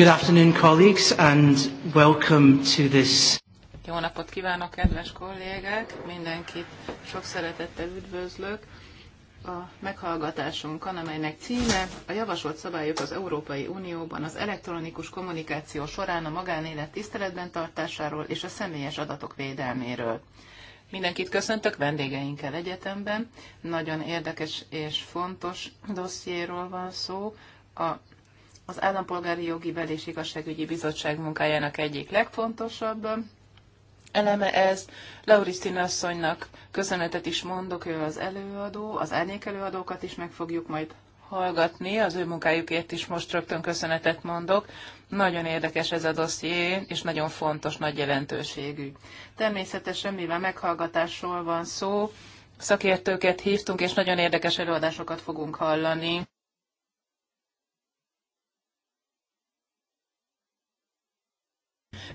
Good afternoon, colleagues, and welcome to this. Jó napot kívánok, kedves kollégák! Mindenkit sok szeretettel üdvözlök a meghallgatásunkon, amelynek címe a javasolt szabályok az Európai Unióban az elektronikus kommunikáció során a magánélet tiszteletben tartásáról és a személyes adatok védelméről. Mindenkit köszöntök vendégeinkkel egyetemben. Nagyon érdekes és fontos dossziéról van szó. A az Állampolgári Jogi Bel és Igazságügyi Bizottság munkájának egyik legfontosabb eleme ez. Laurisztin asszonynak köszönetet is mondok, ő az előadó, az árnyék előadókat is meg fogjuk majd hallgatni, az ő munkájukért is most rögtön köszönetet mondok. Nagyon érdekes ez a dosszié, és nagyon fontos, nagy jelentőségű. Természetesen, mivel meghallgatásról van szó, szakértőket hívtunk, és nagyon érdekes előadásokat fogunk hallani.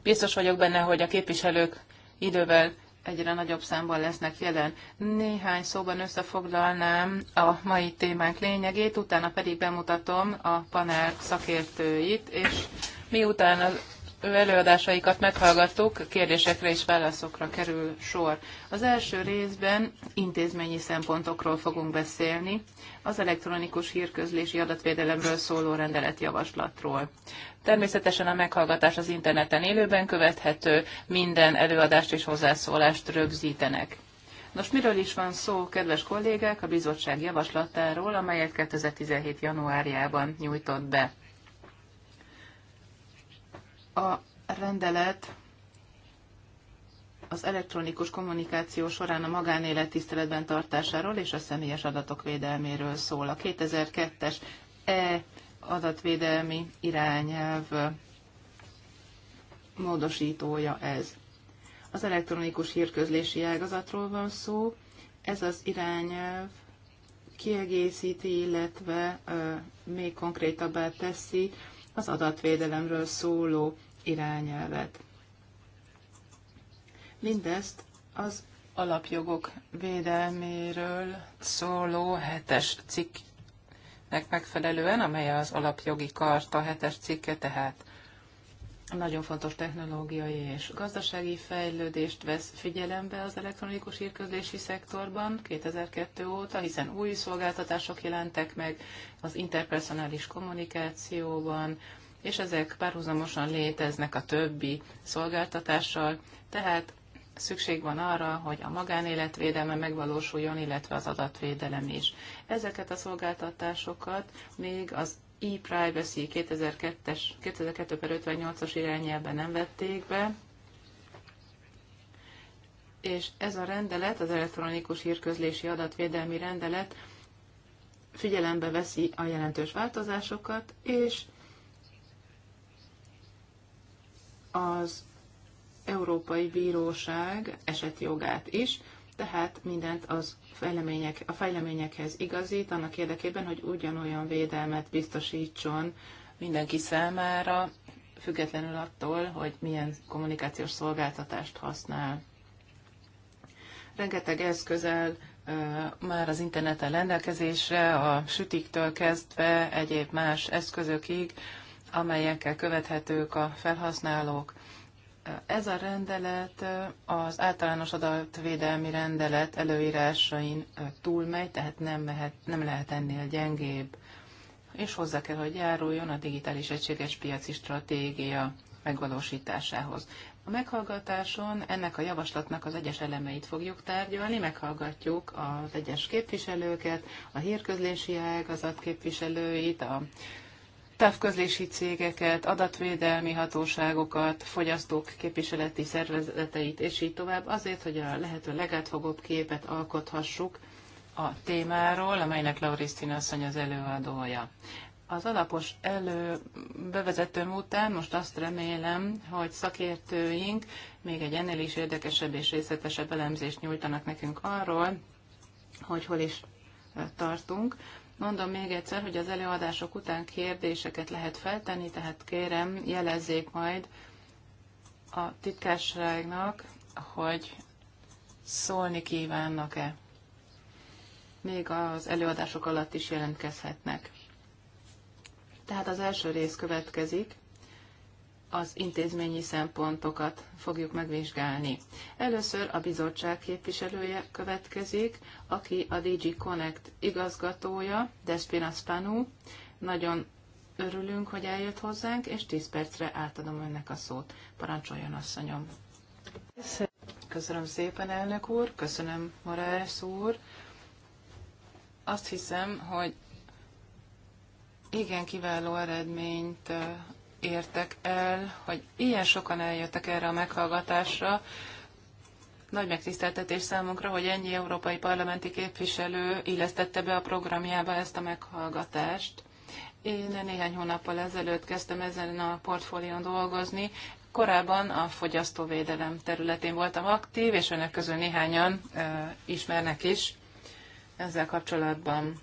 Biztos vagyok benne, hogy a képviselők idővel egyre nagyobb számban lesznek jelen. Néhány szóban összefoglalnám a mai témánk lényegét, utána pedig bemutatom a panel szakértőit, és miután az ő előadásaikat meghallgattuk, kérdésekre és válaszokra kerül sor. Az első részben intézményi szempontokról fogunk beszélni, az elektronikus hírközlési adatvédelemről szóló rendeletjavaslatról. Természetesen a meghallgatás az interneten élőben követhető, minden előadást és hozzászólást rögzítenek. Nos, miről is van szó, kedves kollégák, a bizottság javaslatáról, amelyet 2017. januárjában nyújtott be. A rendelet az elektronikus kommunikáció során a magánélet tiszteletben tartásáról és a személyes adatok védelméről szól. A 2002-es E adatvédelmi irányelv módosítója ez. Az elektronikus hírközlési ágazatról van szó. Ez az irányelv kiegészíti, illetve ö, még konkrétabbá teszi az adatvédelemről szóló irányelvet. Mindezt az alapjogok védelméről szóló hetes cikk rendeletnek megfelelően, amely az alapjogi karta hetes cikke, tehát nagyon fontos technológiai és gazdasági fejlődést vesz figyelembe az elektronikus írközlési szektorban 2002 óta, hiszen új szolgáltatások jelentek meg az interpersonális kommunikációban, és ezek párhuzamosan léteznek a többi szolgáltatással, tehát szükség van arra, hogy a magánéletvédelme megvalósuljon, illetve az adatvédelem is. Ezeket a szolgáltatásokat még az e-privacy 2002-es, 2002-58-as irányelben nem vették be, és ez a rendelet, az elektronikus hírközlési adatvédelmi rendelet figyelembe veszi a jelentős változásokat, és az Európai Bíróság esetjogát is, tehát mindent az fejlemények, a fejleményekhez igazít, annak érdekében, hogy ugyanolyan védelmet biztosítson mindenki számára, függetlenül attól, hogy milyen kommunikációs szolgáltatást használ. Rengeteg eszközel már az interneten rendelkezésre, a sütiktől kezdve egyéb más eszközökig, amelyekkel követhetők a felhasználók ez a rendelet az általános adatvédelmi rendelet előírásain túlmegy, tehát nem, mehet, nem lehet ennél gyengébb, és hozzá kell, hogy járuljon a digitális egységes piaci stratégia megvalósításához. A meghallgatáson ennek a javaslatnak az egyes elemeit fogjuk tárgyalni, meghallgatjuk az egyes képviselőket, a hírközlési ágazat képviselőit, a távközlési cégeket, adatvédelmi hatóságokat, fogyasztók képviseleti szervezeteit, és így tovább, azért, hogy a lehető legátfogóbb képet alkothassuk a témáról, amelynek Laurisztina asszony az előadója. Az alapos elő bevezetőm után most azt remélem, hogy szakértőink még egy ennél is érdekesebb és részletesebb elemzést nyújtanak nekünk arról, hogy hol is tartunk. Mondom még egyszer, hogy az előadások után kérdéseket lehet feltenni, tehát kérem, jelezzék majd a titkárságnak, hogy szólni kívánnak-e. Még az előadások alatt is jelentkezhetnek. Tehát az első rész következik az intézményi szempontokat fogjuk megvizsgálni. Először a bizottság képviselője következik, aki a DG Connect igazgatója, Despina Spanu. Nagyon örülünk, hogy eljött hozzánk, és 10 percre átadom önnek a szót. Parancsoljon, asszonyom! Köszönöm szépen, elnök úr, köszönöm, Morales úr. Azt hiszem, hogy igen kiváló eredményt értek el, hogy ilyen sokan eljöttek erre a meghallgatásra. Nagy megtiszteltetés számunkra, hogy ennyi európai parlamenti képviselő illesztette be a programjába ezt a meghallgatást. Én néhány hónappal ezelőtt kezdtem ezen a portfólión dolgozni. Korábban a fogyasztóvédelem területén voltam aktív, és önök közül néhányan ö, ismernek is ezzel kapcsolatban.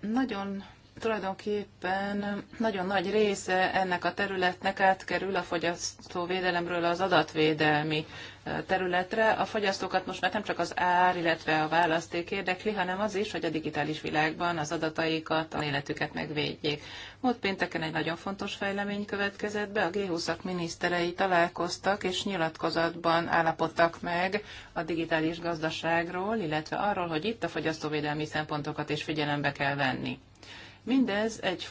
Nagyon tulajdonképpen nagyon nagy része ennek a területnek átkerül a fogyasztóvédelemről az adatvédelmi területre. A fogyasztókat most már nem csak az ár, illetve a választék érdekli, hanem az is, hogy a digitális világban az adataikat, a életüket megvédjék. Múlt pénteken egy nagyon fontos fejlemény következett be, a g 20 miniszterei találkoztak és nyilatkozatban állapodtak meg a digitális gazdaságról, illetve arról, hogy itt a fogyasztóvédelmi szempontokat is figyelembe kell venni. Mindez egy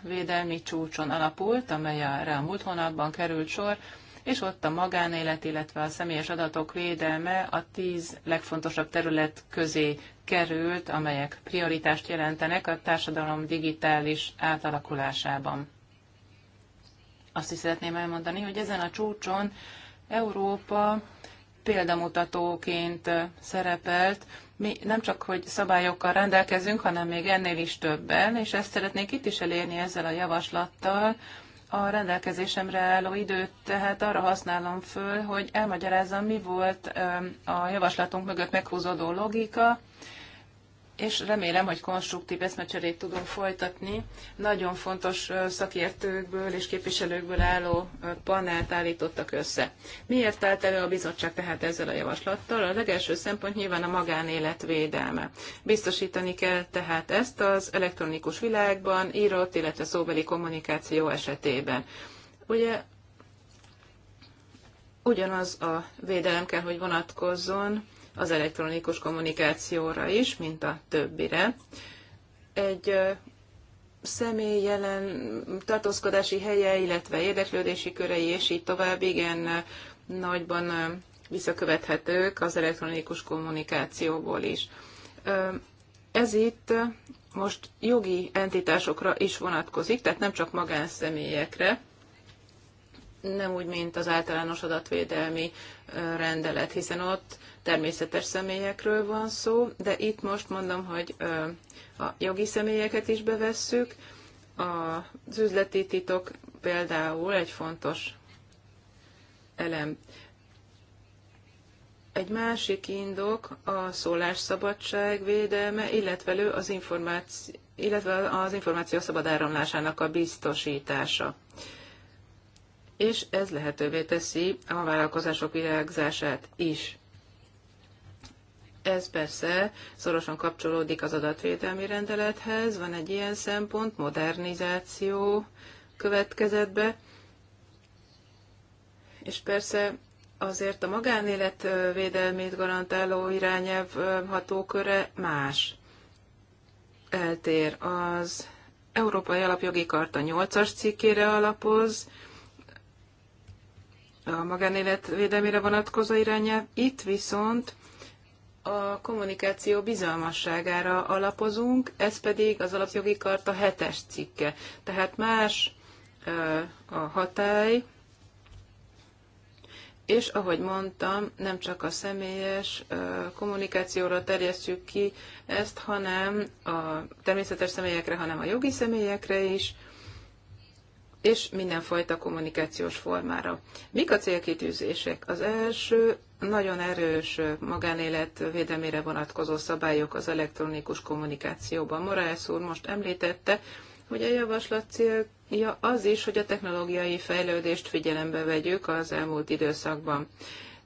védelmi csúcson alapult, amely a múlt hónapban került sor, és ott a magánélet, illetve a személyes adatok védelme a tíz legfontosabb terület közé került, amelyek prioritást jelentenek a társadalom digitális átalakulásában. Azt is szeretném elmondani, hogy ezen a csúcson Európa példamutatóként szerepelt, mi nem csak, hogy szabályokkal rendelkezünk, hanem még ennél is többen, és ezt szeretnék itt is elérni ezzel a javaslattal. A rendelkezésemre álló időt tehát arra használom föl, hogy elmagyarázzam, mi volt a javaslatunk mögött meghúzódó logika, és remélem, hogy konstruktív eszmecserét tudunk folytatni. Nagyon fontos szakértőkből és képviselőkből álló panelt állítottak össze. Miért állt elő a bizottság tehát ezzel a javaslattal? A legelső szempont nyilván a magánélet védelme. Biztosítani kell tehát ezt az elektronikus világban, írott, illetve szóbeli kommunikáció esetében. Ugye ugyanaz a védelem kell, hogy vonatkozzon, az elektronikus kommunikációra is, mint a többire. Egy személy jelen tartózkodási helye, illetve érdeklődési körei, és így tovább, igen, nagyban visszakövethetők az elektronikus kommunikációból is. Ez itt most jogi entitásokra is vonatkozik, tehát nem csak magánszemélyekre, nem úgy, mint az általános adatvédelmi rendelet, hiszen ott természetes személyekről van szó, de itt most mondom, hogy a jogi személyeket is bevesszük. Az üzleti titok például egy fontos elem. Egy másik indok a szólásszabadság védelme, illetve, az információ, illetve az információ szabad áramlásának a biztosítása és ez lehetővé teszi a vállalkozások virágzását is. Ez persze szorosan kapcsolódik az adatvédelmi rendelethez, van egy ilyen szempont, modernizáció következetbe, és persze azért a magánélet védelmét garantáló irányelv hatóköre más. Eltér az Európai Alapjogi Karta 8-as cikkére alapoz, a magánélet védelmére vonatkozó irányelv. Itt viszont a kommunikáció bizalmasságára alapozunk, ez pedig az alapjogi karta hetes cikke. Tehát más a hatály, és ahogy mondtam, nem csak a személyes kommunikációra terjesztjük ki ezt, hanem a természetes személyekre, hanem a jogi személyekre is, és mindenfajta kommunikációs formára. Mik a célkitűzések? Az első nagyon erős magánélet védelmére vonatkozó szabályok az elektronikus kommunikációban. Morales úr most említette, hogy a javaslat célja az is, hogy a technológiai fejlődést figyelembe vegyük az elmúlt időszakban.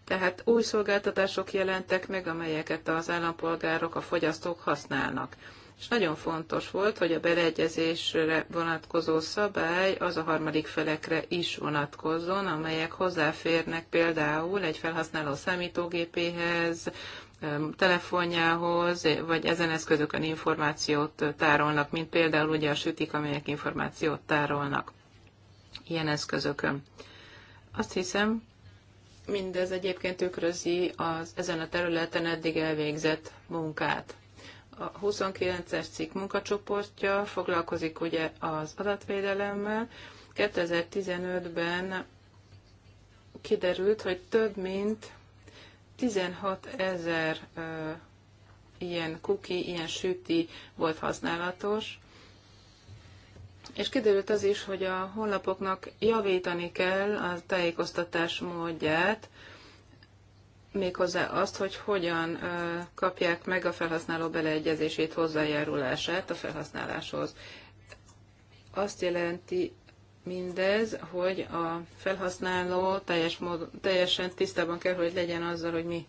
Tehát új szolgáltatások jelentek meg, amelyeket az állampolgárok, a fogyasztók használnak és nagyon fontos volt, hogy a beleegyezésre vonatkozó szabály az a harmadik felekre is vonatkozzon, amelyek hozzáférnek például egy felhasználó számítógépéhez, telefonjához, vagy ezen eszközökön információt tárolnak, mint például ugye a sütik, amelyek információt tárolnak ilyen eszközökön. Azt hiszem, mindez egyébként tükrözi az ezen a területen eddig elvégzett munkát. A 29-es cikk munkacsoportja foglalkozik ugye az adatvédelemmel. 2015-ben kiderült, hogy több mint 16 ezer ilyen kuki, ilyen süti volt használatos, és kiderült az is, hogy a honlapoknak javítani kell a tájékoztatás módját, méghozzá azt, hogy hogyan kapják meg a felhasználó beleegyezését, hozzájárulását a felhasználáshoz. Azt jelenti mindez, hogy a felhasználó teljes mód, teljesen tisztában kell, hogy legyen azzal, hogy mi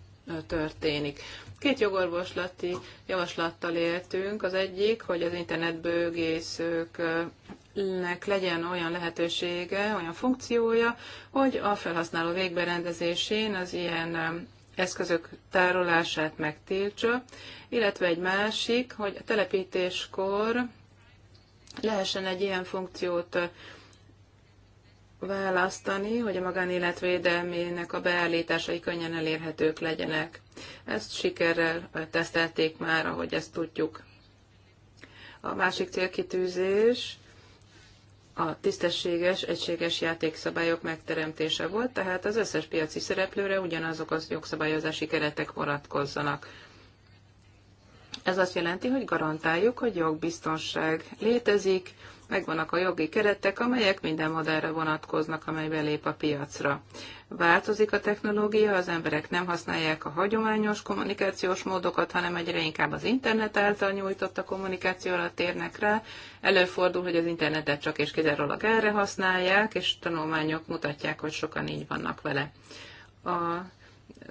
történik. Két jogorvoslati javaslattal éltünk. Az egyik, hogy az internetbőgészőknek legyen olyan lehetősége, olyan funkciója, hogy a felhasználó végberendezésén az ilyen eszközök tárolását megtiltsa, illetve egy másik, hogy a telepítéskor lehessen egy ilyen funkciót választani, hogy a magánéletvédelmének a beállításai könnyen elérhetők legyenek. Ezt sikerrel tesztelték már, ahogy ezt tudjuk. A másik célkitűzés a tisztességes, egységes játékszabályok megteremtése volt, tehát az összes piaci szereplőre ugyanazok az jogszabályozási keretek vonatkozzanak. Ez azt jelenti, hogy garantáljuk, hogy jogbiztonság létezik, megvannak a jogi keretek, amelyek minden modellre vonatkoznak, amely belép a piacra. Változik a technológia, az emberek nem használják a hagyományos kommunikációs módokat, hanem egyre inkább az internet által nyújtott a kommunikációra térnek rá. Előfordul, hogy az internetet csak és kizárólag erre használják, és tanulmányok mutatják, hogy sokan így vannak vele. A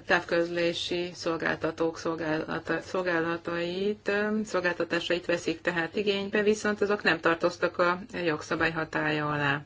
távközlési szolgáltatók szolgálata, szolgálatait, szolgáltatásait veszik tehát igénybe, viszont azok nem tartoztak a jogszabály hatája alá.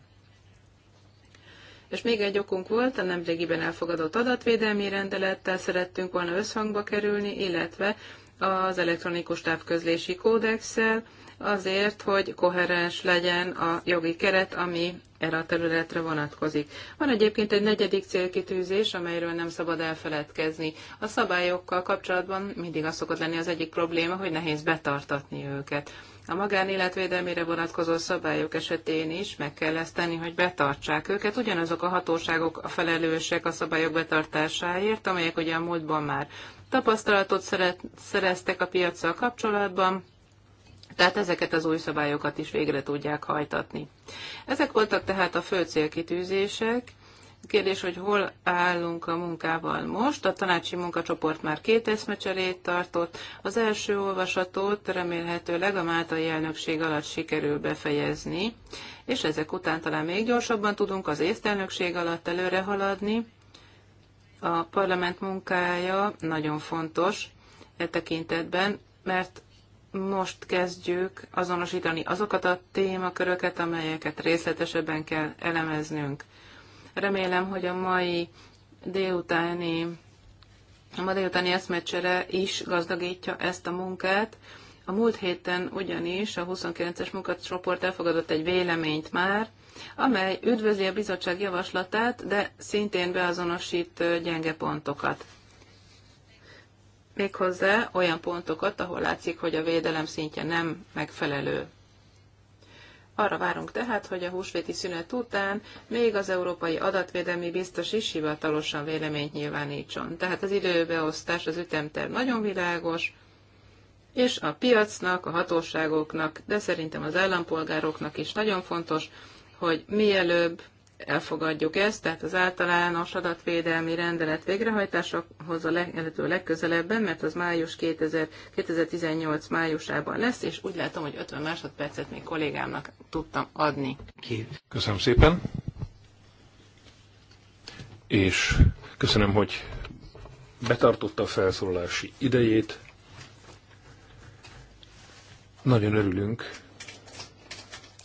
És még egy okunk volt, a nemrégiben elfogadott adatvédelmi rendelettel szerettünk volna összhangba kerülni, illetve az elektronikus távközlési kódexsel, azért, hogy koherens legyen a jogi keret, ami erre a területre vonatkozik. Van egyébként egy negyedik célkitűzés, amelyről nem szabad elfeledkezni. A szabályokkal kapcsolatban mindig az szokott lenni az egyik probléma, hogy nehéz betartatni őket. A magánéletvédelmére vonatkozó szabályok esetén is meg kell ezt tenni, hogy betartsák őket. Ugyanazok a hatóságok a felelősek a szabályok betartásáért, amelyek ugye a múltban már tapasztalatot szereztek a piacsal kapcsolatban, tehát ezeket az új szabályokat is végre tudják hajtatni. Ezek voltak tehát a fő célkitűzések. Kérdés, hogy hol állunk a munkával most. A tanácsi munkacsoport már két eszmecserét tartott. Az első olvasatot remélhetőleg a Máltai elnökség alatt sikerül befejezni, és ezek után talán még gyorsabban tudunk az észtelnökség alatt előre haladni. A parlament munkája nagyon fontos e tekintetben, mert most kezdjük azonosítani azokat a témaköröket, amelyeket részletesebben kell elemeznünk. Remélem, hogy a mai délutáni a ma délutáni eszmecsere is gazdagítja ezt a munkát. A múlt héten ugyanis a 29-es munkacsoport elfogadott egy véleményt már, amely üdvözli a bizottság javaslatát, de szintén beazonosít gyenge pontokat méghozzá olyan pontokat, ahol látszik, hogy a védelem szintje nem megfelelő. Arra várunk tehát, hogy a húsvéti szünet után még az Európai Adatvédelmi Biztos is hivatalosan véleményt nyilvánítson. Tehát az időbeosztás, az ütemterv nagyon világos, és a piacnak, a hatóságoknak, de szerintem az állampolgároknak is nagyon fontos, hogy mielőbb elfogadjuk ezt, tehát az általános adatvédelmi rendelet végrehajtásokhoz a lehető legközelebben, mert az május 2000, 2018 májusában lesz, és úgy látom, hogy 50 másodpercet még kollégámnak tudtam adni. Köszönöm szépen, és köszönöm, hogy betartotta a felszólalási idejét. Nagyon örülünk,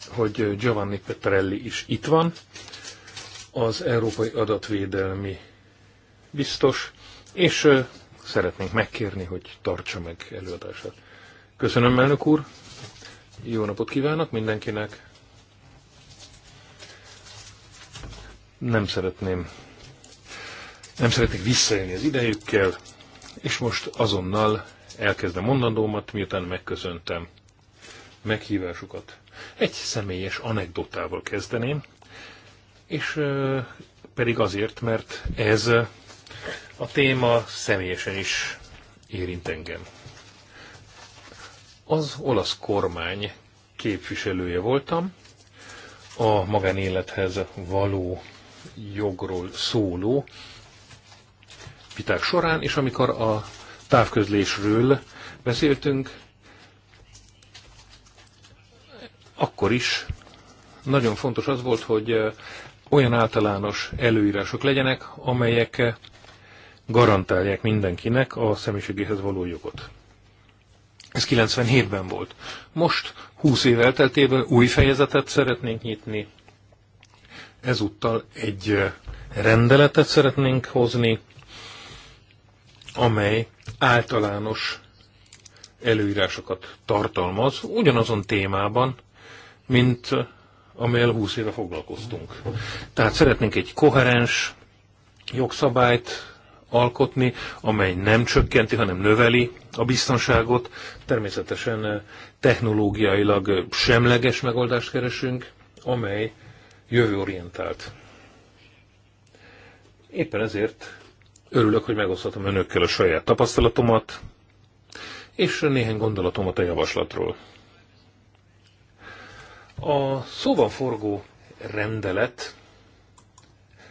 hogy Giovanni Petrelli is itt van, az Európai Adatvédelmi Biztos, és szeretnénk megkérni, hogy tartsa meg előadását. Köszönöm, elnök úr! Jó napot kívánok mindenkinek! Nem szeretném, nem szeretnék visszaélni az idejükkel, és most azonnal elkezdem mondandómat, miután megköszöntem meghívásukat. Egy személyes anekdotával kezdeném és pedig azért, mert ez a téma személyesen is érint engem. Az olasz kormány képviselője voltam, a magánélethez való jogról szóló viták során, és amikor a távközlésről beszéltünk, akkor is nagyon fontos az volt, hogy olyan általános előírások legyenek, amelyek garantálják mindenkinek a személyiségéhez való jogot. Ez 97-ben volt. Most, 20 év elteltével új fejezetet szeretnénk nyitni. Ezúttal egy rendeletet szeretnénk hozni, amely általános előírásokat tartalmaz, ugyanazon témában, mint amelyel 20 éve foglalkoztunk. Tehát szeretnénk egy koherens jogszabályt alkotni, amely nem csökkenti, hanem növeli a biztonságot. Természetesen eh, technológiailag eh, semleges megoldást keresünk, amely jövőorientált. Éppen ezért örülök, hogy megoszthatom önökkel a saját tapasztalatomat, és néhány gondolatomat a javaslatról. A szóban forgó rendelet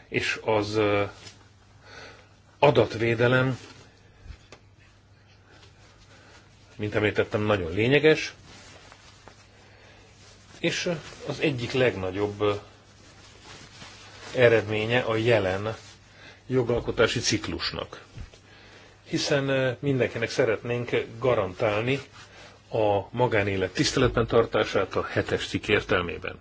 és az adatvédelem, mint említettem, nagyon lényeges, és az egyik legnagyobb eredménye a jelen jogalkotási ciklusnak. Hiszen mindenkinek szeretnénk garantálni a magánélet tiszteletben tartását a hetes cikk értelmében.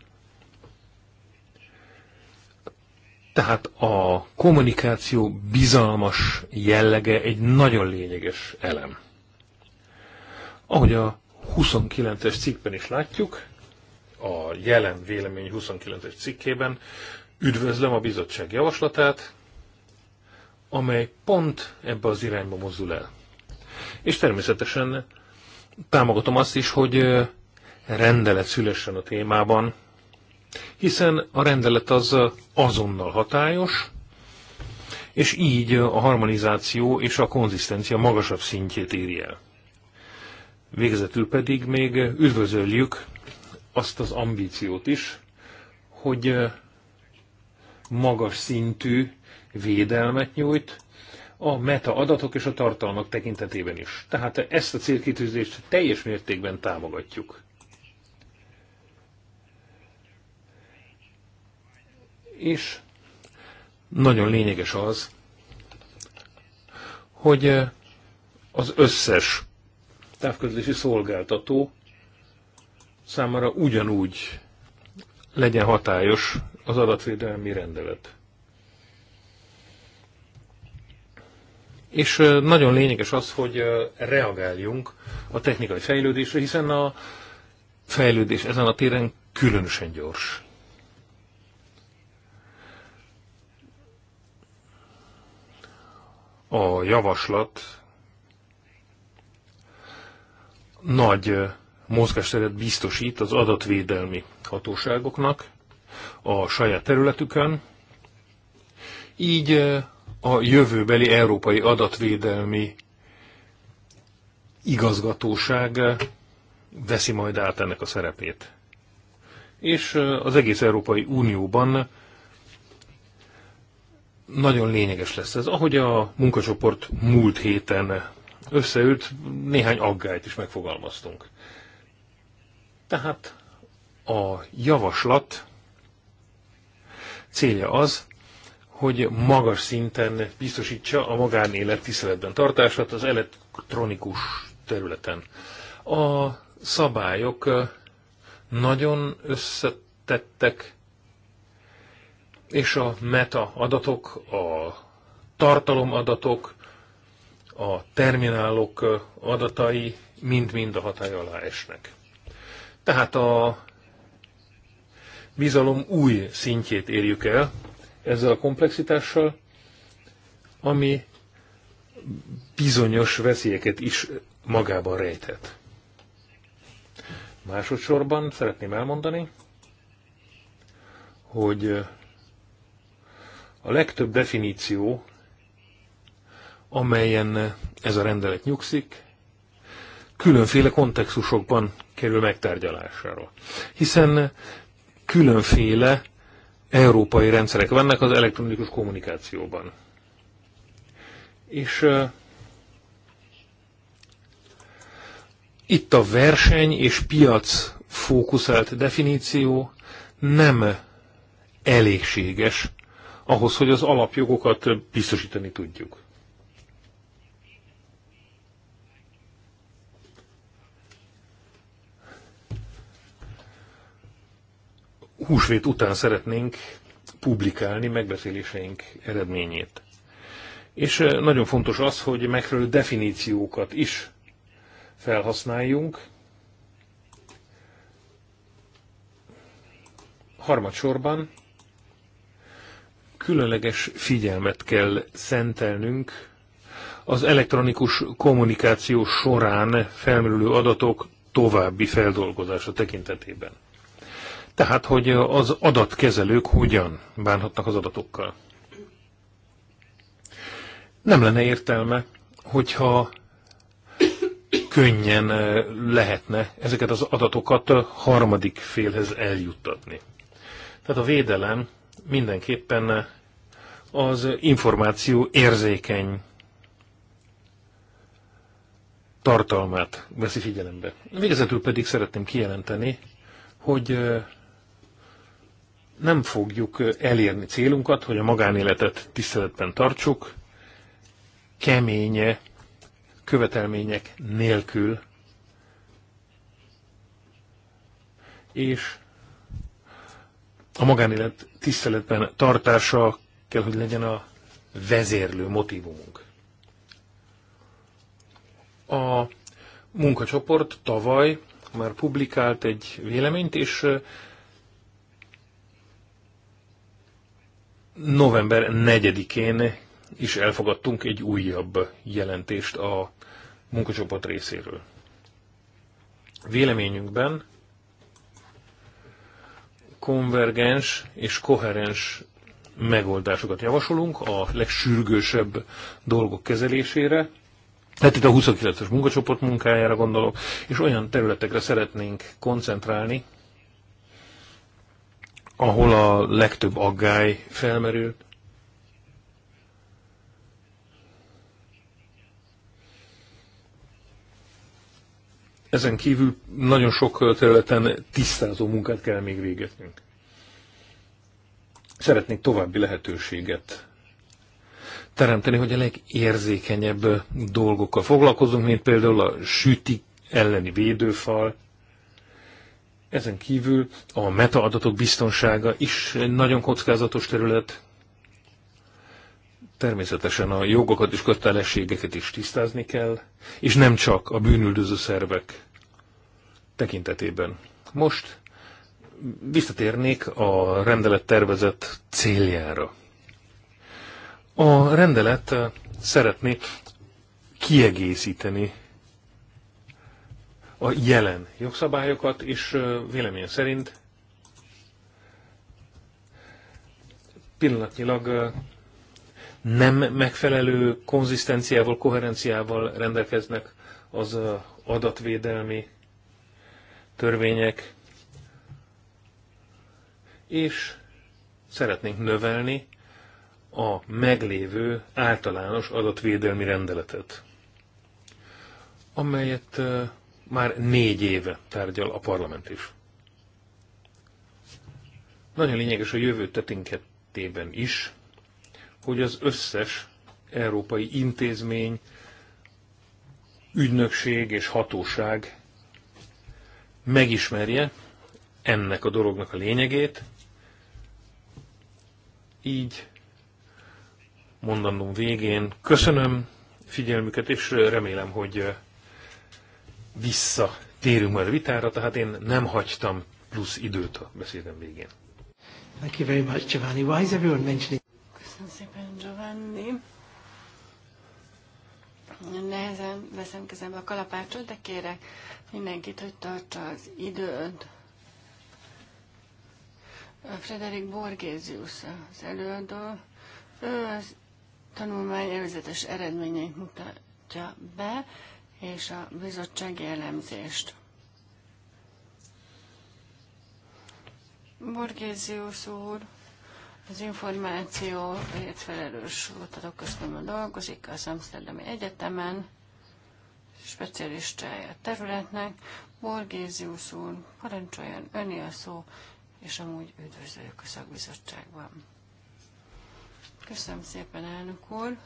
Tehát a kommunikáció bizalmas jellege egy nagyon lényeges elem. Ahogy a 29-es cikkben is látjuk, a jelen vélemény 29-es cikkében üdvözlöm a bizottság javaslatát, amely pont ebbe az irányba mozdul el. És természetesen támogatom azt is, hogy rendelet szülessen a témában, hiszen a rendelet az azonnal hatályos, és így a harmonizáció és a konzisztencia magasabb szintjét éri el. Végezetül pedig még üdvözöljük azt az ambíciót is, hogy magas szintű védelmet nyújt a meta adatok és a tartalmak tekintetében is. Tehát ezt a célkitűzést teljes mértékben támogatjuk. És nagyon lényeges az, hogy az összes távközlési szolgáltató számára ugyanúgy legyen hatályos az adatvédelmi rendelet. És nagyon lényeges az, hogy reagáljunk a technikai fejlődésre, hiszen a fejlődés ezen a téren különösen gyors. A javaslat nagy mozgásteret biztosít az adatvédelmi hatóságoknak a saját területükön, így a jövőbeli európai adatvédelmi igazgatóság veszi majd át ennek a szerepét. És az egész Európai Unióban nagyon lényeges lesz ez. Ahogy a munkacsoport múlt héten összeült, néhány aggályt is megfogalmaztunk. Tehát a javaslat célja az, hogy magas szinten biztosítsa a magánélet tiszteletben tartását az elektronikus területen. A szabályok nagyon összetettek, és a meta adatok, a tartalomadatok, a terminálok adatai mind-mind a hatály alá esnek. Tehát a bizalom új szintjét érjük el, ezzel a komplexitással, ami bizonyos veszélyeket is magában rejtett. Másodszorban szeretném elmondani, hogy a legtöbb definíció, amelyen ez a rendelet nyugszik, különféle kontextusokban kerül megtárgyalására. Hiszen különféle európai rendszerek vannak az elektronikus kommunikációban. És uh, itt a verseny és piac fókuszált definíció nem elégséges ahhoz, hogy az alapjogokat biztosítani tudjuk. húsvét után szeretnénk publikálni megbeszéléseink eredményét. És nagyon fontos az, hogy megfelelő definíciókat is felhasználjunk. Harmadsorban különleges figyelmet kell szentelnünk az elektronikus kommunikáció során felmerülő adatok további feldolgozása tekintetében. Tehát, hogy az adatkezelők hogyan bánhatnak az adatokkal. Nem lenne értelme, hogyha könnyen lehetne ezeket az adatokat harmadik félhez eljuttatni. Tehát a védelem mindenképpen az információ érzékeny tartalmát veszi figyelembe. Végezetül pedig szeretném kijelenteni, hogy nem fogjuk elérni célunkat, hogy a magánéletet tiszteletben tartsuk, kemény követelmények nélkül, és a magánélet tiszteletben tartása kell, hogy legyen a vezérlő motivumunk. A munkacsoport tavaly már publikált egy véleményt, és november 4-én is elfogadtunk egy újabb jelentést a munkacsoport részéről. Véleményünkben konvergens és koherens megoldásokat javasolunk a legsürgősebb dolgok kezelésére. Hát itt a 29-es munkacsoport munkájára gondolok, és olyan területekre szeretnénk koncentrálni, ahol a legtöbb aggály felmerült. Ezen kívül nagyon sok területen tisztázó munkát kell még végeznünk. Szeretnék további lehetőséget teremteni, hogy a legérzékenyebb dolgokkal foglalkozunk, mint például a süti elleni védőfal, ezen kívül a metaadatok biztonsága is nagyon kockázatos terület. Természetesen a jogokat és kötelességeket is tisztázni kell, és nem csak a bűnüldöző szervek tekintetében. Most visszatérnék a rendelet tervezett céljára. A rendelet szeretné kiegészíteni a jelen jogszabályokat, és véleményem szerint pillanatnyilag nem megfelelő konzisztenciával, koherenciával rendelkeznek az adatvédelmi törvények, és szeretnénk növelni a meglévő általános adatvédelmi rendeletet, amelyet már négy éve tárgyal a parlament is. Nagyon lényeges a jövő tetinketében is, hogy az összes európai intézmény, ügynökség és hatóság megismerje ennek a dolognak a lényegét, így mondanom végén köszönöm figyelmüket, és remélem, hogy térünk majd a vitára, tehát én nem hagytam plusz időt a beszédem végén. Thank you very much, Giovanni. Why is everyone mentioning... Köszönöm szépen, Giovanni. Nehezen veszem kezembe a kalapácsot, de kérek mindenkit, hogy tartsa az időt. Frederik Borgézius az előadó. Ő az tanulmány előzetes eredményeit mutatja be és a bizottság jellemzést. Borgézius úr, az információért felelős oktató közben dolgozik az Amsterdami Egyetemen, specialistája a területnek. Borgézius úr, parancsoljon öni a szó, és amúgy üdvözöljük a szakbizottságban. Köszönöm szépen, elnök úr!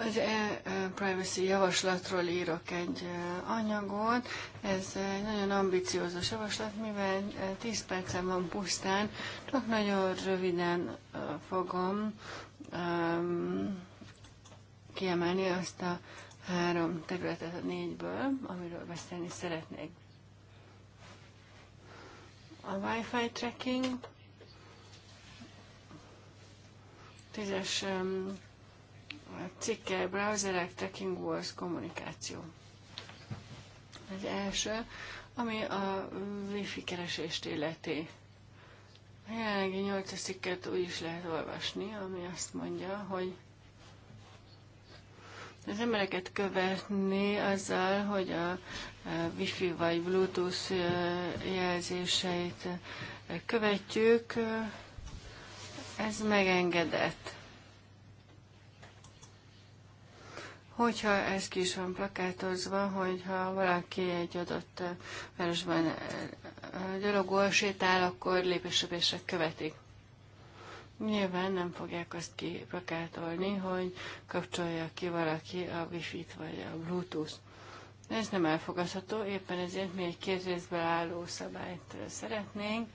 Az e-privacy e, javaslatról írok egy e, anyagot. Ez egy nagyon ambiciózus javaslat, mivel 10 e, percem van pusztán, csak nagyon röviden fogom kiemelni azt a három területet a négyből, amiről beszélni szeretnék. A Wi-Fi tracking, tízes cikke, browserek, tracking wars, kommunikáció. Az első, ami a wifi keresést illeti. A jelenlegi 8 cikket úgy is lehet olvasni, ami azt mondja, hogy az embereket követni azzal, hogy a wifi vagy bluetooth jelzéseit követjük, ez megengedett. Hogyha ez ki is van plakátozva, hogyha valaki egy adott városban gyalogol, sétál, akkor lépésre követik. Nyilván nem fogják azt kiplakátolni, hogy kapcsolja ki valaki a Wi-Fi-t vagy a Bluetooth. ez nem elfogadható, éppen ezért mi egy két részből álló szabályt szeretnénk.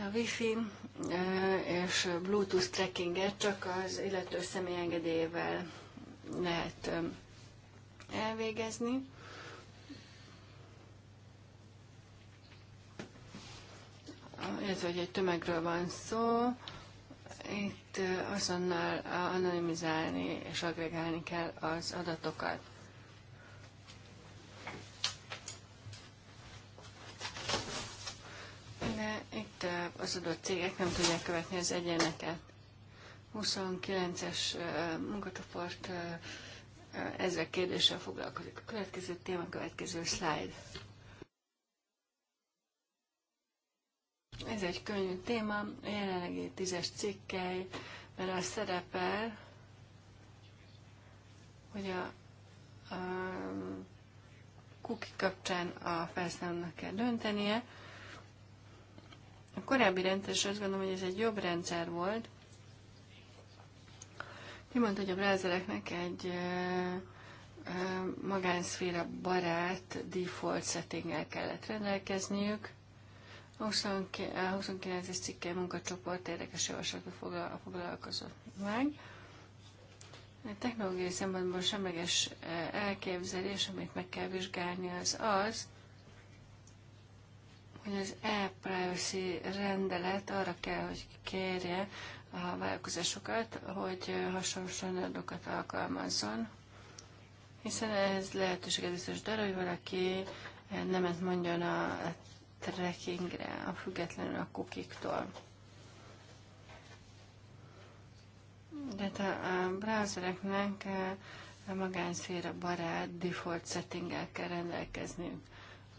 A Wi-Fi és Bluetooth trackinget csak az illető személyengedélyével lehet elvégezni. Ez, hogy egy tömegről van szó, itt azonnal anonimizálni és agregálni kell az adatokat. Itt az adott cégek nem tudják követni az egyeneket. 29-es munkacsoport ezzel kérdéssel foglalkozik. A következő téma, a következő slide. Ez egy könnyű téma, a jelenlegi tízes cikkely, mert az szerepel, hogy a, a kuki kapcsán a felszámnak kell döntenie, a korábbi rendszer is azt gondolom, hogy ez egy jobb rendszer volt. Kimondta, hogy a brázereknek egy magánszféra barát default settingel kellett rendelkezniük. A 29-es cikkely munkacsoport érdekes javaslatot foglalkozott meg. A technológiai szempontból semleges elképzelés, amit meg kell vizsgálni, az az, hogy az e-privacy rendelet arra kell, hogy kérje a vállalkozásokat, hogy hasonló standardokat alkalmazzon, hiszen ez lehetőséget biztos darab, hogy valaki nemet mondjon a trackingre, a függetlenül a kukiktól. De hát a, a browsereknek a magánszféra barát default settinggel kell rendelkezniük.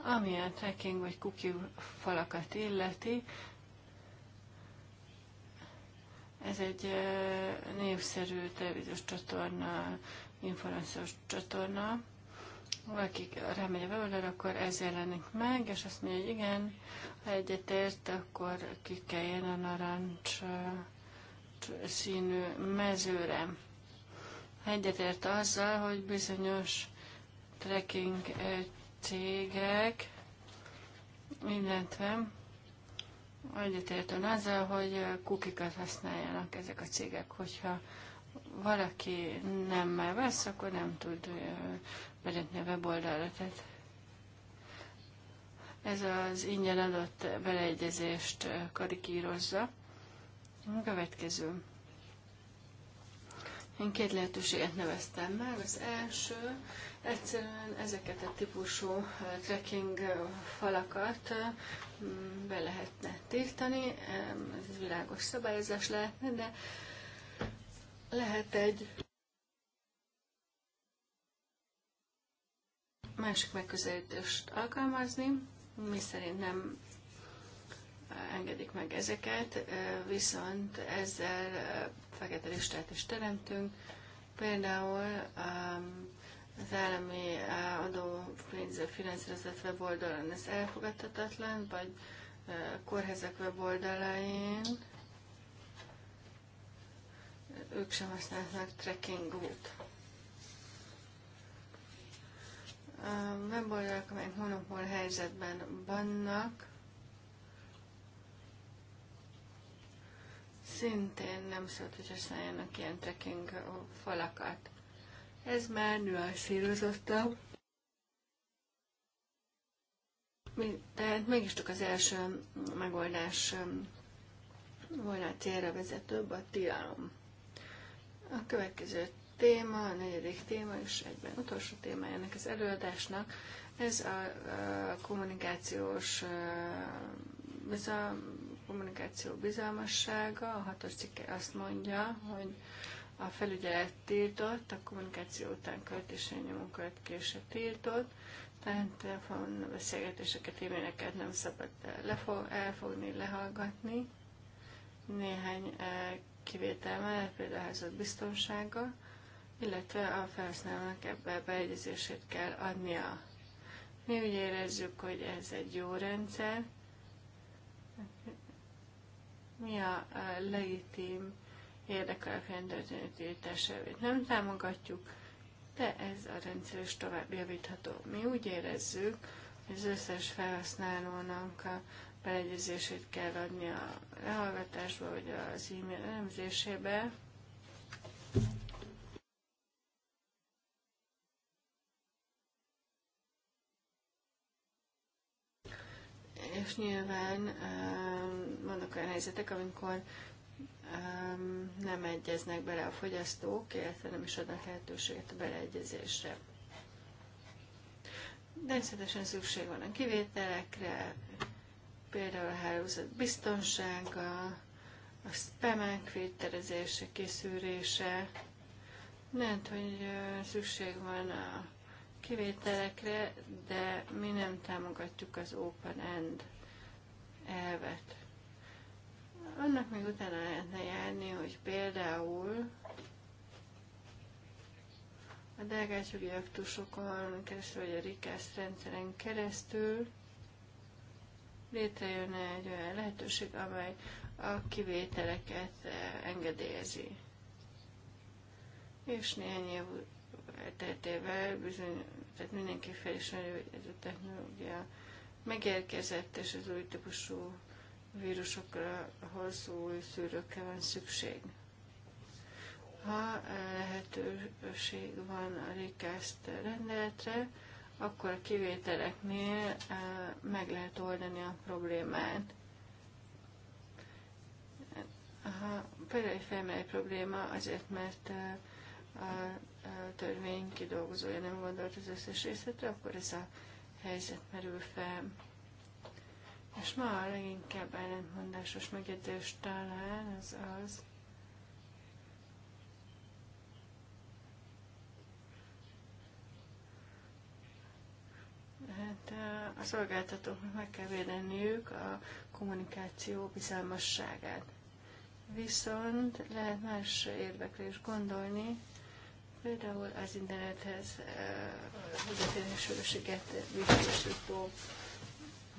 Ami a trekking vagy kuki falakat illeti, ez egy népszerű televíziós csatorna, információs csatorna. Valaki rámegy a weboldal, akkor ez jelenik meg, és azt mondja, hogy igen, ha egyetért, akkor ki kell a narancs színű mezőre. Ha egyetért azzal, hogy bizonyos trekking cégek, illetve egyetértően azzal, hogy kukikat használjanak ezek a cégek, hogyha valaki nem már vesz, akkor nem tud vezetni a weboldalra. Tehát ez az ingyen adott beleegyezést karikírozza. A következő. Én két lehetőséget neveztem meg. Az első, egyszerűen ezeket a típusú eh, trekking eh, falakat eh, be lehetne tiltani, ez világos szabályozás lehetne, de lehet egy másik megközelítést alkalmazni, mi szerint nem engedik meg ezeket, viszont ezzel fekete listát is teremtünk. Például um, az állami uh, adó finanszírozat weboldalon ez elfogadhatatlan, vagy kórházak weboldalain ők sem használnak trekking út. A weboldalak, amelyek monopól helyzetben vannak, szintén nem szólt, hogy használjanak ilyen trekking falakat. Ez már nüanszírozottabb. Tehát csak az első megoldás um, volna a célra vezetőbb a tilalom. A következő téma, a negyedik téma, és egyben utolsó téma ennek az előadásnak, ez a, a kommunikációs, uh, ez a kommunikáció bizalmassága, a hatos cikke azt mondja, hogy a felügyelet tiltott, a kommunikáció után költési nyomunkövetése tiltott, tehát telefonbeszélgetéseket, e-maileket nem szabad lefog, elfogni, lehallgatni. Néhány e, kivétel mellett, például a biztonsága, illetve a felhasználónak ebbe beegyezését kell adnia. Mi úgy érezzük, hogy ez egy jó rendszer, mi a, a legitim érdekalapján történő tiltás nem támogatjuk, de ez a rendszer is tovább javítható. Mi úgy érezzük, hogy az összes felhasználónak a beleegyezését kell adni a lehallgatásba, vagy az e-mail elemzésébe, és nyilván ehm, vannak olyan helyzetek, amikor ehm, nem egyeznek bele a fogyasztók, illetve nem is adnak lehetőséget a beleegyezésre. Természetesen szükség van a kivételekre, például a hálózat biztonsága, a spamek filterezése, kiszűrése, nem hogy szükség van a kivételekre, de mi nem támogatjuk az open end elvet. Annak még utána lehetne járni, hogy például a delegációgi aktusokon keresztül, vagy a rikász rendszeren keresztül létrejönne egy olyan lehetőség, amely a kivételeket eh, engedélyezi. És néhány év elteltével bizony tehát mindenki felismeri, hogy ez a technológia megérkezett, és az új típusú vírusokra, ahhoz új szűrőkre van szükség. Ha eh, lehetőség van a rikászt rendeletre, akkor a kivételeknél eh, meg lehet oldani a problémát. Ha például egy probléma, azért mert eh, a törvény kidolgozója nem gondolt az összes részletre, akkor ez a helyzet merül fel. És ma a leginkább ellentmondásos megjegyzés talán az az, Hát a szolgáltatóknak meg kell védeniük a kommunikáció bizalmasságát. Viszont lehet más érvekre is gondolni, Például az internethez hozzáférésülőséget biztosító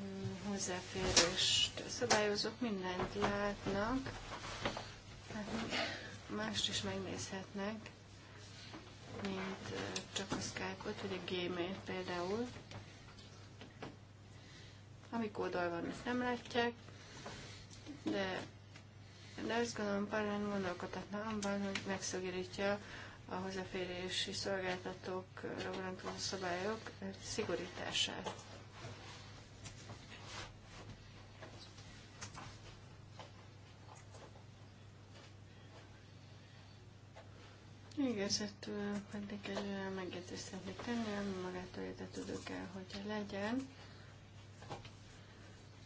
mm, hozzáférést szabályozók mindent látnak, hát mást is megnézhetnek, mint csak a Skype-ot, vagy a gmail például. Amik kódol van, ezt nem látják, de, de azt gondolom, Parlán gondolkodhatna abban, hogy megszögérítja a hozzáférési szolgáltatók vonatkozó szabályok szigorítását. Végezetül pedig egy olyan megjegyzést szeretnék tenni, ami magától értetődő el, hogy legyen.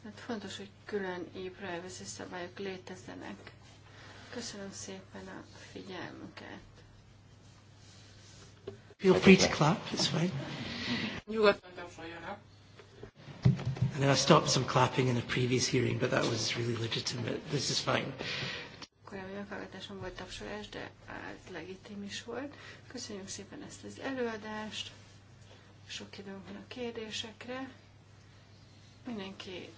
Hát fontos, hogy külön e szabályok létezzenek. Köszönöm szépen a figyelmüket! Feel free to clap, it's fine. Nyugodtan tapsoljanak. I stopped some clapping in a previous hearing, but that was really legitimate. This is fine. volt tapsolás, de hát legitim is volt. Köszönjük szépen ezt az előadást. Sok időnk van a kérdésekre. Mindenki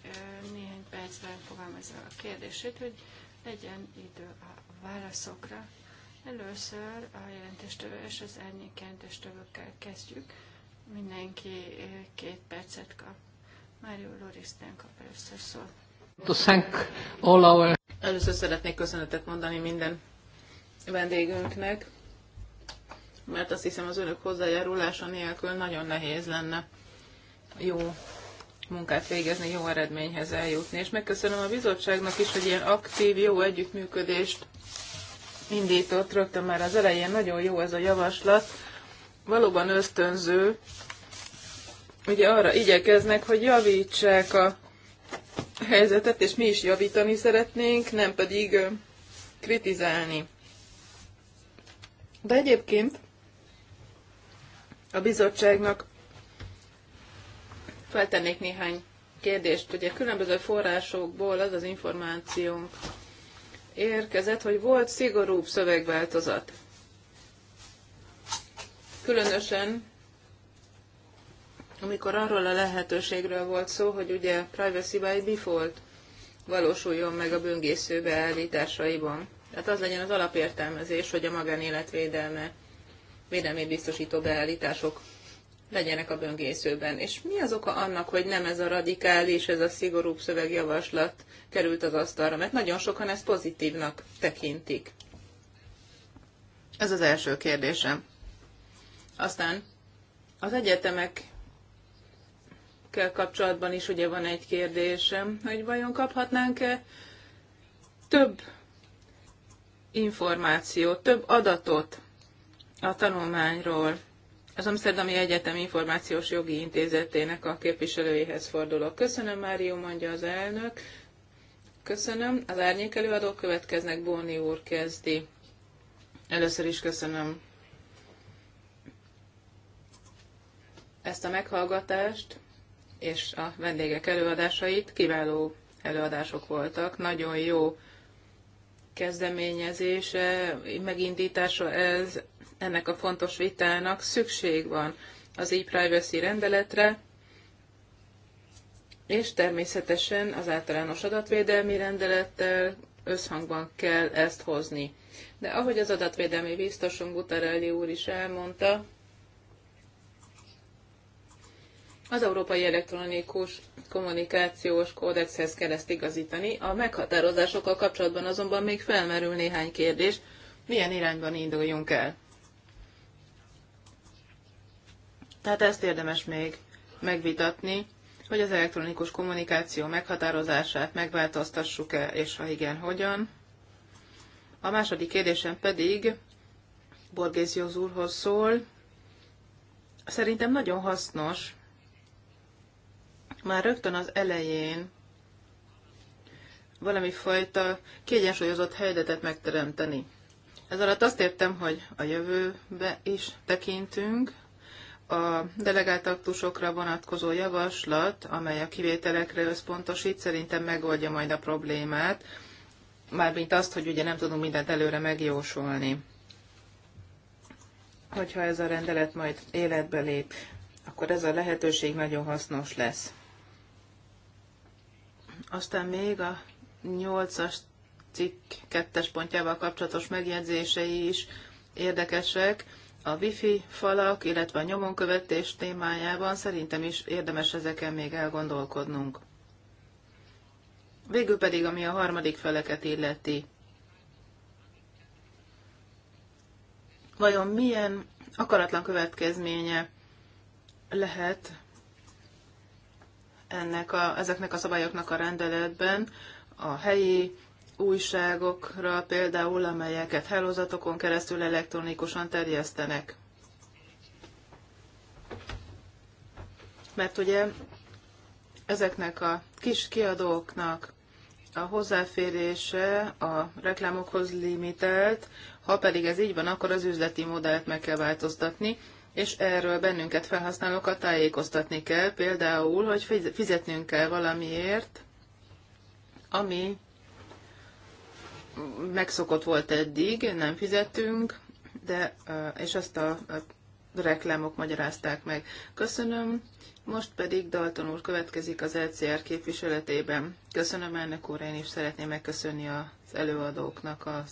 néhány percben fogalmazza a kérdését, hogy legyen idő a válaszokra. Először a jelentéstövő és az árnyék jelentéstövőkkel kezdjük. Mindenki eh, két percet kap. Mário Lorisztán kap először szót. Először szeretnék köszönetet mondani minden vendégünknek, mert azt hiszem az önök hozzájárulása nélkül nagyon nehéz lenne jó munkát végezni, jó eredményhez eljutni. És megköszönöm a bizottságnak is, hogy ilyen aktív, jó együttműködést indított rögtön már az elején. Nagyon jó ez a javaslat. Valóban ösztönző. Ugye arra igyekeznek, hogy javítsák a helyzetet, és mi is javítani szeretnénk, nem pedig kritizálni. De egyébként a bizottságnak feltennék néhány kérdést. Ugye különböző forrásokból az az információnk érkezett, hogy volt szigorúbb szövegváltozat. Különösen, amikor arról a lehetőségről volt szó, hogy ugye privacy by default valósuljon meg a böngésző beállításaiban. Tehát az legyen az alapértelmezés, hogy a magánélet védelme, biztosító beállítások legyenek a böngészőben. És mi az oka annak, hogy nem ez a radikális, ez a szigorúbb szövegjavaslat került az asztalra? Mert nagyon sokan ezt pozitívnak tekintik. Ez az első kérdésem. Aztán az egyetemekkel kapcsolatban is ugye van egy kérdésem, hogy vajon kaphatnánk-e több információt, több adatot a tanulmányról, az Amsterdami Egyetem Információs Jogi Intézetének a képviselőjéhez fordulok. Köszönöm, Mário, mondja az elnök. Köszönöm. Az árnyék előadók következnek, Bóni úr kezdi. Először is köszönöm ezt a meghallgatást és a vendégek előadásait. Kiváló előadások voltak, nagyon jó kezdeményezése, megindítása ez ennek a fontos vitának szükség van az e-privacy rendeletre, és természetesen az általános adatvédelmi rendelettel összhangban kell ezt hozni. De ahogy az adatvédelmi biztosunk Butarelli úr is elmondta, az Európai Elektronikus Kommunikációs Kódexhez kell ezt igazítani. A meghatározásokkal kapcsolatban azonban még felmerül néhány kérdés, milyen irányban induljunk el. Tehát ezt érdemes még megvitatni, hogy az elektronikus kommunikáció meghatározását megváltoztassuk-e, és ha igen, hogyan. A második kérdésem pedig Borgézióz úrhoz szól. Szerintem nagyon hasznos már rögtön az elején valami fajta kiegyensúlyozott helyzetet megteremteni. Ez alatt azt értem, hogy a jövőbe is tekintünk, a delegált aktusokra vonatkozó javaslat, amely a kivételekre összpontosít, szerintem megoldja majd a problémát, mármint azt, hogy ugye nem tudunk mindent előre megjósolni. Hogyha ez a rendelet majd életbe lép, akkor ez a lehetőség nagyon hasznos lesz. Aztán még a 8-as cikk 2 pontjával kapcsolatos megjegyzései is érdekesek a wifi falak, illetve a nyomonkövetés témájában szerintem is érdemes ezeken még elgondolkodnunk. Végül pedig, ami a harmadik feleket illeti. Vajon milyen akaratlan következménye lehet ennek a, ezeknek a szabályoknak a rendeletben a helyi újságokra például, amelyeket hálózatokon keresztül elektronikusan terjesztenek. Mert ugye ezeknek a kis kiadóknak a hozzáférése a reklámokhoz limitált, ha pedig ez így van, akkor az üzleti modellt meg kell változtatni, és erről bennünket felhasználókat tájékoztatni kell, például, hogy fizetnünk kell valamiért, ami megszokott volt eddig, nem fizetünk, de, és azt a reklámok magyarázták meg. Köszönöm, most pedig Dalton úr következik az LCR e képviseletében. Köszönöm elnök úr, én is szeretném megköszönni az előadóknak az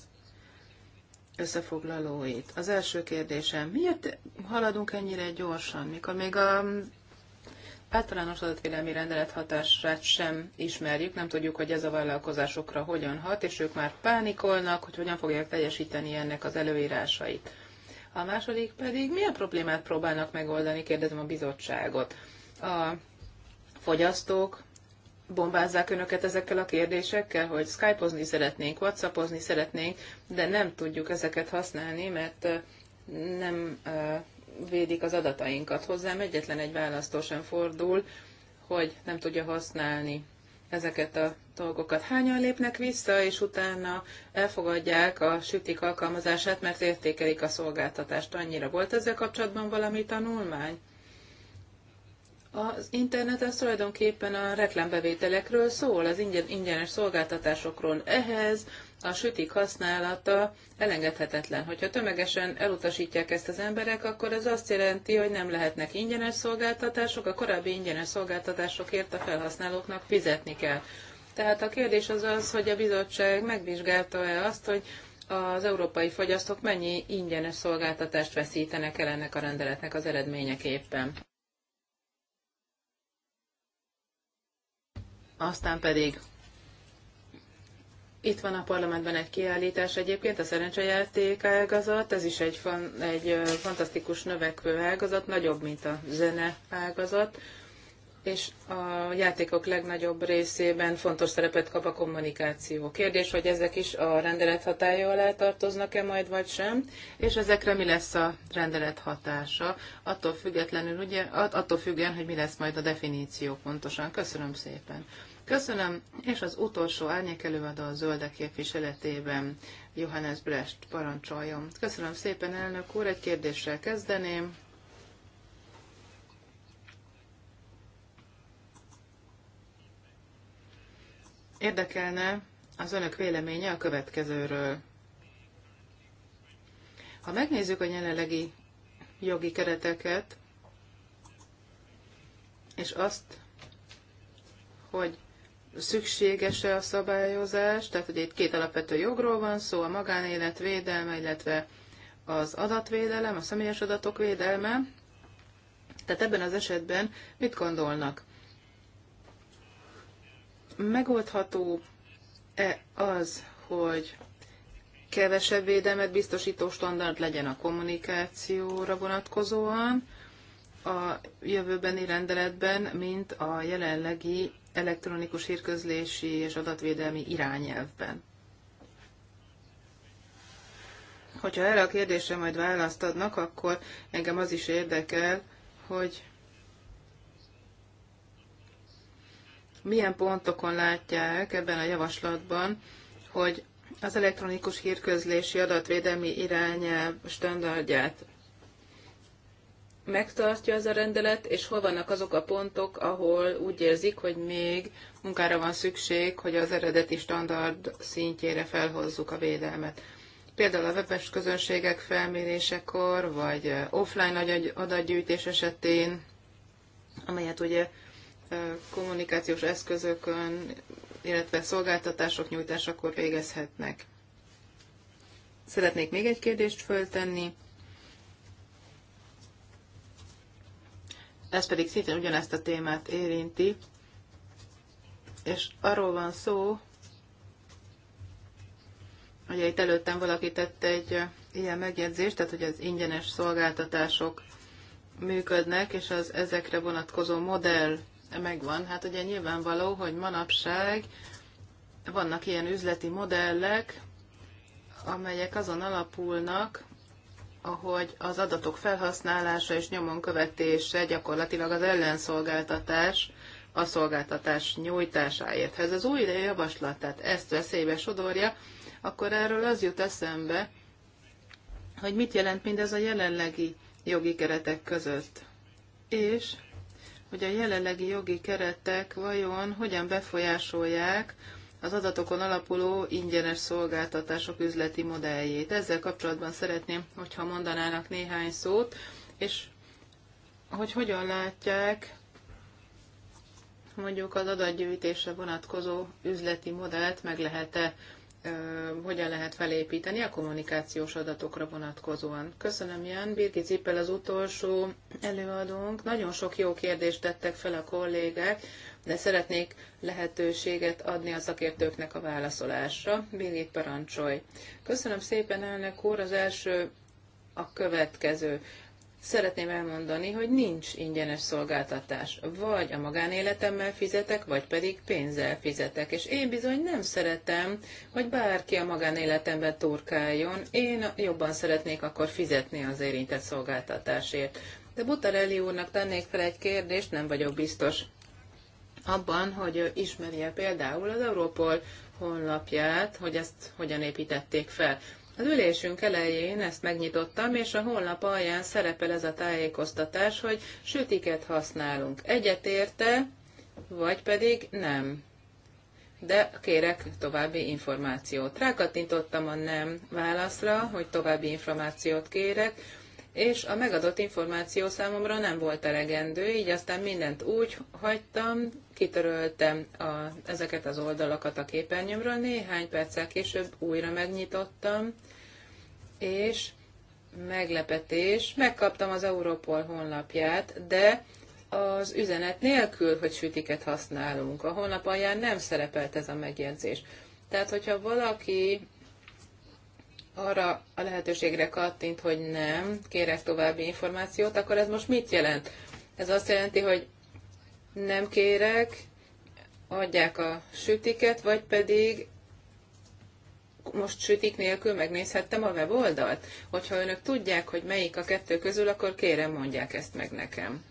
összefoglalóit. Az első kérdésem, miért haladunk ennyire gyorsan, mikor még a általános adatvédelmi rendelet hatását sem ismerjük, nem tudjuk, hogy ez a vállalkozásokra hogyan hat, és ők már pánikolnak, hogy hogyan fogják teljesíteni ennek az előírásait. A második pedig, milyen problémát próbálnak megoldani, kérdezem a bizottságot. A fogyasztók bombázzák önöket ezekkel a kérdésekkel, hogy skypozni szeretnénk, whatsappozni szeretnénk, de nem tudjuk ezeket használni, mert eh, nem eh, védik az adatainkat. Hozzám egyetlen egy választó sem fordul, hogy nem tudja használni ezeket a dolgokat. Hányan lépnek vissza, és utána elfogadják a sütik alkalmazását, mert értékelik a szolgáltatást. Annyira volt ezzel kapcsolatban valami tanulmány? Az internet az tulajdonképpen a reklámbevételekről szól, az ingyenes szolgáltatásokról. Ehhez a sütik használata elengedhetetlen. Hogyha tömegesen elutasítják ezt az emberek, akkor ez azt jelenti, hogy nem lehetnek ingyenes szolgáltatások, a korábbi ingyenes szolgáltatásokért a felhasználóknak fizetni kell. Tehát a kérdés az az, hogy a bizottság megvizsgálta-e azt, hogy az európai fogyasztók mennyi ingyenes szolgáltatást veszítenek el ennek a rendeletnek az eredményeképpen. Aztán pedig itt van a parlamentben egy kiállítás egyébként, a szerencsejáték ágazat, ez is egy, fan, egy fantasztikus növekvő ágazat, nagyobb, mint a zene ágazat, és a játékok legnagyobb részében fontos szerepet kap a kommunikáció. Kérdés, hogy ezek is a rendelet hatája alá tartoznak-e majd, vagy sem, és ezekre mi lesz a rendelet hatása, attól függetlenül, ugye, attól függően, hogy mi lesz majd a definíció pontosan. Köszönöm szépen. Köszönöm, és az utolsó árnyékelőadó a zöldek képviseletében Johannes Brest parancsoljon. Köszönöm szépen, elnök úr, egy kérdéssel kezdeném. Érdekelne az önök véleménye a következőről. Ha megnézzük a jelenlegi jogi kereteket, és azt, hogy szükséges-e a szabályozás, tehát hogy itt két alapvető jogról van szó, a magánélet védelme, illetve az adatvédelem, a személyes adatok védelme. Tehát ebben az esetben mit gondolnak? Megoldható-e az, hogy kevesebb védelmet biztosító standard legyen a kommunikációra vonatkozóan a jövőbeni rendeletben, mint a jelenlegi elektronikus hírközlési és adatvédelmi irányelvben. Hogyha erre a kérdésre majd választ adnak, akkor engem az is érdekel, hogy milyen pontokon látják ebben a javaslatban, hogy az elektronikus hírközlési adatvédelmi irányelv standardját megtartja ez a rendelet, és hol vannak azok a pontok, ahol úgy érzik, hogy még munkára van szükség, hogy az eredeti standard szintjére felhozzuk a védelmet. Például a webes közönségek felmérésekor, vagy offline adatgyűjtés esetén, amelyet ugye kommunikációs eszközökön, illetve szolgáltatások nyújtásakor végezhetnek. Szeretnék még egy kérdést föltenni ez pedig szintén ugyanezt a témát érinti, és arról van szó, hogy itt előttem valaki tette egy ilyen megjegyzést, tehát hogy az ingyenes szolgáltatások működnek, és az ezekre vonatkozó modell megvan. Hát ugye nyilvánvaló, hogy manapság vannak ilyen üzleti modellek, amelyek azon alapulnak, ahogy az adatok felhasználása és nyomon követése gyakorlatilag az ellenszolgáltatás a szolgáltatás nyújtásáért. Ha ez az új javaslat, tehát ezt veszélybe sodorja, akkor erről az jut eszembe, hogy mit jelent mindez a jelenlegi jogi keretek között. És hogy a jelenlegi jogi keretek vajon hogyan befolyásolják az adatokon alapuló ingyenes szolgáltatások üzleti modelljét. Ezzel kapcsolatban szeretném, hogyha mondanának néhány szót, és hogy hogyan látják mondjuk az adatgyűjtésre vonatkozó üzleti modellt meg lehet-e, hogyan lehet felépíteni a kommunikációs adatokra vonatkozóan. Köszönöm, Ján. Birgit Zippel az utolsó előadónk. Nagyon sok jó kérdést tettek fel a kollégák de szeretnék lehetőséget adni a szakértőknek a válaszolásra. Billy, parancsolj! Köszönöm szépen, elnök úr! Az első a következő. Szeretném elmondani, hogy nincs ingyenes szolgáltatás. Vagy a magánéletemmel fizetek, vagy pedig pénzzel fizetek. És én bizony nem szeretem, hogy bárki a magánéletemben turkáljon. Én jobban szeretnék akkor fizetni az érintett szolgáltatásért. De Butarelli úrnak tennék fel egy kérdést, nem vagyok biztos abban, hogy ismerje például az Európol honlapját, hogy ezt hogyan építették fel. Az ülésünk elején ezt megnyitottam, és a honlap alján szerepel ez a tájékoztatás, hogy sütiket használunk. Egyetérte, vagy pedig nem. De kérek további információt. Rákattintottam a nem válaszra, hogy további információt kérek, és a megadott információ számomra nem volt elegendő, így aztán mindent úgy hagytam, kitöröltem a, ezeket az oldalakat a képernyőmről, néhány perccel később újra megnyitottam, és meglepetés, megkaptam az Europol honlapját, de az üzenet nélkül, hogy sütiket használunk. A honlap alján nem szerepelt ez a megjegyzés. Tehát, hogyha valaki arra a lehetőségre kattint, hogy nem, kérek további információt, akkor ez most mit jelent? Ez azt jelenti, hogy nem kérek, adják a sütiket, vagy pedig most sütik nélkül megnézhettem a weboldalt? Hogyha önök tudják, hogy melyik a kettő közül, akkor kérem mondják ezt meg nekem.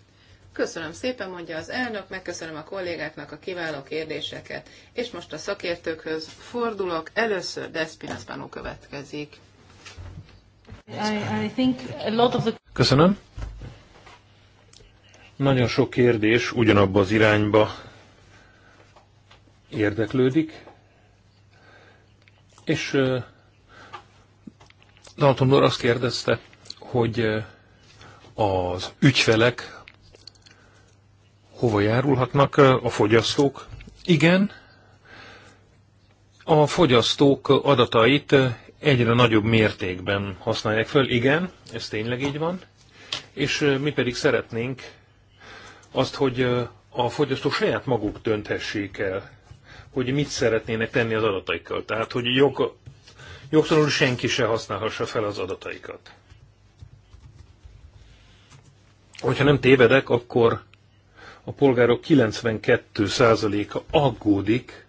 Köszönöm szépen, mondja az elnök, megköszönöm a kollégáknak a kiváló kérdéseket. És most a szakértőkhöz fordulok. Először Despinas Manu következik. Köszönöm. Nagyon sok kérdés ugyanabba az irányba érdeklődik, és Dalton azt kérdezte, hogy az ügyfelek hova járulhatnak a fogyasztók? Igen, a fogyasztók adatait egyre nagyobb mértékben használják föl. Igen, ez tényleg így van. És mi pedig szeretnénk azt, hogy a fogyasztók saját maguk dönthessék el, hogy mit szeretnének tenni az adataikkal. Tehát, hogy jog, jogtalanul senki se használhassa fel az adataikat. Hogyha nem tévedek, akkor a polgárok 92%-a aggódik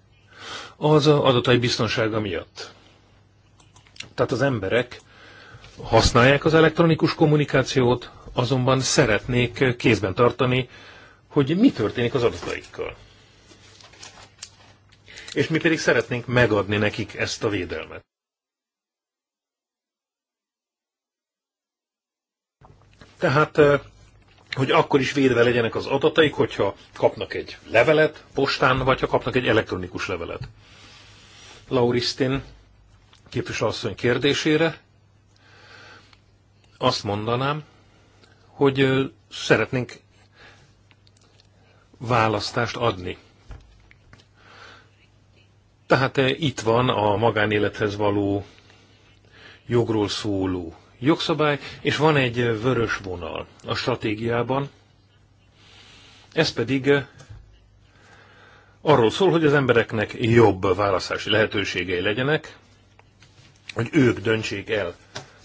az adatai biztonsága miatt. Tehát az emberek használják az elektronikus kommunikációt, azonban szeretnék kézben tartani, hogy mi történik az adataikkal. És mi pedig szeretnénk megadni nekik ezt a védelmet. Tehát hogy akkor is védve legyenek az adataik, hogyha kapnak egy levelet postán, vagy ha kapnak egy elektronikus levelet. Lauristin képviselőasszony kérdésére azt mondanám, hogy szeretnénk választást adni. Tehát itt van a magánélethez való jogról szóló jogszabály, és van egy vörös vonal a stratégiában. Ez pedig arról szól, hogy az embereknek jobb választási lehetőségei legyenek, hogy ők döntsék el,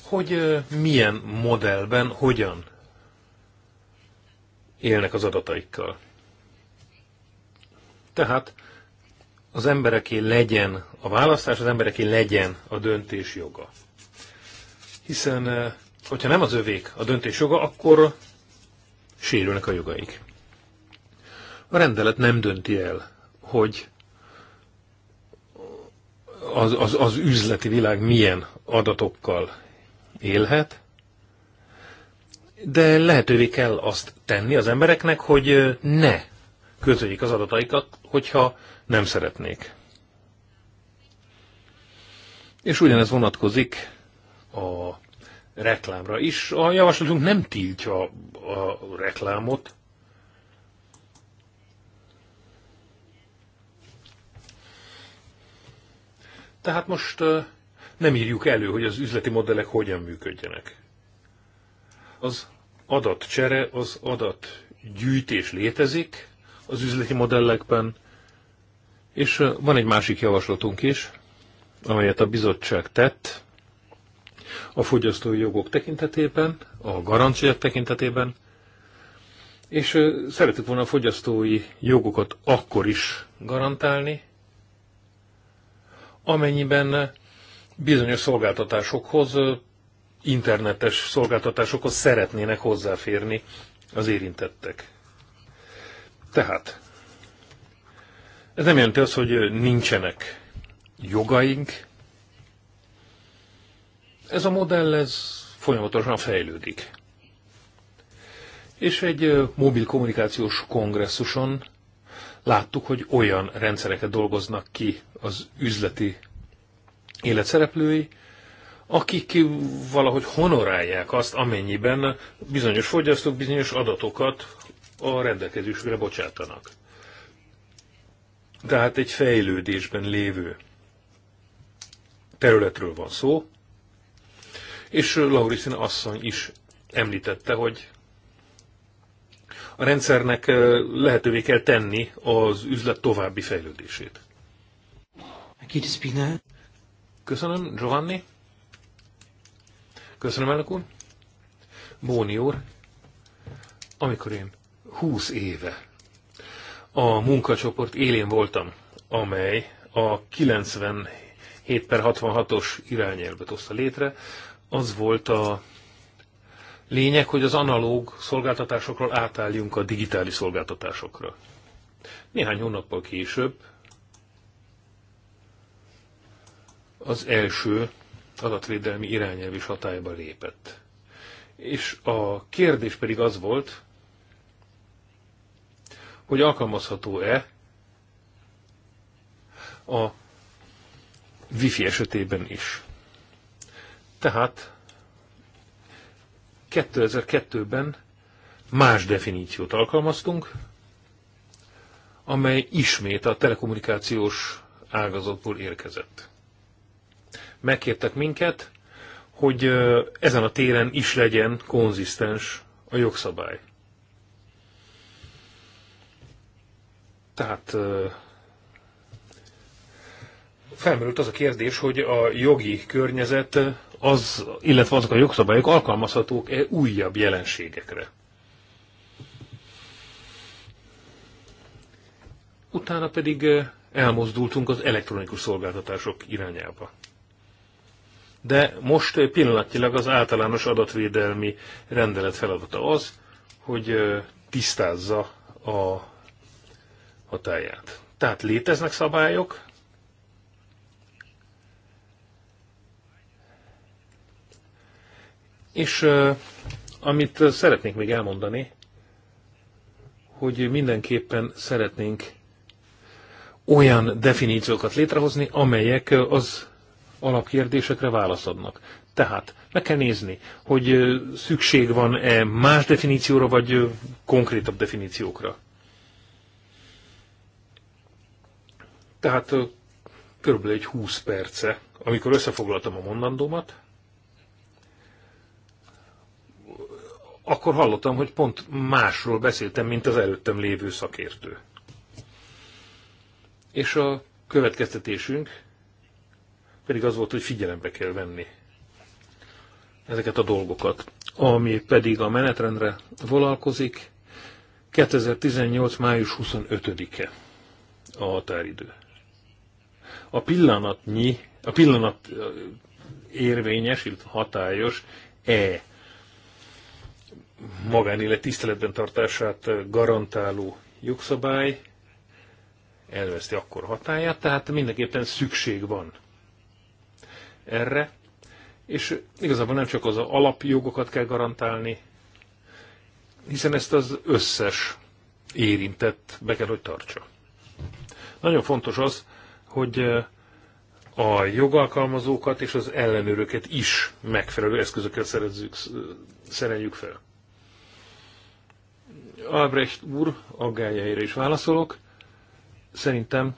hogy milyen modellben, hogyan élnek az adataikkal. Tehát az embereké legyen a választás, az embereké legyen a döntés joga hiszen eh, hogyha nem az övék a döntés joga, akkor sérülnek a jogaik. A rendelet nem dönti el, hogy az, az, az üzleti világ milyen adatokkal élhet, de lehetővé kell azt tenni az embereknek, hogy eh, ne közöljék az adataikat, hogyha nem szeretnék. És ugyanez vonatkozik a reklámra is. A javaslatunk nem tiltja a reklámot. Tehát most nem írjuk elő, hogy az üzleti modellek hogyan működjenek. Az adatcsere, az adatgyűjtés létezik az üzleti modellekben, és van egy másik javaslatunk is, amelyet a bizottság tett, a fogyasztói jogok tekintetében, a garanciák tekintetében, és szeretük volna a fogyasztói jogokat akkor is garantálni, amennyiben bizonyos szolgáltatásokhoz, internetes szolgáltatásokhoz szeretnének hozzáférni az érintettek. Tehát, ez nem jelenti azt, hogy nincsenek jogaink, ez a modell ez folyamatosan fejlődik. És egy mobil kommunikációs kongresszuson láttuk, hogy olyan rendszereket dolgoznak ki az üzleti élet szereplői, akik valahogy honorálják azt, amennyiben bizonyos fogyasztók bizonyos adatokat a rendelkezésükre bocsátanak. Tehát egy fejlődésben lévő területről van szó, és Lauriszin asszony is említette, hogy a rendszernek lehetővé kell tenni az üzlet további fejlődését. Köszönöm, Giovanni. Köszönöm, elnök úr. Bóni úr, amikor én 20 éve a munkacsoport élén voltam, amely a 97 per 66-os irányelvet hozta létre, az volt a lényeg, hogy az analóg szolgáltatásokról átálljunk a digitális szolgáltatásokra. Néhány hónappal később az első adatvédelmi irányelv is hatályba lépett. És a kérdés pedig az volt, hogy alkalmazható-e a wifi esetében is. Tehát 2002-ben más definíciót alkalmaztunk, amely ismét a telekommunikációs ágazatból érkezett. Megkértek minket, hogy ezen a téren is legyen konzisztens a jogszabály. Tehát felmerült az a kérdés, hogy a jogi környezet, az, illetve azok a jogszabályok alkalmazhatók-e újabb jelenségekre. Utána pedig eh, elmozdultunk az elektronikus szolgáltatások irányába. De most eh, pillanatnyilag az általános adatvédelmi rendelet feladata az, hogy eh, tisztázza a hatáját. Tehát léteznek szabályok, És amit szeretnék még elmondani, hogy mindenképpen szeretnénk olyan definíciókat létrehozni, amelyek az alapkérdésekre válaszadnak. Tehát meg kell nézni, hogy szükség van-e más definícióra, vagy konkrétabb definíciókra. Tehát körülbelül egy 20 perce, amikor összefoglaltam a mondandómat, akkor hallottam, hogy pont másról beszéltem, mint az előttem lévő szakértő. És a következtetésünk pedig az volt, hogy figyelembe kell venni ezeket a dolgokat. Ami pedig a menetrendre volalkozik, 2018. május 25-e a határidő. A pillanatnyi, a pillanat érvényes, illetve hatályos E magánélet tiszteletben tartását garantáló jogszabály elveszti akkor hatáját, tehát mindenképpen szükség van erre, és igazából nem csak az alapjogokat kell garantálni, hiszen ezt az összes érintett be kell, hogy tartsa. Nagyon fontos az, hogy a jogalkalmazókat és az ellenőröket is megfelelő eszközökkel szerezzük, szereljük fel. Albrecht úr aggájaira is válaszolok. Szerintem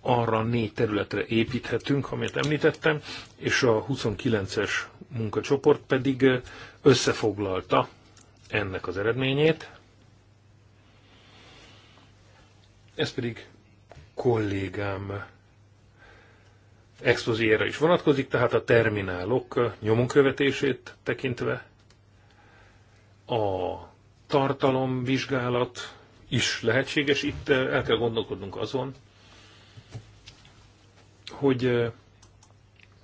arra négy területre építhetünk, amit említettem, és a 29-es munkacsoport pedig összefoglalta ennek az eredményét. Ez pedig kollégám expozíjára is vonatkozik, tehát a terminálok nyomunkövetését tekintve, a tartalomvizsgálat is lehetséges. Itt eh, el kell gondolkodnunk azon, hogy eh,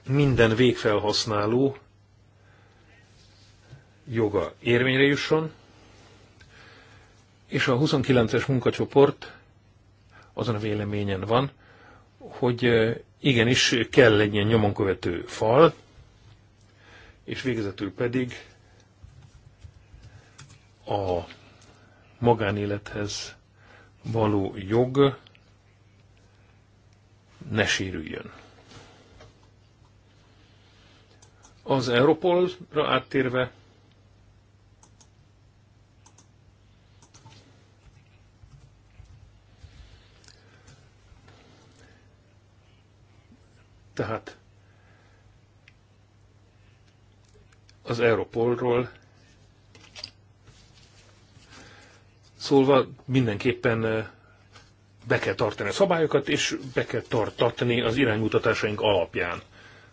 minden végfelhasználó joga érvényre jusson, és a 29-es munkacsoport azon a véleményen van, hogy eh, igenis kell egy ilyen nyomonkövető fal, és végezetül pedig a magánélethez való jog ne sérüljön. Az Europolra áttérve tehát az Europolról Szóval mindenképpen eh, be kell tartani a szabályokat, és be kell tartatni az iránymutatásaink alapján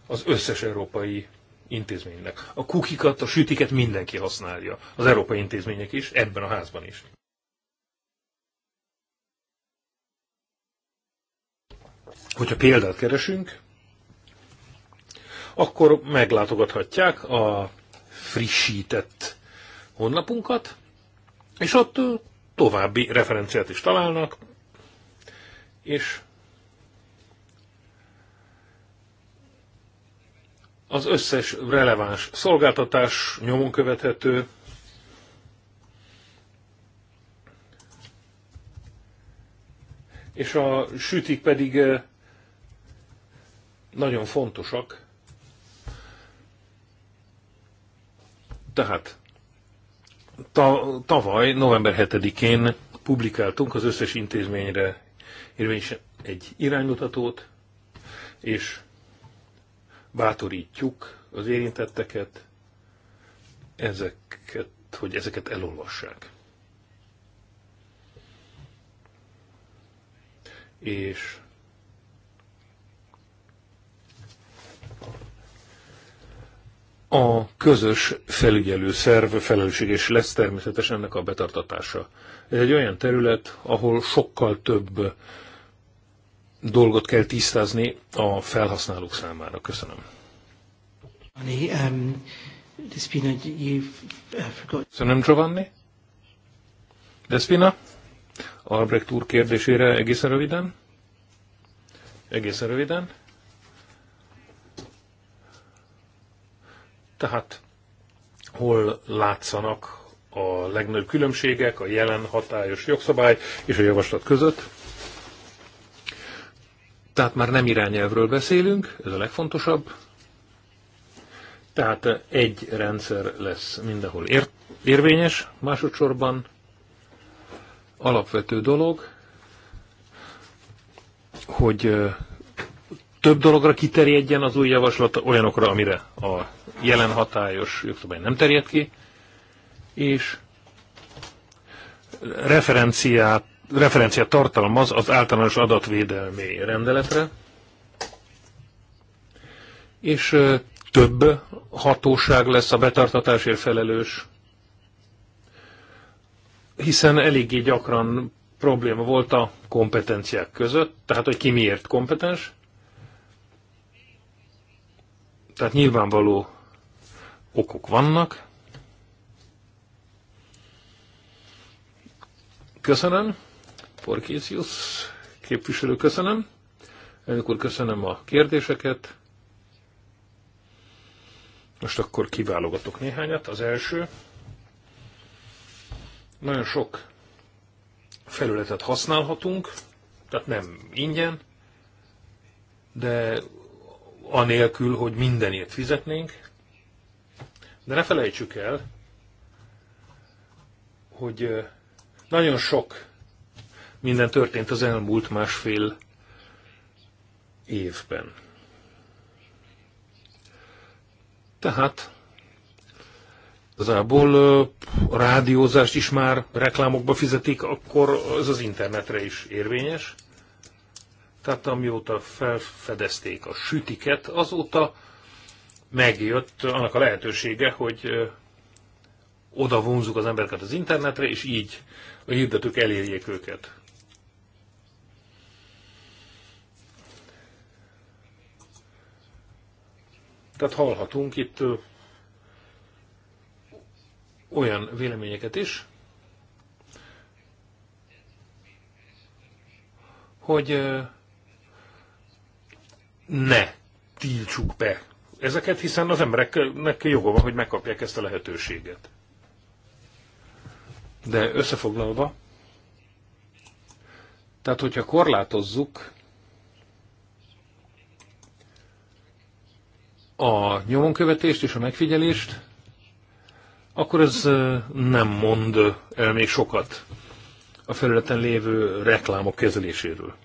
az összes európai intézménynek. A kukikat, a sütiket mindenki használja. Az európai intézmények is, ebben a házban is. Hogyha példát keresünk, akkor meglátogathatják a frissített honlapunkat, és ott további referenciát is találnak, és az összes releváns szolgáltatás nyomon követhető, és a sütik pedig eh, nagyon fontosak. Tehát ta, tavaly, november 7-én publikáltunk az összes intézményre érvényesen egy iránymutatót, és bátorítjuk az érintetteket, ezeket, hogy ezeket elolvassák. És A közös felügyelő szerv és lesz természetesen ennek a betartatása. Ez egy olyan terület, ahol sokkal több dolgot kell tisztázni a felhasználók számára. Köszönöm. Um, uh, Köszönöm, Giovanni. Despina, Albrecht úr kérdésére egészen röviden. Egészen röviden. Tehát hol látszanak a legnagyobb különbségek a jelen hatályos jogszabály és a javaslat között? Tehát már nem irányelvről beszélünk, ez a legfontosabb. Tehát egy rendszer lesz mindenhol ér érvényes, másodszorban alapvető dolog, hogy több dologra kiterjedjen az új javaslat, olyanokra, amire a jelen hatályos jogszabály nem terjed ki, és referenciát, referenciát tartalmaz az általános adatvédelmi rendeletre, és több hatóság lesz a betartatásért felelős, hiszen eléggé gyakran probléma volt a kompetenciák között, tehát hogy ki miért kompetens, tehát nyilvánvaló okok vannak. Köszönöm, Porkéciusz képviselő, köszönöm. Elnök úr, köszönöm a kérdéseket. Most akkor kiválogatok néhányat. Az első. Nagyon sok felületet használhatunk, tehát nem ingyen, de anélkül, hogy mindenért fizetnénk. De ne felejtsük el, hogy nagyon sok minden történt az elmúlt másfél évben. Tehát igazából a rádiózást is már reklámokba fizetik, akkor az az internetre is érvényes. Tehát amióta felfedezték a sütiket, azóta megjött annak a lehetősége, hogy oda vonzuk az embereket az internetre, és így a hirdetők elérjék őket. Tehát hallhatunk itt olyan véleményeket is, hogy ne tiltsuk be ezeket, hiszen az embereknek joga van, hogy megkapják ezt a lehetőséget. De összefoglalva, tehát hogyha korlátozzuk a nyomonkövetést és a megfigyelést, akkor ez nem mond el még sokat a felületen lévő reklámok kezeléséről.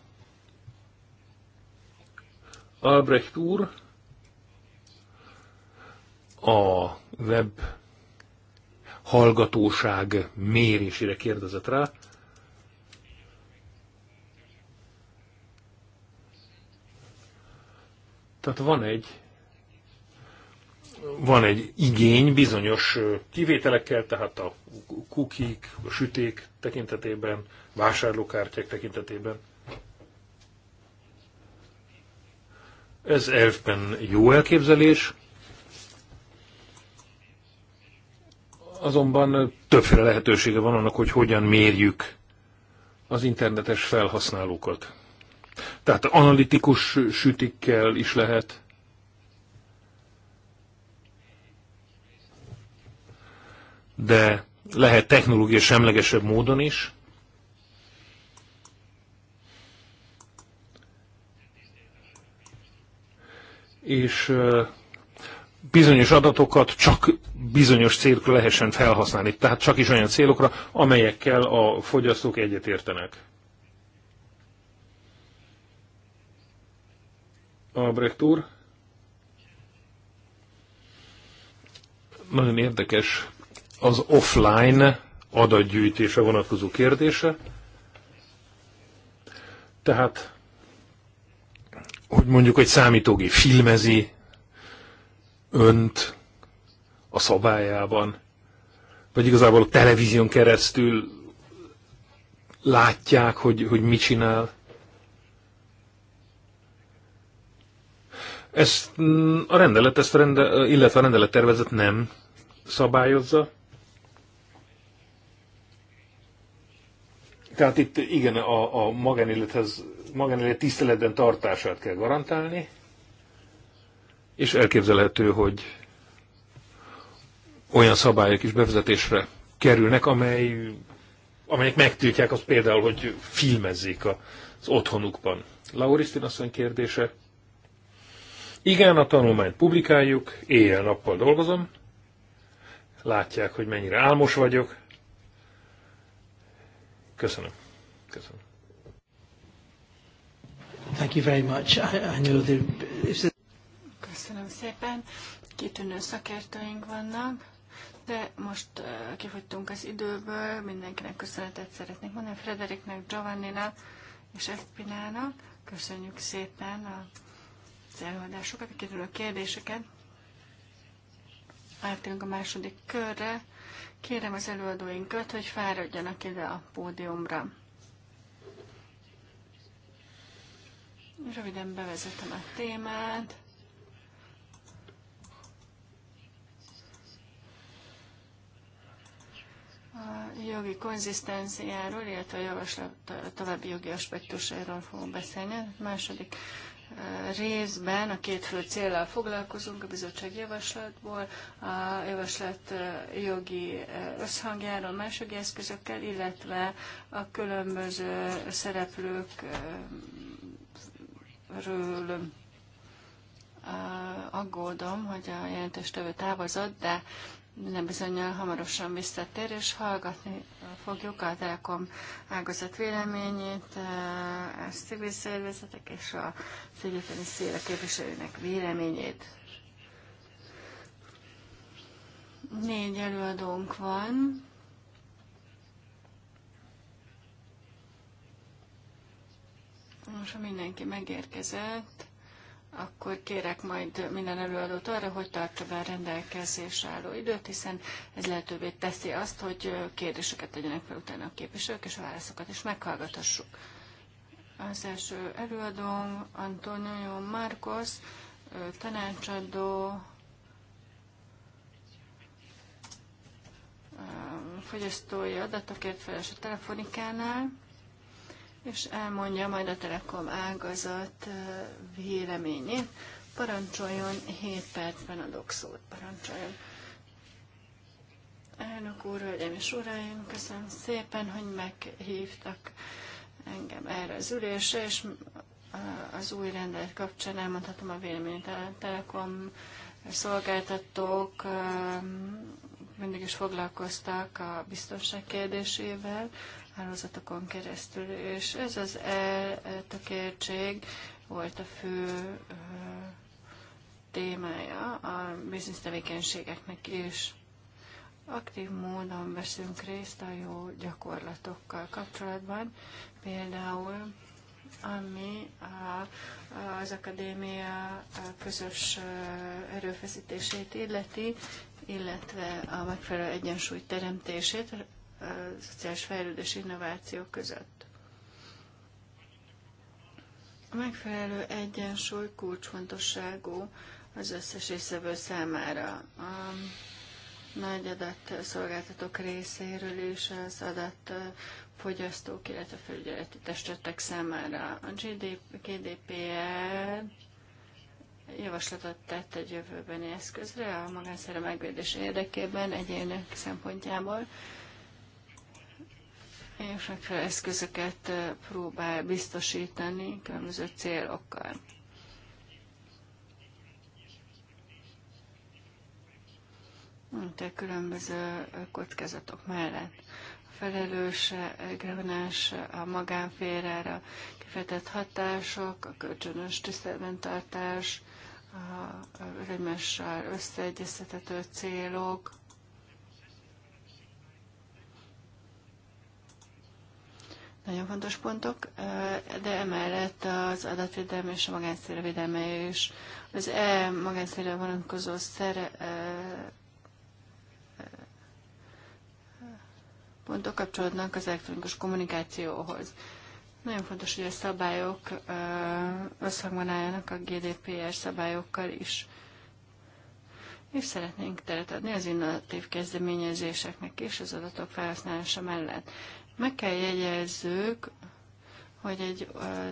Albrecht úr a web hallgatóság mérésére kérdezett rá. Tehát van egy van egy igény bizonyos kivételekkel, tehát a kukik, a süték tekintetében, vásárlókártyák tekintetében. Ez elfben jó elképzelés, azonban többféle lehetősége van annak, hogy hogyan mérjük az internetes felhasználókat. Tehát analitikus sütikkel is lehet. De lehet technológia semlegesebb módon is. és bizonyos adatokat csak bizonyos célokra lehessen felhasználni, tehát csak is olyan célokra, amelyekkel a fogyasztók egyetértenek. Albrecht úr. Nagyon érdekes az offline adatgyűjtése vonatkozó kérdése. Tehát hogy mondjuk egy számítógép filmezi önt a szabályában, vagy igazából a televízión keresztül látják, hogy, hogy mit csinál. Ezt mm, a rendelet, ezt a rende, illetve a rendelettervezet nem szabályozza. Tehát itt igen, a, a magánélethez magánélet tiszteletben tartását kell garantálni, és elképzelhető, hogy olyan szabályok is bevezetésre kerülnek, amely, amelyek megtiltják azt például, hogy filmezzék az otthonukban. Lauristin asszony kérdése. Igen, a tanulmányt publikáljuk, éjjel-nappal dolgozom. Látják, hogy mennyire álmos vagyok. Köszönöm. Köszönöm. Thank you very much. I, I know there, Köszönöm szépen. Kitűnő szakértőink vannak, de most uh, kifogytunk az időből. Mindenkinek köszönetet szeretnék mondani, Frederiknek, Giovanninak és Espinának. Köszönjük szépen az előadásokat, a kitűnő kérdéseket. Átérünk a második körre. Kérem az előadóinkat, hogy fáradjanak ide a pódiumra. Röviden bevezetem a témát. A jogi konzisztenciáról, illetve a javaslat további jogi aspektusairól fogunk beszélni. A második részben a két fő célral foglalkozunk a bizottság javaslatból, a javaslat jogi összhangjáról, más jogi eszközökkel, illetve a különböző szereplők ről aggódom, hogy a tövő távozott, de minden bizonyal hamarosan visszatér, és hallgatni fogjuk a Telekom ágazat véleményét, a civil szervezetek és a szigeteli széle képviselőnek véleményét. Négy előadónk van, Most, ha mindenki megérkezett, akkor kérek majd minden előadót arra, hogy tartsa be a rendelkezésre álló időt, hiszen ez lehetővé teszi azt, hogy kérdéseket tegyenek fel utána a képviselők, és a válaszokat is meghallgathassuk. Az első előadóm Antonio Marcos, tanácsadó, fogyasztói adatokért feles a telefonikánál és elmondja majd a Telekom ágazat véleményét. Parancsoljon 7 percben adok szót, parancsoljon. Elnök úr, hölgyeim és uraim, köszönöm szépen, hogy meghívtak engem erre az ülésre, és az új rendelet kapcsán elmondhatom a véleményt. A Telekom szolgáltatók mindig is foglalkoztak a biztonság kérdésével, hálózatokon keresztül, és ez az eltökértség e, volt a fő e, témája a biznisz tevékenységeknek is. Aktív módon veszünk részt a jó gyakorlatokkal kapcsolatban, például ami a, az akadémia közös e, erőfeszítését illeti, illetve a megfelelő egyensúly teremtését szociális fejlődés innováció között. A megfelelő egyensúly kulcsfontosságú az összes részevő számára. A nagy adatszolgáltatók részéről is az adatfogyasztók, illetve felügyeleti testületek számára. A GDPR javaslatot tett egy jövőbeni eszközre a magánszere megvédés érdekében, egyének szempontjából és megfelelő eszközöket próbál biztosítani különböző célokkal. mint a különböző kockázatok mellett. A felelős vonás, a magánférára kifejtett hatások, a kölcsönös tiszteletben tartás, a egymással összeegyeztethető célok, nagyon fontos pontok, de emellett az adatvédelme és a magánszféra védelme is. Az E magánszféra vonatkozó szere, pontok kapcsolódnak az elektronikus kommunikációhoz. Nagyon fontos, hogy a szabályok összhangban álljanak a GDPR szabályokkal is. És szeretnénk teret adni az innovatív kezdeményezéseknek és az adatok felhasználása mellett. Meg kell jegyezzük, hogy egy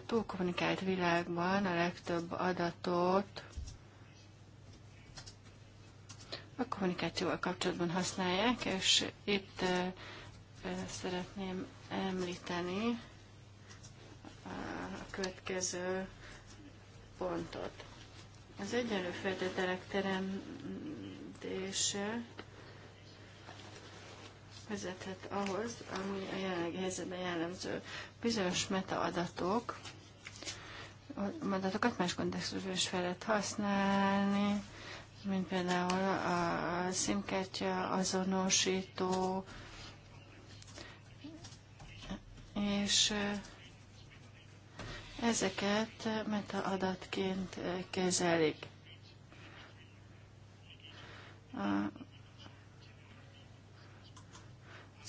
túlkommunikált világban a legtöbb adatot a kommunikációval kapcsolatban használják, és itt szeretném említeni a következő pontot. Az egyenlő feltételek teremtése vezethet ahhoz, ami a jelenlegi helyzetben jellemző. Bizonyos metaadatok, adatokat más kontextusban is fel lehet használni, mint például a szimkártya azonosító, és ezeket metaadatként kezelik. A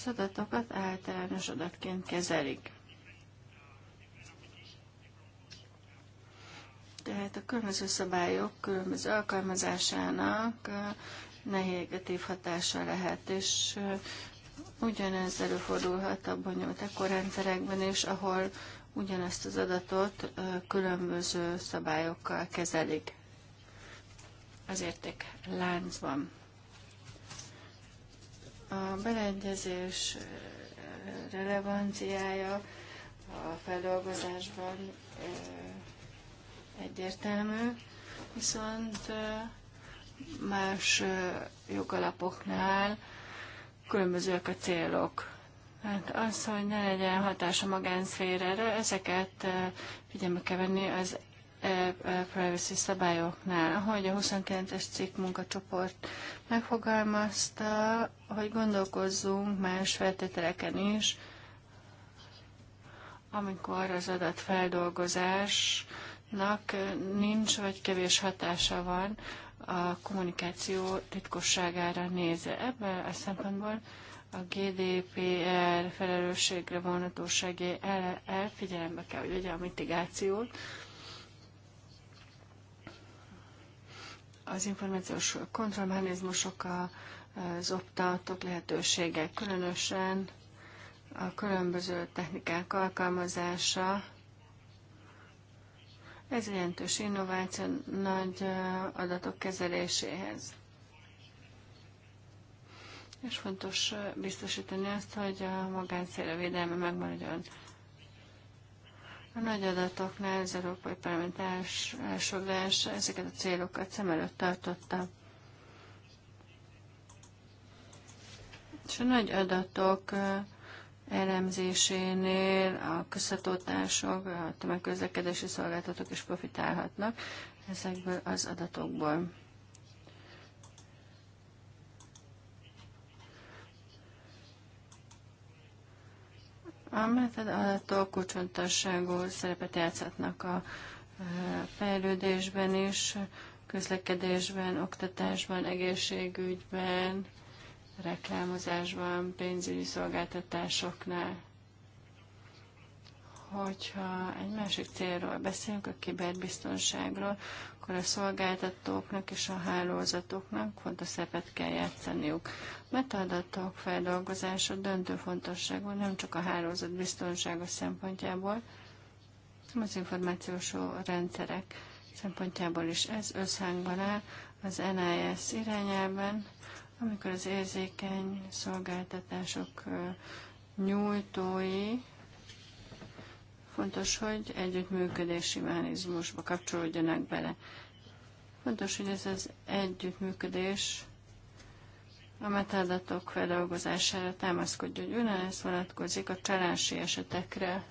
az adatokat általános adatként kezelik. Tehát a különböző szabályok különböző alkalmazásának negatív hatása lehet, és ugyanez előfordulhat a bonyolult ekorrendszerekben is, ahol ugyanezt az adatot különböző szabályokkal kezelik az értékláncban. láncban. A beleegyezés eh, relevanciája a feldolgozásban eh, egyértelmű, viszont eh, más jogalapoknál különbözőek a célok. Hát az, hogy ne legyen hatása magánszférere, ezeket figyelme kell venni az E, e, privacy szabályoknál. hogy a 29-es cikk munkacsoport megfogalmazta, hogy gondolkozzunk más feltételeken is, amikor az adatfeldolgozásnak nincs vagy kevés hatása van a kommunikáció titkosságára nézve. Ebben a szempontból a GDPR felelősségre vonatósági elfigyelembe kell, hogy vegye a mitigációt, az információs kontrollmechanizmusok, az optautok lehetőségek, különösen a különböző technikák alkalmazása. Ez jelentős innováció nagy adatok kezeléséhez. És fontos biztosítani azt, hogy a magánszél védelme megmaradjon. A nagy adatoknál az Európai Parlament elsoglás ezeket a célokat szem előtt tartotta. És a nagy adatok elemzésénél a közhatótások, a tömegközlekedési szolgáltatók is profitálhatnak ezekből az adatokból. amelyet a tolkulcsontosságú szerepet játszhatnak a e, fejlődésben is, közlekedésben, oktatásban, egészségügyben, reklámozásban, pénzügyi szolgáltatásoknál. Hogyha egy másik célról beszélünk, a kiberbiztonságról, akkor a szolgáltatóknak és a hálózatoknak fontos szerepet kell játszaniuk. Metadatok feldolgozása döntő fontosságú nem csak a hálózat biztonságos szempontjából, hanem az információs rendszerek szempontjából is. Ez összhangban áll az NIS irányában, amikor az érzékeny szolgáltatások nyújtói Fontos, hogy együttműködési mechanizmusba kapcsolódjanak bele. Fontos, hogy ez az együttműködés a metadatok feldolgozására támaszkodjon. Ugyanez vonatkozik a csalási esetekre.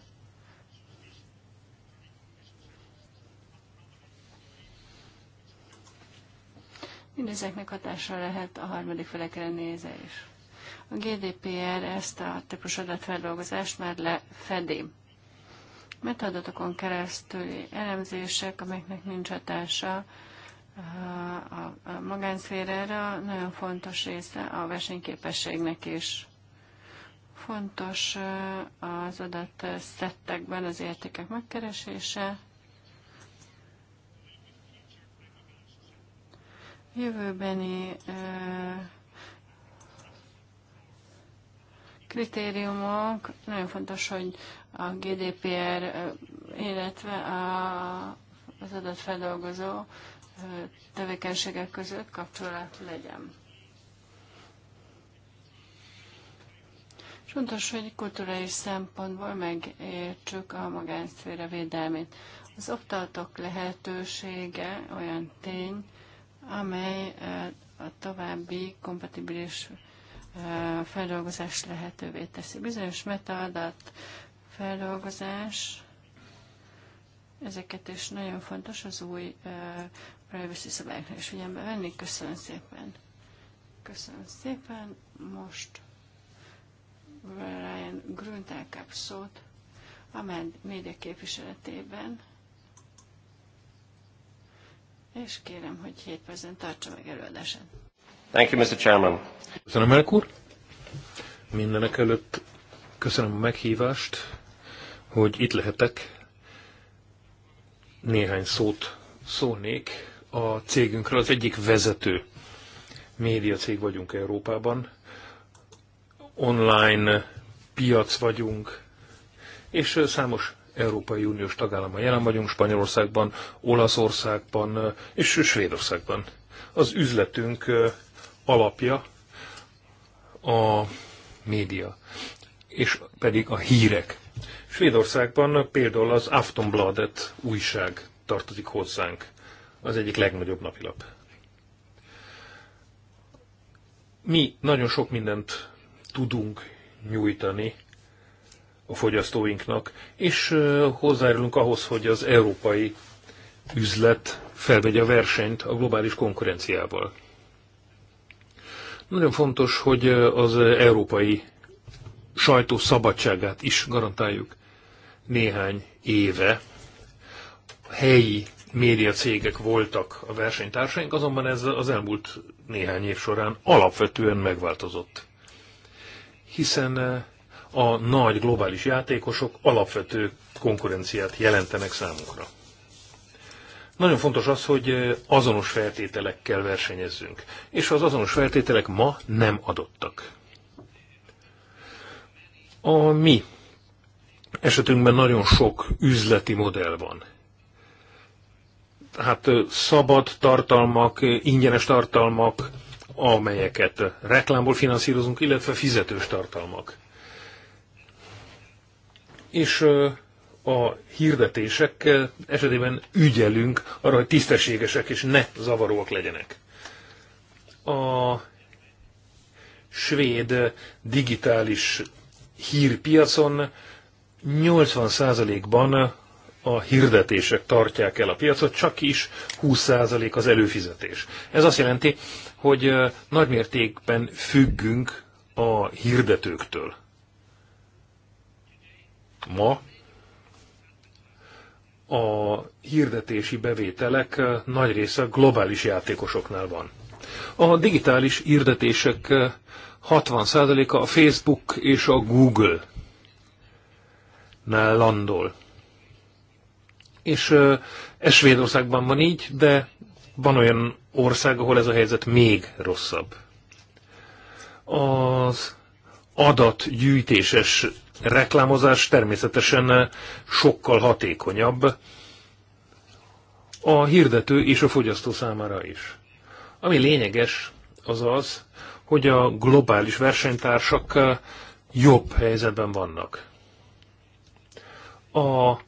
Mindezeknek hatása lehet a harmadik felekre nézve is. A GDPR ezt a típus adatfeldolgozást már lefedi metadatokon keresztüli elemzések, amelyeknek nincs hatása eh, a magánszférára, nagyon fontos része a versenyképességnek is. Fontos eh, az adat szettekben az értékek megkeresése, jövőbeni eh, kritériumok. Nagyon fontos, hogy a GDPR, illetve a, az adatfeldolgozó tevékenységek között kapcsolat legyen. fontos, hogy kulturális szempontból megértsük a magánszféra védelmét. Az optautok lehetősége olyan tény, amely a további kompatibilis feldolgozást lehetővé teszi. Bizonyos metaadat feldolgozás, ezeket is nagyon fontos az új uh, privacy szabályoknak is figyelembe venni. Köszönöm szépen! Köszönöm szépen! Most Ryan Grüntel kap szót a média képviseletében, és kérem, hogy 7 percen tartsa meg előadását. Thank you, Mr. Chairman. Köszönöm, elnök Mindenek előtt köszönöm a meghívást hogy itt lehetek. Néhány szót szólnék a cégünkről. Az egyik vezető médiacég vagyunk Európában. Online piac vagyunk, és számos Európai Uniós tagállama jelen vagyunk, Spanyolországban, Olaszországban és Svédországban. Az üzletünk alapja a média, és pedig a hírek Svédországban például az Aftonbladet újság tartozik hozzánk, az egyik legnagyobb napilap. Mi nagyon sok mindent tudunk nyújtani a fogyasztóinknak, és hozzájárulunk ahhoz, hogy az európai üzlet felvegye a versenyt a globális konkurenciával. Nagyon fontos, hogy az európai sajtó szabadságát is garantáljuk néhány éve helyi médiacégek voltak a versenytársaink, azonban ez az elmúlt néhány év során alapvetően megváltozott. Hiszen eh, a nagy globális játékosok alapvető konkurenciát jelentenek számunkra. Nagyon fontos az, hogy eh, azonos feltételekkel versenyezzünk, és az azonos feltételek ma nem adottak. A mi esetünkben nagyon sok üzleti modell van. Hát szabad tartalmak, ingyenes tartalmak, amelyeket reklámból finanszírozunk, illetve fizetős tartalmak. És a hirdetések esetében ügyelünk arra, hogy tisztességesek és ne zavaróak legyenek. A svéd digitális hírpiacon 80%-ban a hirdetések tartják el a piacot, csak is 20% az előfizetés. Ez azt jelenti, hogy nagymértékben függünk a hirdetőktől. Ma a hirdetési bevételek nagy része globális játékosoknál van. A digitális hirdetések 60%-a a Facebook és a Google nál landol. És ez Svédországban van így, de van olyan ország, ahol ez a helyzet még rosszabb. Az adatgyűjtéses reklámozás természetesen sokkal hatékonyabb a hirdető és a fogyasztó számára is. Ami lényeges, az az, hogy a globális versenytársak jobb helyzetben vannak a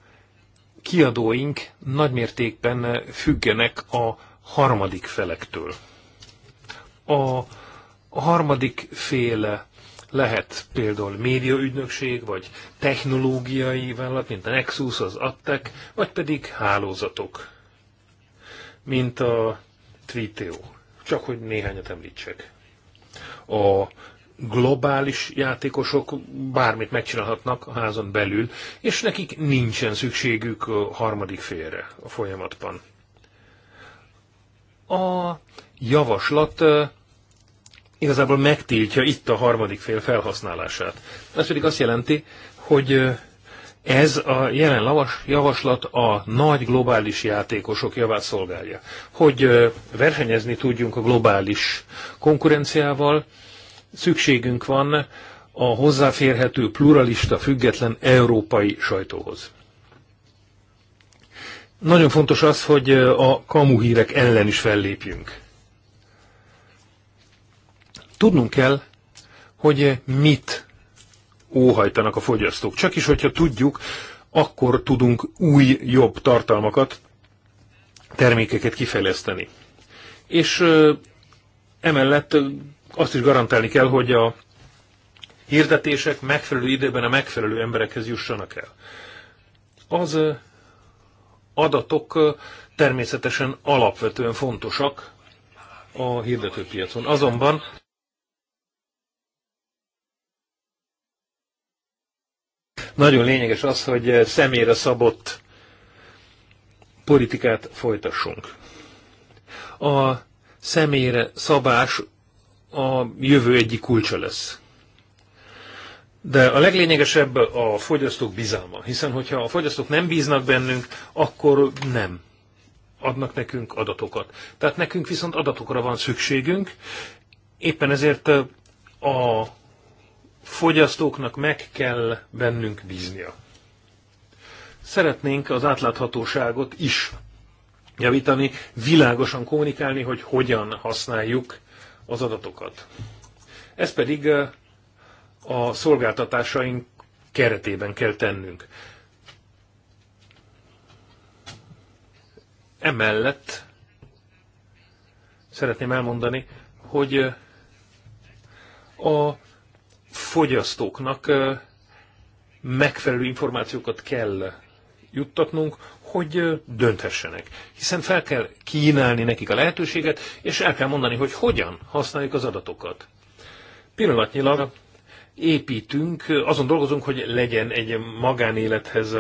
kiadóink nagymértékben függenek a harmadik felektől. A harmadik fél lehet például médiaügynökség, vagy technológiai vállalat, mint a Nexus, az Attek, vagy pedig hálózatok, mint a Twitter. Csak hogy néhányat említsek. A globális játékosok bármit megcsinálhatnak a házon belül, és nekik nincsen szükségük a harmadik félre a folyamatban. A javaslat igazából megtiltja itt a harmadik fél felhasználását. Ez pedig azt jelenti, hogy ez a jelen javaslat a nagy globális játékosok javát szolgálja. Hogy versenyezni tudjunk a globális konkurenciával, szükségünk van a hozzáférhető, pluralista, független európai sajtóhoz. Nagyon fontos az, hogy a kamuhírek ellen is fellépjünk. Tudnunk kell, hogy mit óhajtanak a fogyasztók. Csak is, hogyha tudjuk, akkor tudunk új, jobb tartalmakat, termékeket kifejleszteni. És emellett azt is garantálni kell, hogy a hirdetések megfelelő időben a megfelelő emberekhez jussanak el. Az adatok természetesen alapvetően fontosak a hirdetőpiacon. Azonban nagyon lényeges az, hogy személyre szabott politikát folytassunk. A személyre szabás a jövő egyik kulcsa lesz. De a leglényegesebb a fogyasztók bizalma, hiszen hogyha a fogyasztók nem bíznak bennünk, akkor nem adnak nekünk adatokat. Tehát nekünk viszont adatokra van szükségünk, éppen ezért a fogyasztóknak meg kell bennünk bíznia. Szeretnénk az átláthatóságot is javítani, világosan kommunikálni, hogy hogyan használjuk az adatokat. Ez pedig a szolgáltatásaink keretében kell tennünk. Emellett szeretném elmondani, hogy a fogyasztóknak megfelelő információkat kell juttatnunk hogy dönthessenek. Hiszen fel kell kínálni nekik a lehetőséget, és el kell mondani, hogy hogyan használjuk az adatokat. Pillanatnyilag építünk, azon dolgozunk, hogy legyen egy magánélethez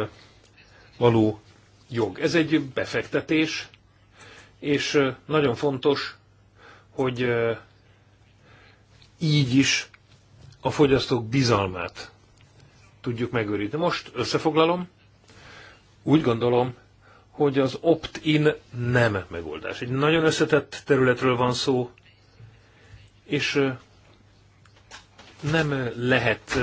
való jog. Ez egy befektetés, és nagyon fontos, hogy így is a fogyasztók bizalmát tudjuk megőrizni. Most összefoglalom, úgy gondolom, hogy az opt-in nem megoldás. Egy nagyon összetett területről van szó, és nem lehet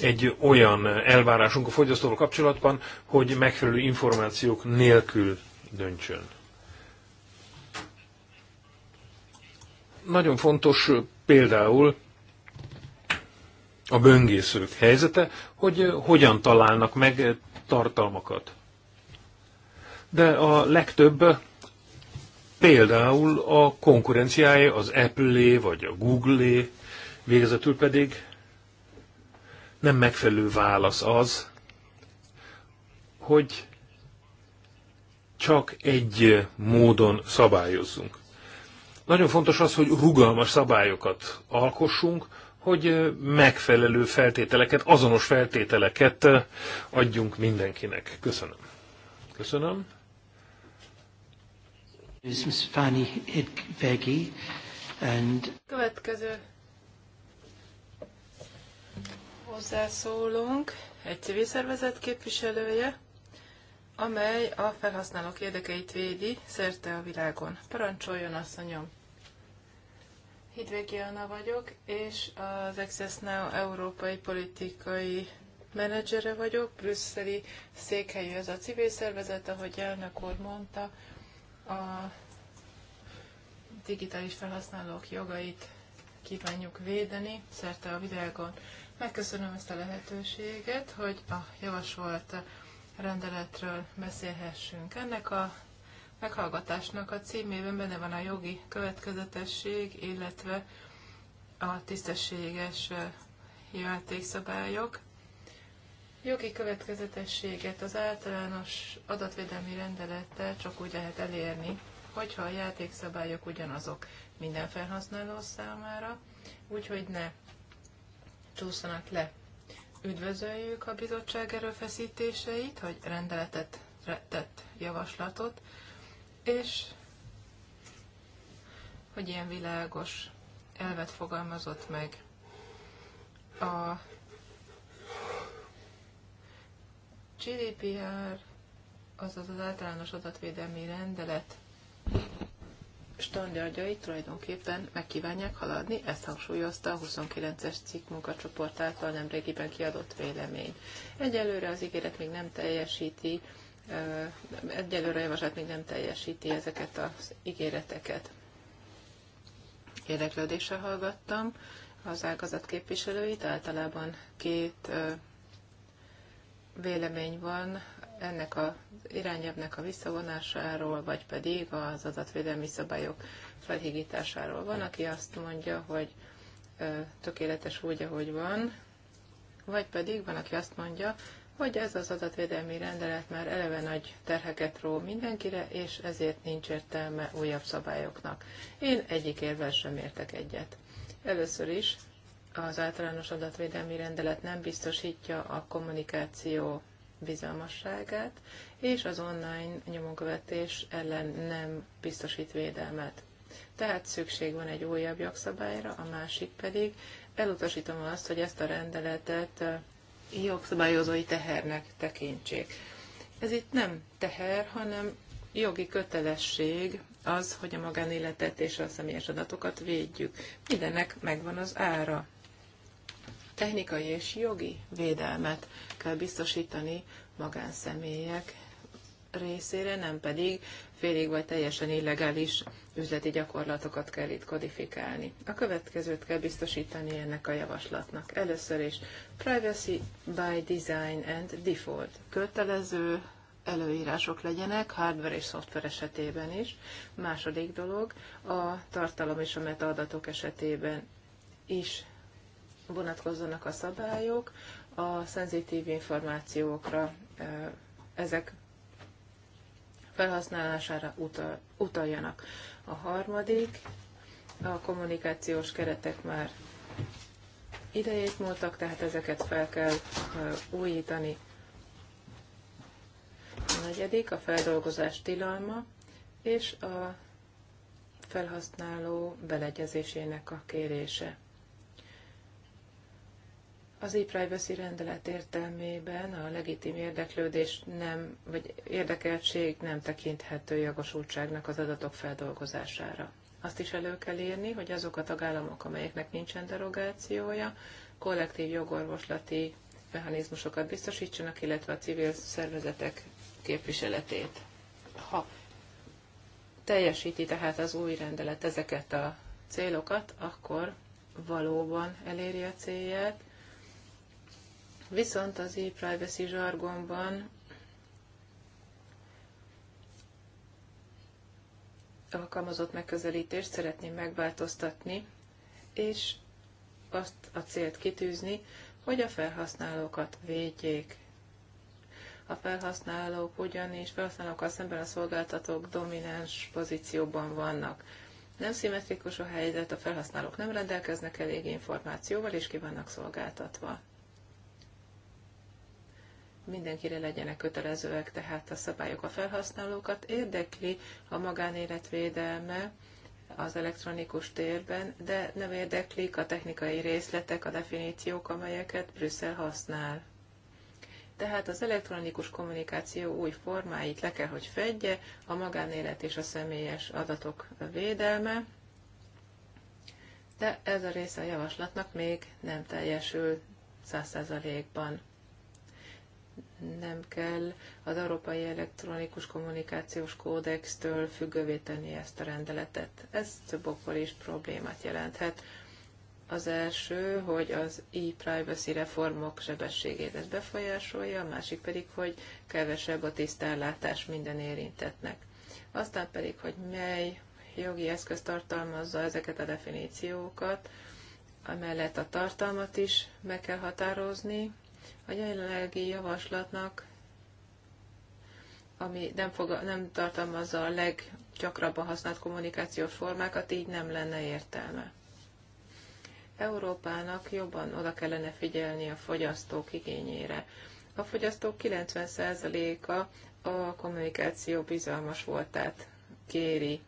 egy olyan elvárásunk a fogyasztóval kapcsolatban, hogy megfelelő információk nélkül döntsön. Nagyon fontos például a böngészők helyzete, hogy hogyan találnak meg tartalmakat de a legtöbb például a konkurenciája az Apple-é vagy a Google-é, végezetül pedig nem megfelelő válasz az, hogy csak egy módon szabályozzunk. Nagyon fontos az, hogy rugalmas szabályokat alkossunk, hogy megfelelő feltételeket, azonos feltételeket adjunk mindenkinek. Köszönöm. Köszönöm. Következő hozzászólunk egy civil szervezet képviselője, amely a felhasználók érdekeit védi szerte a világon. Parancsoljon, asszonyom! Hidvégi Anna vagyok, és az Access Now európai politikai menedzsere vagyok. Brüsszeli székhelyű ez a civil szervezet, ahogy elnök úr mondta, a digitális felhasználók jogait kívánjuk védeni szerte a világon. Megköszönöm ezt a lehetőséget, hogy a javasolt rendeletről beszélhessünk. Ennek a meghallgatásnak a címében benne van a jogi következetesség, illetve a tisztességes játékszabályok jogi következetességet az általános adatvédelmi rendelettel csak úgy lehet elérni, hogyha a játékszabályok ugyanazok minden felhasználó számára, úgyhogy ne csúszanak le. Üdvözöljük a bizottság erőfeszítéseit, hogy rendeletet tett javaslatot, és hogy ilyen világos elvet fogalmazott meg a GDPR, azaz az általános adatvédelmi rendelet standardjait tulajdonképpen megkívánják haladni, ezt hangsúlyozta a 29-es cikk munkacsoport által nemrégiben kiadott vélemény. Egyelőre az ígéret még nem teljesíti, egyelőre a javaslat még nem teljesíti ezeket az ígéreteket. Érdeklődéssel hallgattam az ágazat képviselőit, általában két vélemény van ennek az irányelvnek a visszavonásáról, vagy pedig az adatvédelmi szabályok felhigításáról. Van, aki azt mondja, hogy tökéletes úgy, ahogy van, vagy pedig van, aki azt mondja, hogy ez az adatvédelmi rendelet már eleve nagy terheket ró mindenkire, és ezért nincs értelme újabb szabályoknak. Én egyik érvel sem értek egyet. Először is az általános adatvédelmi rendelet nem biztosítja a kommunikáció bizalmasságát, és az online nyomonkövetés ellen nem biztosít védelmet. Tehát szükség van egy újabb jogszabályra, a másik pedig elutasítom azt, hogy ezt a rendeletet jogszabályozói tehernek tekintsék. Ez itt nem teher, hanem jogi kötelesség az, hogy a magánéletet és a személyes adatokat védjük. Mindennek megvan az ára technikai és jogi védelmet kell biztosítani magánszemélyek részére, nem pedig félig vagy teljesen illegális üzleti gyakorlatokat kell itt kodifikálni. A következőt kell biztosítani ennek a javaslatnak. Először is Privacy by Design and Default. Kötelező előírások legyenek, hardware és szoftver esetében is. Második dolog, a tartalom és a metaadatok esetében is vonatkozzanak a szabályok a szenzitív információkra, ezek felhasználására utal, utaljanak. A harmadik, a kommunikációs keretek már idejét múltak, tehát ezeket fel kell újítani. A negyedik, a feldolgozás tilalma, és a felhasználó beleegyezésének a kérése. Az e-privacy rendelet értelmében a legitim érdeklődés nem, vagy érdekeltség nem tekinthető jogosultságnak az adatok feldolgozására. Azt is elő kell írni, hogy azok a tagállamok, amelyeknek nincsen derogációja, kollektív jogorvoslati mechanizmusokat biztosítsanak, illetve a civil szervezetek képviseletét. Ha teljesíti tehát az új rendelet ezeket a célokat, akkor valóban eléri a célját, Viszont az e-privacy zsargonban alkalmazott megközelítést szeretném megváltoztatni, és azt a célt kitűzni, hogy a felhasználókat védjék. A felhasználók ugyanis felhasználókkal szemben a szolgáltatók domináns pozícióban vannak. Nem szimmetrikus a helyzet, a felhasználók nem rendelkeznek elég információval, és ki vannak szolgáltatva mindenkire legyenek kötelezőek, tehát a szabályok a felhasználókat érdekli a magánélet védelme az elektronikus térben, de nem érdeklik a technikai részletek, a definíciók, amelyeket Brüsszel használ. Tehát az elektronikus kommunikáció új formáit le kell, hogy fedje, a magánélet és a személyes adatok védelme, de ez a része a javaslatnak még nem teljesül száz százalékban nem kell az Európai Elektronikus Kommunikációs Kódextől függővé tenni ezt a rendeletet. Ez több okból is problémát jelenthet. Az első, hogy az e-privacy reformok sebességét ez befolyásolja, a másik pedig, hogy kevesebb a tisztánlátás minden érintetnek. Aztán pedig, hogy mely jogi eszköz tartalmazza ezeket a definíciókat, amellett a tartalmat is meg kell határozni, a jelenlegi javaslatnak, ami nem, fog, nem tartalmazza a leggyakrabban használt kommunikációs formákat, így nem lenne értelme. Európának jobban oda kellene figyelni a fogyasztók igényére. A fogyasztók 90%-a a kommunikáció bizalmas voltát kéri.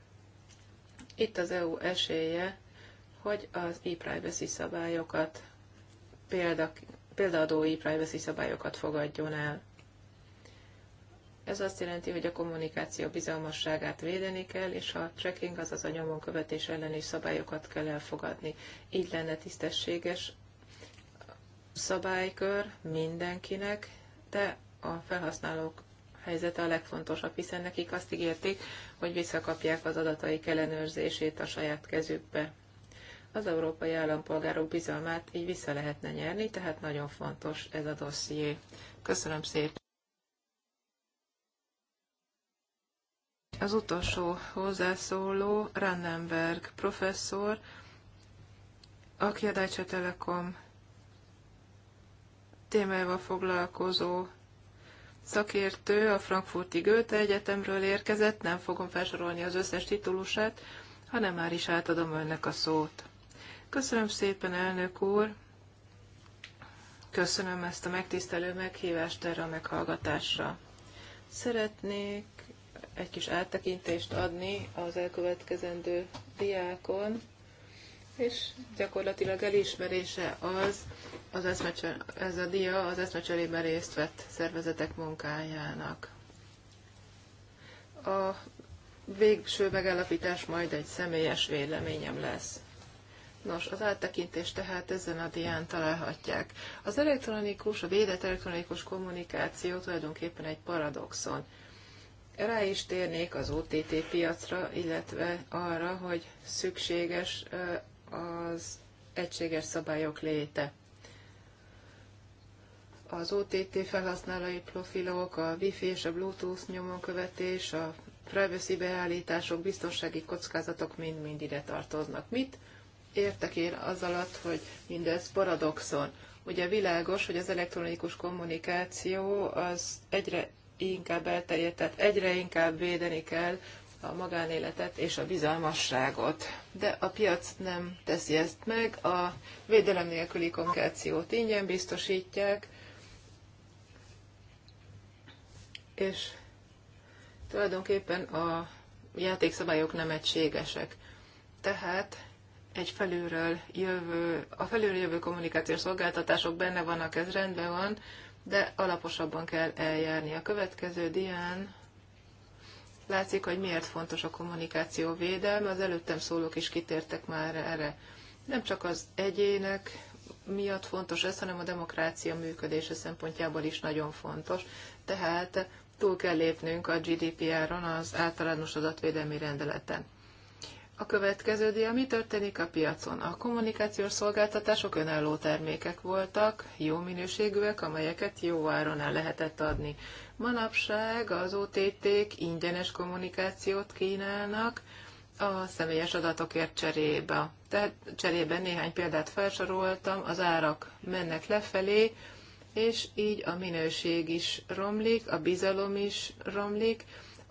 Itt az EU esélye, hogy az e-privacy szabályokat példa, példaadói privacy szabályokat fogadjon el. Ez azt jelenti, hogy a kommunikáció bizalmasságát védeni kell, és a tracking, azaz a nyomon követés elleni szabályokat kell elfogadni. Így lenne tisztességes szabálykör mindenkinek, de a felhasználók helyzete a legfontosabb, hiszen nekik azt ígérték, hogy visszakapják az adataik ellenőrzését a saját kezükbe az európai állampolgárok bizalmát így vissza lehetne nyerni, tehát nagyon fontos ez a dosszié. Köszönöm szépen! Az utolsó hozzászóló Rannenberg professzor, aki a Deutsche Telekom témával foglalkozó szakértő, a Frankfurti Goethe Egyetemről érkezett, nem fogom felsorolni az összes titulusát, hanem már is átadom önnek a szót. Köszönöm szépen, elnök úr! Köszönöm ezt a megtisztelő meghívást erre a meghallgatásra. Szeretnék egy kis áttekintést adni az elkövetkezendő diákon, és gyakorlatilag elismerése az, az eszmecsel, ez a dia az eszmecserében részt vett szervezetek munkájának. A végső megállapítás majd egy személyes véleményem lesz. Nos, az áttekintést tehát ezen a dián találhatják. Az elektronikus, a védett elektronikus kommunikáció tulajdonképpen egy paradoxon. Rá is térnék az OTT piacra, illetve arra, hogy szükséges az egységes szabályok léte. Az OTT felhasználói profilok, a Wi-Fi és a Bluetooth nyomon követés, a privacy beállítások, biztonsági kockázatok mind-mind ide tartoznak. Mit értek én az alatt, hogy mindez paradoxon. Ugye világos, hogy az elektronikus kommunikáció az egyre inkább elterjedt, tehát egyre inkább védeni kell a magánéletet és a bizalmasságot. De a piac nem teszi ezt meg, a védelem nélküli kommunikációt ingyen biztosítják, és tulajdonképpen a játékszabályok nem egységesek. Tehát egy felülről jövő, a felülről jövő kommunikációs szolgáltatások benne vannak, ez rendben van, de alaposabban kell eljárni. A következő dián látszik, hogy miért fontos a kommunikáció védelme, az előttem szólók is kitértek már erre. Nem csak az egyének miatt fontos ez, hanem a demokrácia működése szempontjából is nagyon fontos. Tehát túl kell lépnünk a GDPR-on, az általános adatvédelmi rendeleten. A következő dia, mi történik a piacon? A kommunikációs szolgáltatások önálló termékek voltak, jó minőségűek, amelyeket jó áron el lehetett adni. Manapság az OTT-k ingyenes kommunikációt kínálnak a személyes adatokért cserébe. Tehát cserében néhány példát felsoroltam, az árak mennek lefelé, és így a minőség is romlik, a bizalom is romlik,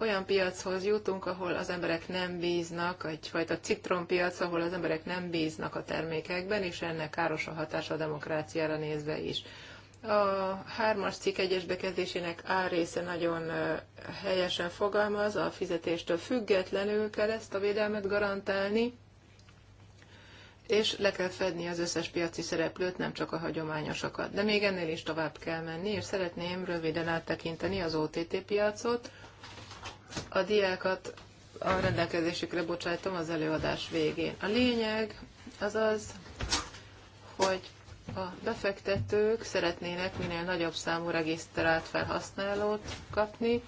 olyan piachoz jutunk, ahol az emberek nem bíznak, egyfajta citrompiac, ahol az emberek nem bíznak a termékekben, és ennek káros a hatása a demokráciára nézve is. A hármas cikk egyes bekezdésének A része nagyon helyesen fogalmaz, a fizetéstől függetlenül kell ezt a védelmet garantálni, és le kell fedni az összes piaci szereplőt, nem csak a hagyományosakat. De még ennél is tovább kell menni, és szeretném röviden áttekinteni az OTT piacot, a diákat a rendelkezésükre bocsájtom az előadás végén. A lényeg az az, hogy a befektetők szeretnének minél nagyobb számú regisztrált felhasználót kapni,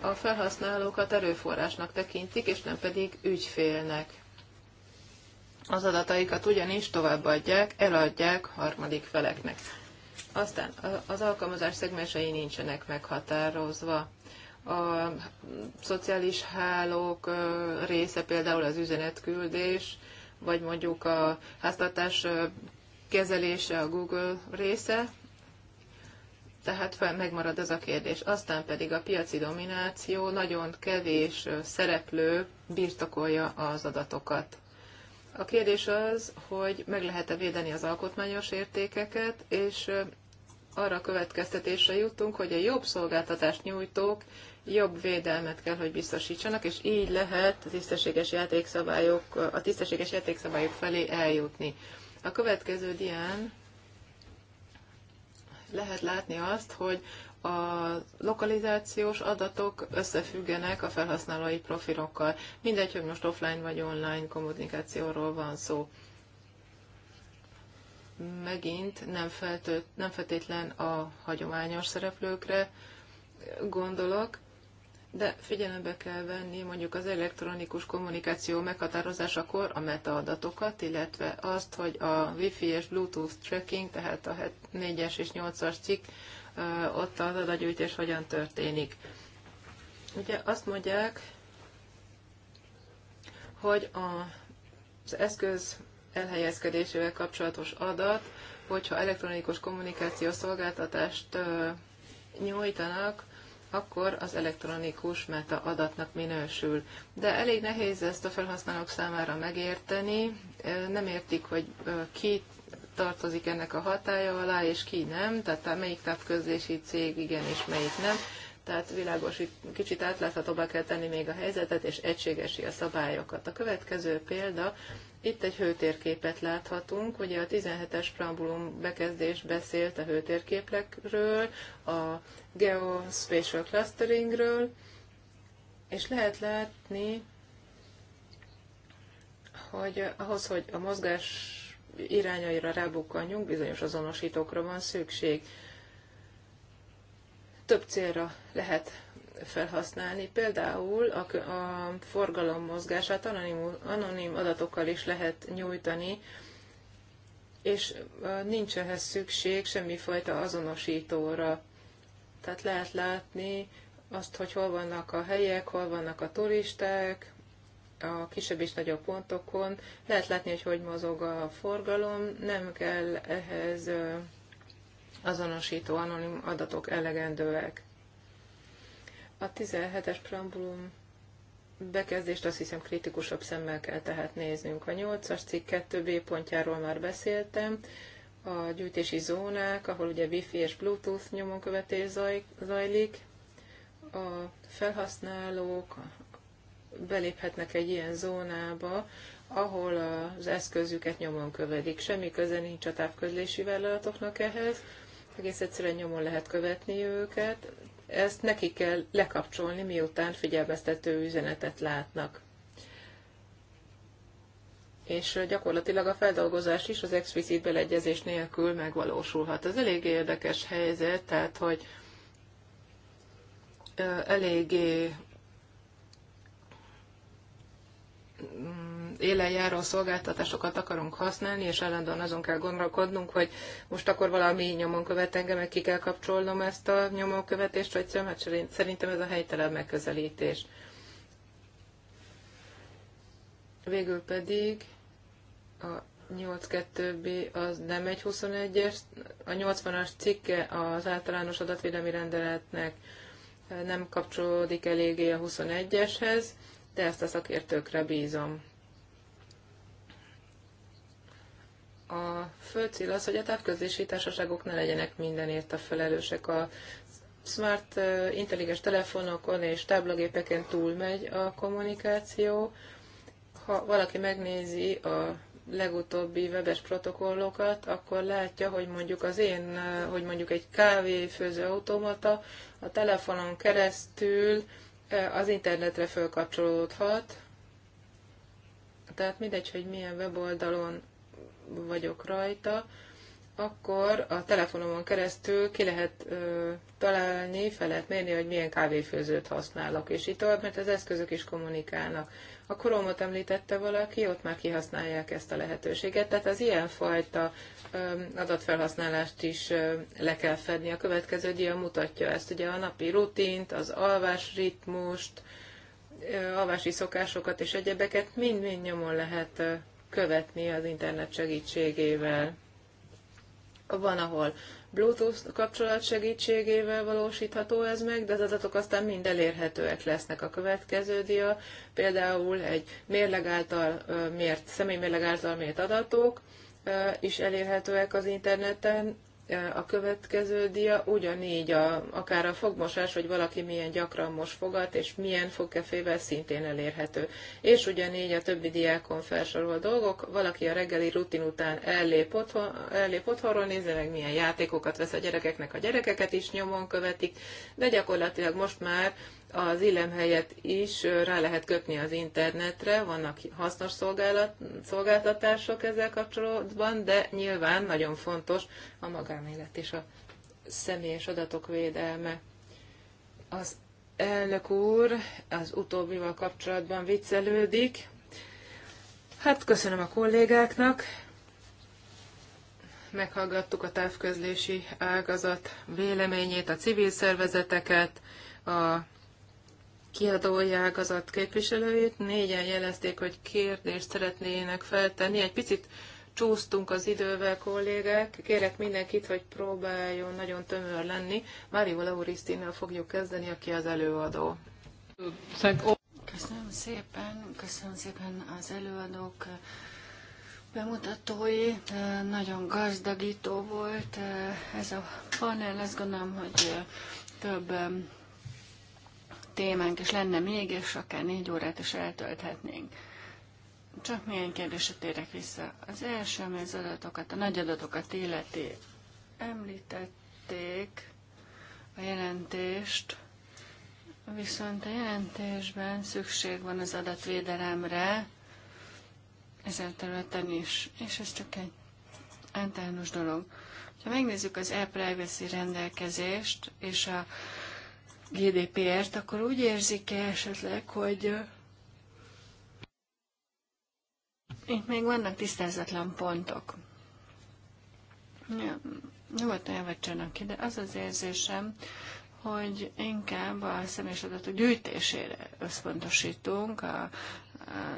a felhasználókat erőforrásnak tekintik, és nem pedig ügyfélnek. Az adataikat ugyanis továbbadják, eladják harmadik feleknek. Aztán az alkalmazás szegmensei nincsenek meghatározva a szociális hálók része, például az üzenetküldés, vagy mondjuk a háztartás kezelése a Google része, tehát megmarad ez a kérdés. Aztán pedig a piaci domináció, nagyon kevés szereplő birtokolja az adatokat. A kérdés az, hogy meg lehet-e védeni az alkotmányos értékeket, és arra következtetésre jutunk, hogy a jobb szolgáltatást nyújtók jobb védelmet kell, hogy biztosítsanak, és így lehet a tisztességes játékszabályok, a tisztességes játékszabályok felé eljutni. A következő dián lehet látni azt, hogy a lokalizációs adatok összefüggenek a felhasználói profilokkal. Mindegy, hogy most offline vagy online kommunikációról van szó. Megint nem, feltölt, nem feltétlen a hagyományos szereplőkre gondolok, de figyelembe kell venni mondjuk az elektronikus kommunikáció meghatározásakor a metaadatokat, illetve azt, hogy a Wi-Fi és Bluetooth tracking, tehát a 4-es és 8-as cikk, ott az adagyűjtés hogyan történik. Ugye azt mondják, hogy az eszköz elhelyezkedésével kapcsolatos adat, hogyha elektronikus kommunikáció szolgáltatást nyújtanak, akkor az elektronikus meta adatnak minősül. De elég nehéz ezt a felhasználók számára megérteni, nem értik, hogy ki tartozik ennek a hatája alá, és ki nem, tehát melyik távközlési cég igen, és melyik nem. Tehát világos, hogy kicsit átláthatóbbá kell tenni még a helyzetet, és egységesi a szabályokat. A következő példa itt egy hőtérképet láthatunk, ugye a 17-es preambulum bekezdés beszélt a hőtérképekről, a geospatial clusteringről, és lehet látni, hogy ahhoz, hogy a mozgás irányaira rábukkanjunk, bizonyos azonosítókra van szükség. Több célra lehet felhasználni. Például a, a forgalom mozgását anonim, anonim adatokkal is lehet nyújtani, és nincs ehhez szükség semmifajta azonosítóra. Tehát lehet látni azt, hogy hol vannak a helyek, hol vannak a turisták, a kisebb és nagyobb pontokon. Lehet látni, hogy hogy mozog a forgalom, nem kell ehhez azonosító anonim adatok elegendőek. A 17-es preambulum bekezdést azt hiszem kritikusabb szemmel kell tehát néznünk. A 8-as cikk 2b pontjáról már beszéltem, a gyűjtési zónák, ahol ugye Wi-Fi és Bluetooth nyomonkövetés zajlik, a felhasználók beléphetnek egy ilyen zónába, ahol az eszközüket nyomon követik. Semmi köze nincs a távközlési vállalatoknak ehhez, egész egyszerűen nyomon lehet követni őket, ezt neki kell lekapcsolni, miután figyelmeztető üzenetet látnak. És gyakorlatilag a feldolgozás is az explicit beleegyezés nélkül megvalósulhat. Ez eléggé érdekes helyzet, tehát hogy eléggé mm, élen járó szolgáltatásokat akarunk használni, és állandóan azon kell gondolkodnunk, hogy most akkor valami nyomon követ engem, meg ki kell kapcsolnom ezt a nyomonkövetést, vagy sem, hát szerintem ez a helytelen megközelítés. Végül pedig a 8.2b az nem egy 21-es, a 80-as cikke az általános adatvédelmi rendeletnek nem kapcsolódik eléggé a 21-eshez, de ezt a szakértőkre bízom. a fő cél az, hogy a távközlési társaságok ne legyenek mindenért a felelősek. A smart intelligens telefonokon és táblagépeken túlmegy a kommunikáció. Ha valaki megnézi a legutóbbi webes protokollokat, akkor látja, hogy mondjuk az én, hogy mondjuk egy kávéfőző automata a telefonon keresztül az internetre fölkapcsolódhat. Tehát mindegy, hogy milyen weboldalon vagyok rajta, akkor a telefonomon keresztül ki lehet ö, találni, fel lehet mérni, hogy milyen kávéfőzőt használok, és így tovább, mert az eszközök is kommunikálnak. A koromot említette valaki, ott már kihasználják ezt a lehetőséget, tehát az ilyenfajta ö, adatfelhasználást is ö, le kell fedni. A következő dia mutatja ezt, ugye a napi rutint, az alvás ritmust, ö, alvási szokásokat és egyebeket mind-mind nyomon lehet követni az internet segítségével. Van, ahol Bluetooth kapcsolat segítségével valósítható ez meg, de az adatok aztán mind elérhetőek lesznek a következő dia, például egy mérleg által mért, mérleg által mért adatok is elérhetőek az interneten, a következő dia, ugyanígy a, akár a fogmosás, hogy valaki milyen gyakran mos fogat, és milyen fogkefével szintén elérhető. És ugyanígy a többi diákon felsorol dolgok, valaki a reggeli rutin után ellép, otthon, ellép otthonról, nézze meg milyen játékokat vesz a gyerekeknek, a gyerekeket is nyomon követik, de gyakorlatilag most már az illemhelyet is rá lehet kötni az internetre, vannak hasznos szolgálat, szolgáltatások ezzel kapcsolatban, de nyilván nagyon fontos a magánélet és a személyes adatok védelme. Az elnök úr az utóbbival kapcsolatban viccelődik. Hát köszönöm a kollégáknak. Meghallgattuk a távközlési ágazat véleményét, a civil szervezeteket, a kiadói ágazat képviselőjét. Négyen jelezték, hogy kérdést szeretnének feltenni. Egy picit csúsztunk az idővel, kollégák. Kérek mindenkit, hogy próbáljon nagyon tömör lenni. Mário Laurisztinnel fogjuk kezdeni, aki az előadó. Köszönöm szépen, köszönöm szépen az előadók bemutatói. Nagyon gazdagító volt ez a panel. Azt gondolom, hogy több témánk is lenne még, és akár négy órát is eltölthetnénk. Csak milyen kérdésre térek vissza. Az első, ami az adatokat, a nagy adatokat illeti, említették a jelentést, viszont a jelentésben szükség van az adatvédelemre, ezen területen is, és ez csak egy általános dolog. Ha megnézzük az e-privacy rendelkezést és a GDPR-t, akkor úgy érzik-e esetleg, hogy itt még vannak tisztázatlan pontok. Ja, nyugodtan javítsanak ki, de az az érzésem, hogy inkább a személyes adatok gyűjtésére összpontosítunk, a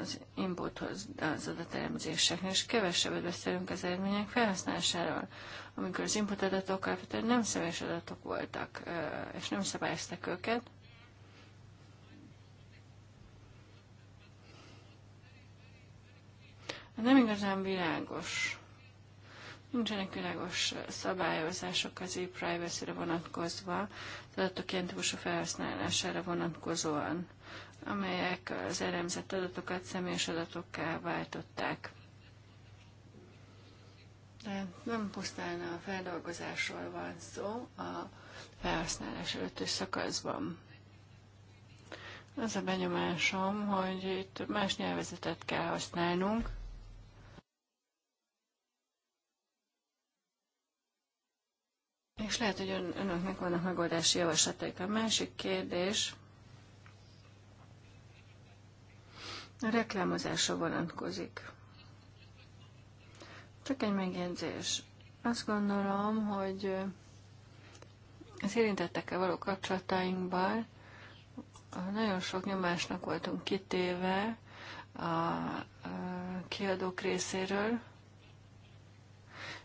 az inputhoz az adatelemzéseknél, és kevesebbet beszélünk az eredmények felhasználásáról, amikor az input adatok alapvetően nem személyes adatok voltak, és nem szabályoztak őket. Nem igazán világos. Nincsenek világos szabályozások az e-privacy-re vonatkozva, az adatok ilyen típusú felhasználására vonatkozóan amelyek az elemzett adatokat személyes adatokká váltották. De nem pusztán a feldolgozásról van szó a felhasználás előtti szakaszban. Az a benyomásom, hogy itt más nyelvezetet kell használnunk, És lehet, hogy önöknek vannak megoldási javaslataik. A másik kérdés a reklámozásra vonatkozik. Csak egy megjegyzés. Azt gondolom, hogy az érintettekkel való kapcsolatainkban nagyon sok nyomásnak voltunk kitéve a kiadók részéről,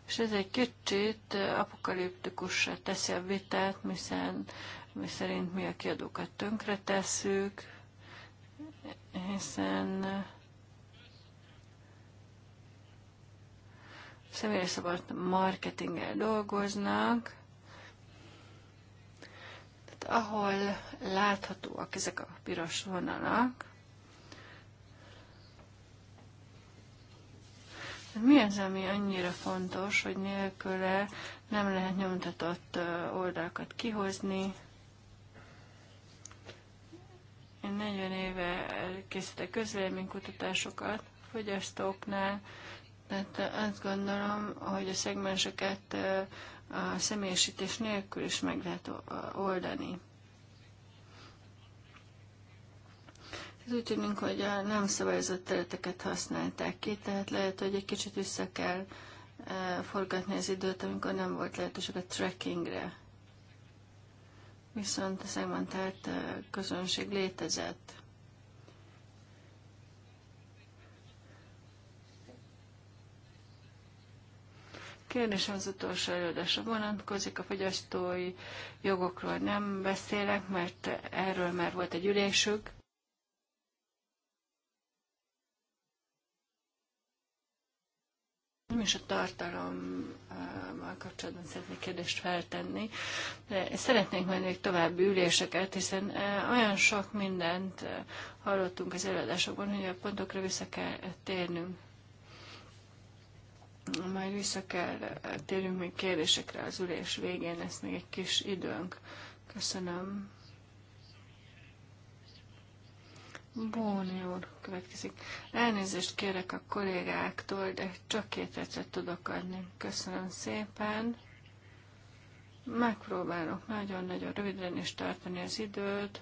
és ez egy kicsit apokaliptikusra teszi a vitát, hiszen mi szerint mi a kiadókat tönkre tesszük, hiszen személyre szabad marketinggel dolgoznak, tehát ahol láthatóak ezek a piros vonalak, Mi az, ami annyira fontos, hogy nélküle nem lehet nyomtatott oldalakat kihozni? Én 40 éve készítek közvéleménykutatásokat fogyasztóknál, tehát azt gondolom, hogy a szegmenseket a személyesítés nélkül is meg lehet oldani. Ez úgy tűnik, hogy a nem szabályozott területeket használták ki, tehát lehet, hogy egy kicsit vissza kell forgatni az időt, amikor nem volt lehetőség a trackingre viszont a szegmentált közönség létezett. Kérdésem az utolsó előadásra vonatkozik, a fogyasztói jogokról nem beszélek, mert erről már volt egy ülésük. és a tartalommal kapcsolatban szeretnék kérdést feltenni, de szeretnék majd még további üléseket, hiszen eh, olyan sok mindent eh, hallottunk az előadásokban, hogy a pontokra vissza kell térnünk. Majd vissza kell eh, térnünk még kérdésekre az ülés végén, lesz még egy kis időnk. Köszönöm. Bóni úr következik. Elnézést kérek a kollégáktól, de csak két percet tudok adni. Köszönöm szépen. Megpróbálok nagyon-nagyon röviden is tartani az időt.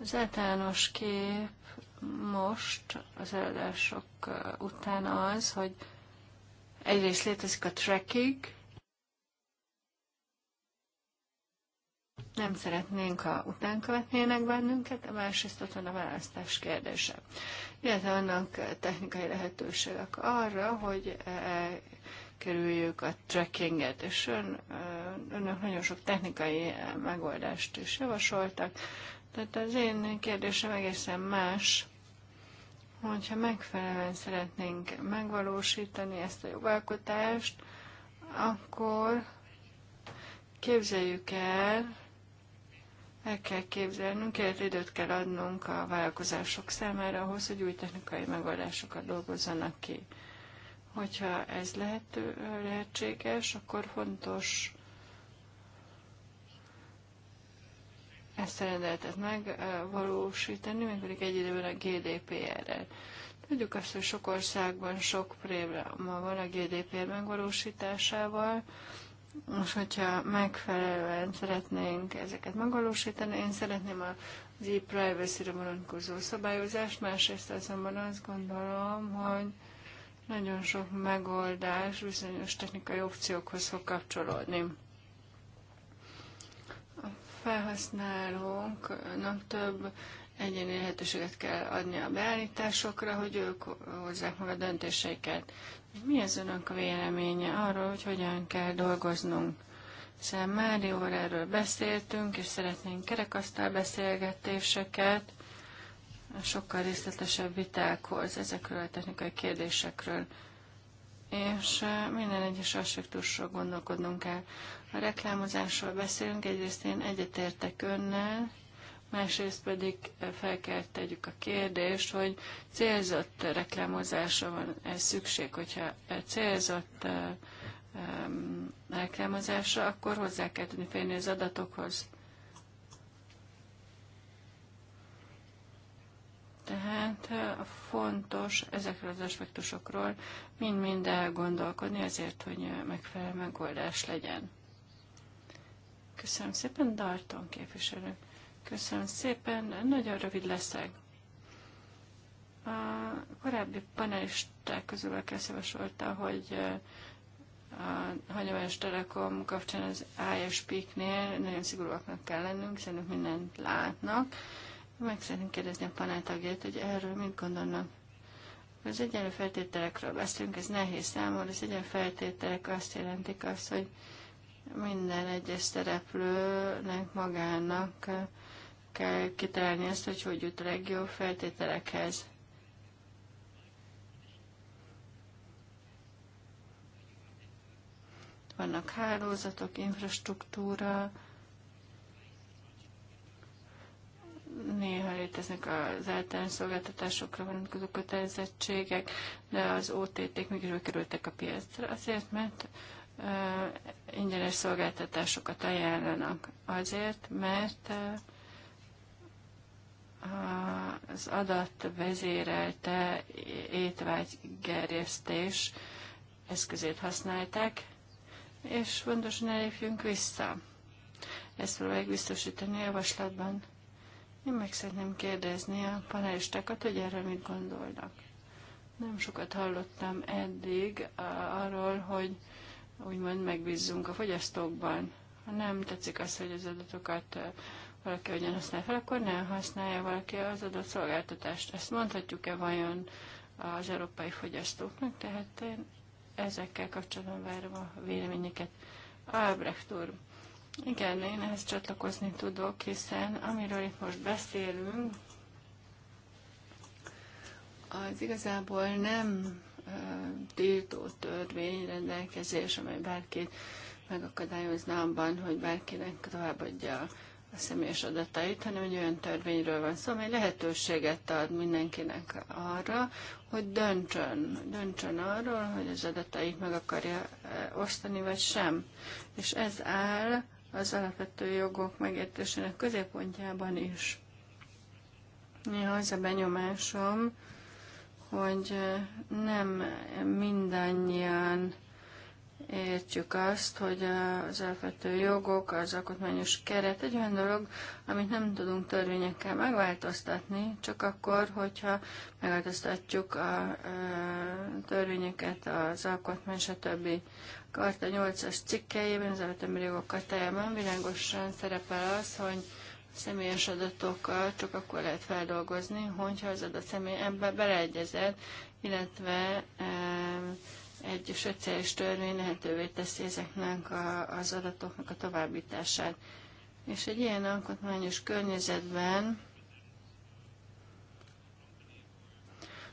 Az általános kép most az előadások után az, hogy egyrészt létezik a tracking, nem szeretnénk, ha követnének bennünket, a másrészt ott van a választás kérdése. Illetve annak technikai lehetőségek arra, hogy kerüljük a trackinget, és ön, önök nagyon sok technikai megoldást is javasoltak. Tehát az én kérdésem egészen más, hogyha megfelelően szeretnénk megvalósítani ezt a jogalkotást, akkor képzeljük el, el kell képzelnünk, illetve időt kell adnunk a vállalkozások számára ahhoz, hogy új technikai megoldásokat dolgozzanak ki. Hogyha ez lehető, lehetséges, akkor fontos ezt a rendeletet megvalósítani, még pedig egy időben a GDPR-rel. Tudjuk azt, hogy sok országban sok probléma van a GDPR megvalósításával, és hogyha megfelelően szeretnénk ezeket megvalósítani, én szeretném az e-privacy-re vonatkozó szabályozást, másrészt azonban azt gondolom, hogy nagyon sok megoldás bizonyos technikai opciókhoz fog kapcsolódni. A felhasználónknak több egyéni lehetőséget kell adni a beállításokra, hogy ők hozzák meg a döntéseiket. Mi az önök véleménye arról, hogy hogyan kell dolgoznunk? Hiszen szóval Márióval erről beszéltünk, és szeretnénk kerekasztal beszélgetéseket, sokkal részletesebb vitákhoz, ezekről a technikai kérdésekről. És minden egyes aspektusról gondolkodnunk kell. A reklámozásról beszélünk, egyrészt én egyetértek önnel, másrészt pedig eh, fel kell tegyük a kérdést, hogy célzott reklámozásra van ez szükség, hogyha eh, célzott eh, reklámozásra, akkor hozzá kell tenni félni az adatokhoz. Tehát fontos ezekről az aspektusokról mind-mind elgondolkodni azért, hogy megfelelő megoldás legyen. Köszönöm szépen, Darton képviselő. Köszönöm szépen, nagyon rövid leszek. A korábbi panelisták közül elkezdve javasolta, hogy a hagyományos telekom kapcsán az ISP-knél nagyon szigorúaknak kell lennünk, hiszen ők mindent látnak. Meg szeretném kérdezni a panel hogy erről mit gondolnak. Az egyenlő feltételekről beszélünk, ez nehéz számol, az egyenlő feltételek azt jelentik azt, hogy minden egyes szereplőnek magának kell kitalálni ezt, hogy hogy jut a legjobb feltételekhez. Vannak hálózatok, infrastruktúra, néha léteznek az általános szolgáltatásokra vonatkozó kötelezettségek, de az OTT-k mégis bekerültek a piacra, azért, mert uh, ingyenes szolgáltatásokat ajánlanak. Azért, mert uh, az adatvezérelte étvágygerjesztés eszközét használták, és fontosan elépjünk vissza. Ezt próbáljuk biztosítani a javaslatban. Én meg szeretném kérdezni a panelistákat, hogy erről mit gondolnak. Nem sokat hallottam eddig arról, hogy úgymond megbízzunk a fogyasztókban. Ha nem tetszik az, hogy az adatokat valaki hogyan használ fel, akkor ne használja valaki az adott szolgáltatást. Ezt mondhatjuk-e vajon az európai fogyasztóknak, tehát én ezekkel kapcsolatban várom a véleményeket. Albrecht úr, igen, én ehhez csatlakozni tudok, hiszen amiről itt most beszélünk, az igazából nem uh, tiltó törvény rendelkezés, amely bárkit megakadályozna abban, hogy bárkinek továbbadja a személyes adatait, hanem egy olyan törvényről van szó, amely lehetőséget ad mindenkinek arra, hogy döntsön, döntsön arról, hogy az adatait meg akarja e, osztani, vagy sem. És ez áll az alapvető jogok megértésének középpontjában is. Néha az a benyomásom, hogy e, nem mindannyian értjük azt, hogy az alapvető jogok, az alkotmányos keret egy olyan dolog, amit nem tudunk törvényekkel megváltoztatni, csak akkor, hogyha megváltoztatjuk a törvényeket, az alkotmány, stb. Karta 8-as cikkejében, az alapvető jogok katájában világosan szerepel az, hogy személyes adatokat csak akkor lehet feldolgozni, hogyha az adat személy ebbe beleegyezett, illetve e, egy speciális törvény lehetővé teszi ezeknek a, az adatoknak a továbbítását. És egy ilyen alkotmányos környezetben,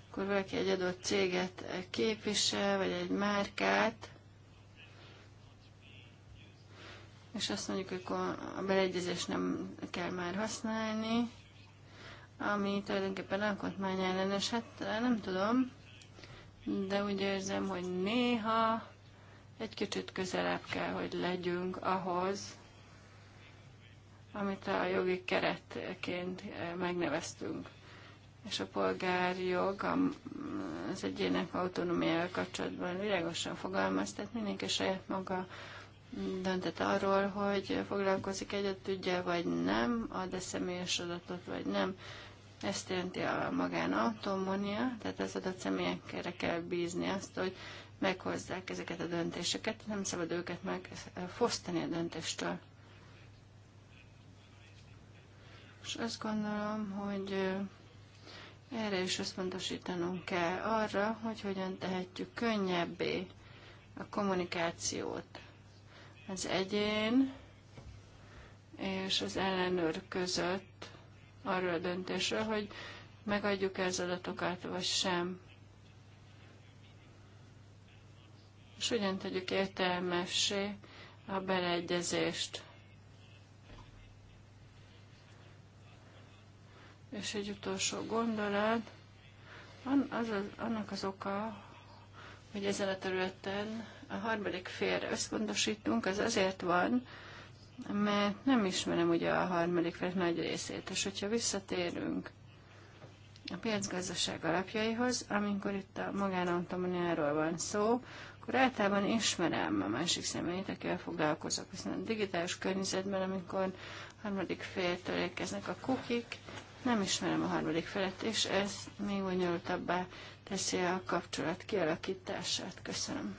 akkor valaki egy adott céget képvisel, vagy egy márkát, és azt mondjuk, hogy a beleegyezést nem kell már használni, ami tulajdonképpen alkotmány ellenes, hát nem tudom, de úgy érzem, hogy néha egy kicsit közelebb kell, hogy legyünk ahhoz, amit a jogi keretként eh, megneveztünk. És a polgárjog az egyének autonómiával kapcsolatban világosan fogalmaz, tehát mindenki saját maga döntett arról, hogy foglalkozik egy tudja vagy nem, ad-e személyes adatot, vagy nem. Ezt jelenti a magánautomónia, tehát az adott személyekre kell bízni azt, hogy meghozzák ezeket a döntéseket, nem szabad őket megfosztani a döntéstől. És azt gondolom, hogy erre is összpontosítanunk kell arra, hogy hogyan tehetjük könnyebbé a kommunikációt az egyén és az ellenőr között arról a döntésről, hogy megadjuk -e az adatokat, vagy sem. És ugyan tegyük értelmessé a beleegyezést. És egy utolsó gondolat, az, az, annak az oka, hogy ezen a területen a harmadik félre összpontosítunk, az azért van, mert nem ismerem ugye a harmadik felek nagy részét, és hogyha visszatérünk a piacgazdaság alapjaihoz, amikor itt a magánautomaniáról van szó, akkor általában ismerem a másik személyt, akivel foglalkozok, hiszen a digitális környezetben, amikor a harmadik féltől érkeznek a kukik, nem ismerem a harmadik felet, és ez még bonyolultabbá teszi a kapcsolat kialakítását. Köszönöm.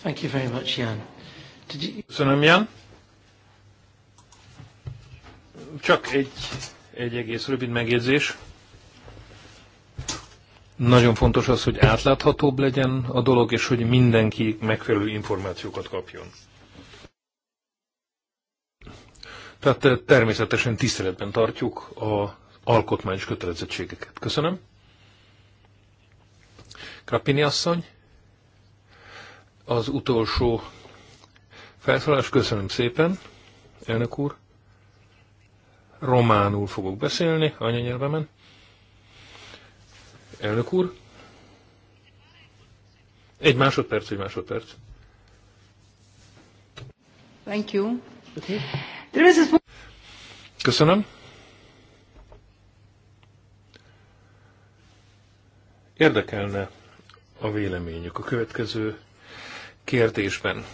Thank you very much, Jan. Köszönöm, Jan. Csak egy, egy egész rövid megjegyzés. Nagyon fontos az, hogy átláthatóbb legyen a dolog, és hogy mindenki megfelelő információkat kapjon. Tehát eh, természetesen tiszteletben tartjuk az alkotmányos kötelezettségeket. Köszönöm. Krapini asszony, az utolsó felszólás. Köszönöm szépen, elnök úr. Románul fogok beszélni, anyanyelvemen. Elnök úr. Egy másodperc, egy másodperc. Thank you. Köszönöm. Érdekelne a véleményük a következő kérdésben.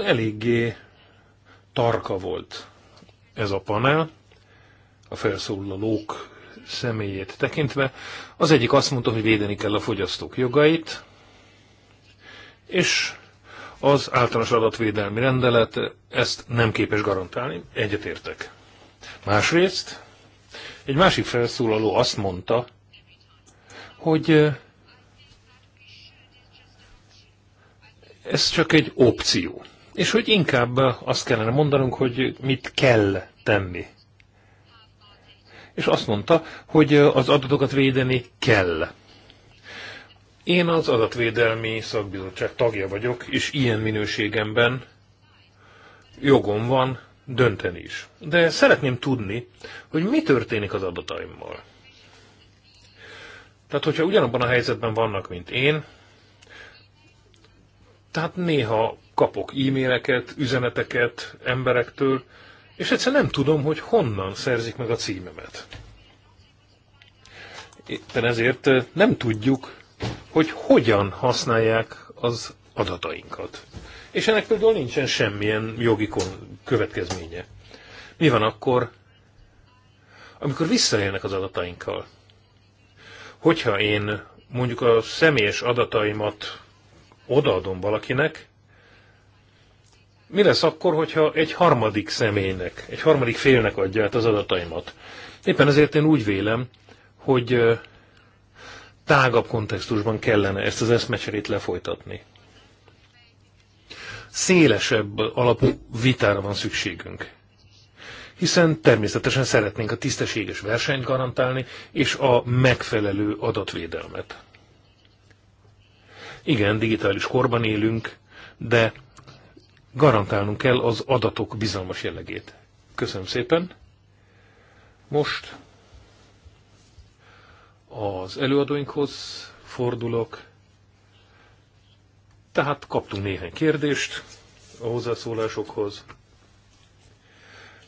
Eléggé tarka volt ez a panel, a felszólalók személyét tekintve. Az egyik azt mondta, hogy védeni kell a fogyasztók jogait, és az általános adatvédelmi rendelet ezt nem képes garantálni, egyetértek. Másrészt egy másik felszólaló azt mondta, hogy ez csak egy opció. És hogy inkább azt kellene mondanunk, hogy mit kell tenni. És azt mondta, hogy az adatokat védeni kell. Én az adatvédelmi szakbizottság tagja vagyok, és ilyen minőségemben jogom van dönteni is. De szeretném tudni, hogy mi történik az adataimmal. Tehát, hogyha ugyanabban a helyzetben vannak, mint én, tehát néha kapok e-maileket, üzeneteket emberektől, és egyszer nem tudom, hogy honnan szerzik meg a címemet. Éppen ezért eh, nem tudjuk, hogy hogyan használják az adatainkat. És ennek például nincsen semmilyen jogi következménye. Mi van akkor, amikor visszaélnek az adatainkkal? Hogyha én mondjuk a személyes adataimat odaadom valakinek, mi lesz akkor, hogyha egy harmadik személynek, egy harmadik félnek adja át az adataimat? Éppen ezért én úgy vélem, hogy tágabb kontextusban kellene ezt az eszmecserét lefolytatni. Szélesebb alapú vitára van szükségünk. Hiszen természetesen szeretnénk a tisztességes versenyt garantálni, és a megfelelő adatvédelmet. Igen, digitális korban élünk, de garantálnunk kell az adatok bizalmas jellegét. Köszönöm szépen. Most az előadóinkhoz fordulok. Tehát kaptunk néhány kérdést a hozzászólásokhoz,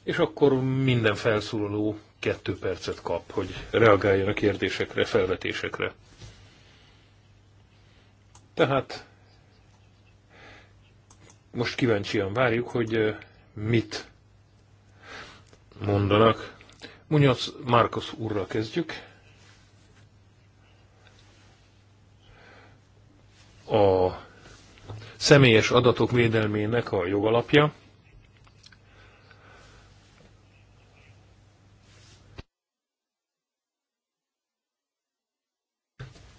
és akkor minden felszólaló kettő percet kap, hogy reagáljon a kérdésekre, felvetésekre. Tehát most kíváncsian várjuk, hogy mit mondanak. Munyac Márkusz úrral kezdjük. A személyes adatok védelmének a jogalapja.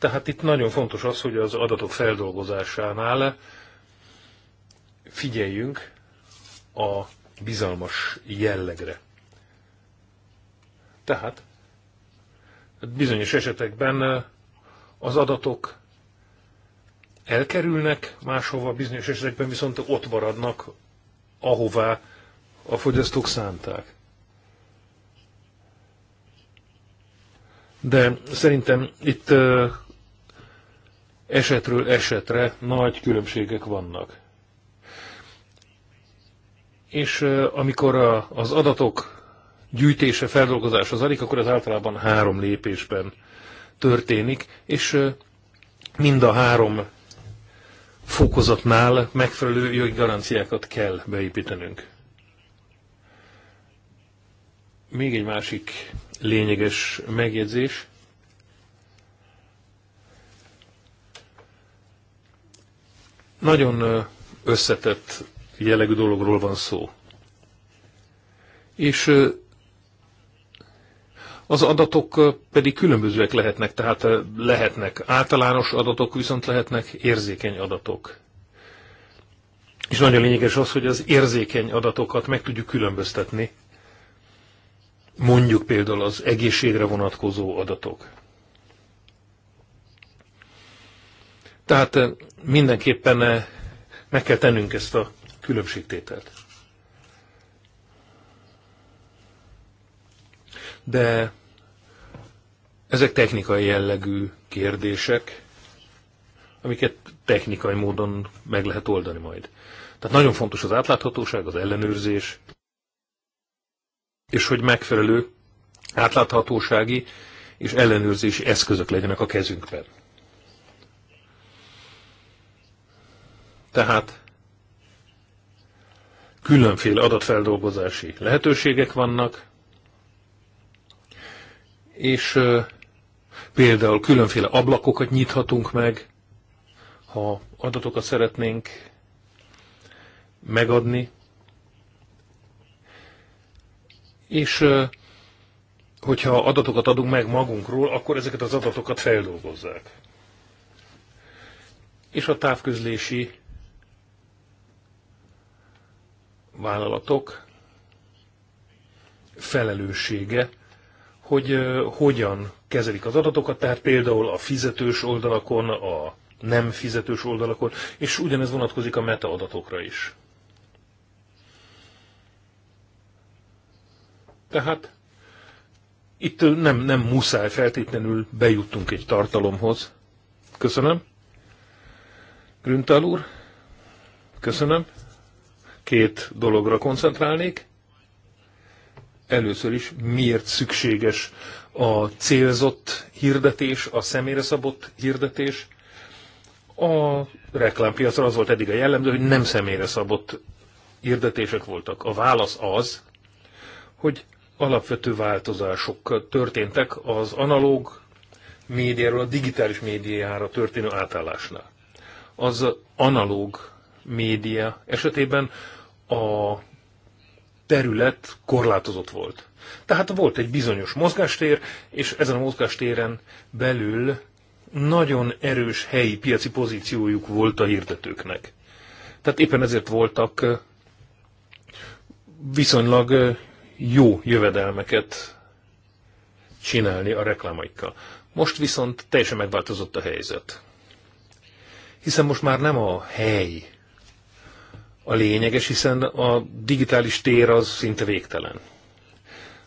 Tehát itt nagyon fontos az, hogy az adatok feldolgozásánál figyeljünk a bizalmas jellegre. Tehát bizonyos esetekben az adatok elkerülnek máshova, bizonyos esetekben viszont ott maradnak, ahová a fogyasztók szánták. De szerintem itt esetről esetre nagy különbségek vannak. És amikor a, az adatok gyűjtése, feldolgozása zajlik, akkor ez általában három lépésben történik, és mind a három fokozatnál megfelelő jogi garanciákat kell beépítenünk. Még egy másik lényeges megjegyzés. Nagyon összetett jellegű dologról van szó. És az adatok pedig különbözőek lehetnek, tehát lehetnek általános adatok, viszont lehetnek érzékeny adatok. És nagyon lényeges az, hogy az érzékeny adatokat meg tudjuk különböztetni. Mondjuk például az egészségre vonatkozó adatok. Tehát eh, mindenképpen eh, meg kell tennünk ezt a különbségtételt. De ezek technikai jellegű kérdések, amiket technikai módon meg lehet oldani majd. Tehát nagyon fontos az átláthatóság, az ellenőrzés, és hogy megfelelő átláthatósági és ellenőrzési eszközök legyenek a kezünkben. Tehát különféle adatfeldolgozási lehetőségek vannak, és például különféle ablakokat nyithatunk meg, ha adatokat szeretnénk megadni, és hogyha adatokat adunk meg magunkról, akkor ezeket az adatokat feldolgozzák. És a távközlési vállalatok felelőssége, hogy hogyan kezelik az adatokat, tehát például a fizetős oldalakon, a nem fizetős oldalakon, és ugyanez vonatkozik a metaadatokra is. Tehát itt nem, nem muszáj feltétlenül bejuttunk egy tartalomhoz. Köszönöm. Grüntal úr, köszönöm két dologra koncentrálnék. Először is, miért szükséges a célzott hirdetés, a személyre szabott hirdetés. A reklámpiacra az volt eddig a jellemző, hogy nem személyre szabott hirdetések voltak. A válasz az, hogy alapvető változások történtek az analóg médiáról a digitális médiára történő átállásnál. Az analóg média esetében a terület korlátozott volt. Tehát volt egy bizonyos mozgástér, és ezen a mozgástéren belül nagyon erős helyi piaci pozíciójuk volt a hirdetőknek. Tehát éppen ezért voltak viszonylag jó jövedelmeket csinálni a reklámaikkal. Most viszont teljesen megváltozott a helyzet. Hiszen most már nem a hely a lényeges, hiszen a digitális tér az szinte végtelen.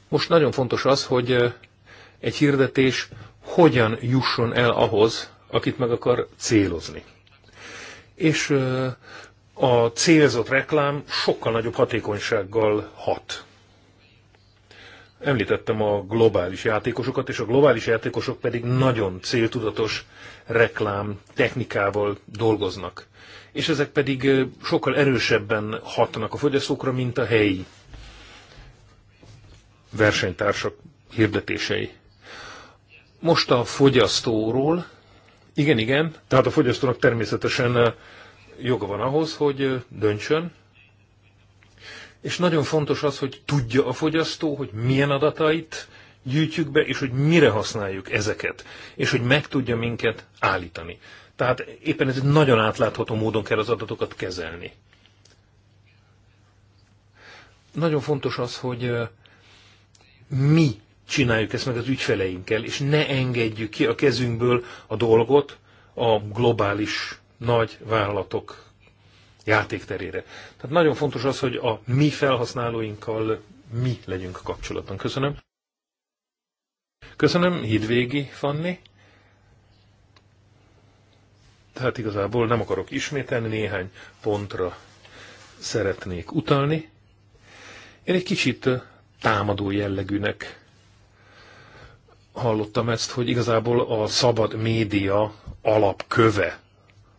Most nagyon fontos az, hogy egy hirdetés hogyan jusson el ahhoz, akit meg akar célozni. És a célzott reklám sokkal nagyobb hatékonysággal hat. Említettem a globális játékosokat, és a globális játékosok pedig nagyon céltudatos reklám technikával dolgoznak és ezek pedig sokkal erősebben hatnak a fogyasztókra, mint a helyi versenytársak hirdetései. Most a fogyasztóról, igen, igen, tehát a fogyasztónak természetesen joga van ahhoz, hogy döntsön, és nagyon fontos az, hogy tudja a fogyasztó, hogy milyen adatait gyűjtjük be, és hogy mire használjuk ezeket, és hogy meg tudja minket állítani. Tehát éppen ez egy nagyon átlátható módon kell az adatokat kezelni. Nagyon fontos az, hogy mi csináljuk ezt meg az ügyfeleinkkel, és ne engedjük ki a kezünkből a dolgot a globális nagy vállalatok játékterére. Tehát nagyon fontos az, hogy a mi felhasználóinkkal mi legyünk kapcsolatban. Köszönöm. Köszönöm, Hidvégi Fanni. Tehát igazából nem akarok ismételni, néhány pontra szeretnék utalni. Én egy kicsit támadó jellegűnek hallottam ezt, hogy igazából a szabad média alapköve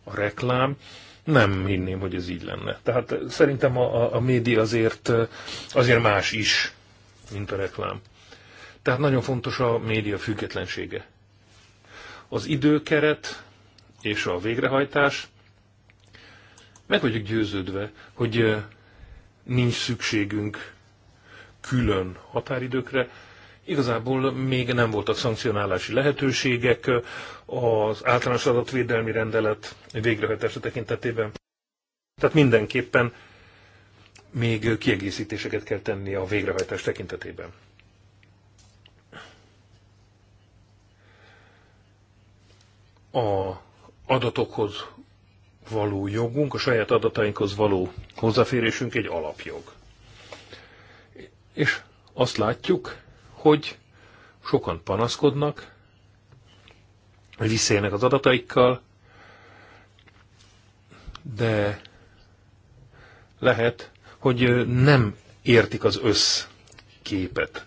a reklám. Nem hinném, hogy ez így lenne. Tehát szerintem a, a média azért, azért más is, mint a reklám. Tehát nagyon fontos a média függetlensége. Az időkeret, és a végrehajtás. Meg vagyok győződve, hogy nincs szükségünk külön határidőkre. Igazából még nem voltak szankcionálási lehetőségek az általános adatvédelmi rendelet végrehajtása tekintetében. Tehát mindenképpen még kiegészítéseket kell tenni a végrehajtás tekintetében. A adatokhoz való jogunk, a saját adatainkhoz való hozzáférésünk egy alapjog. És azt látjuk, hogy sokan panaszkodnak, hogy az adataikkal, de lehet, hogy nem értik az összképet.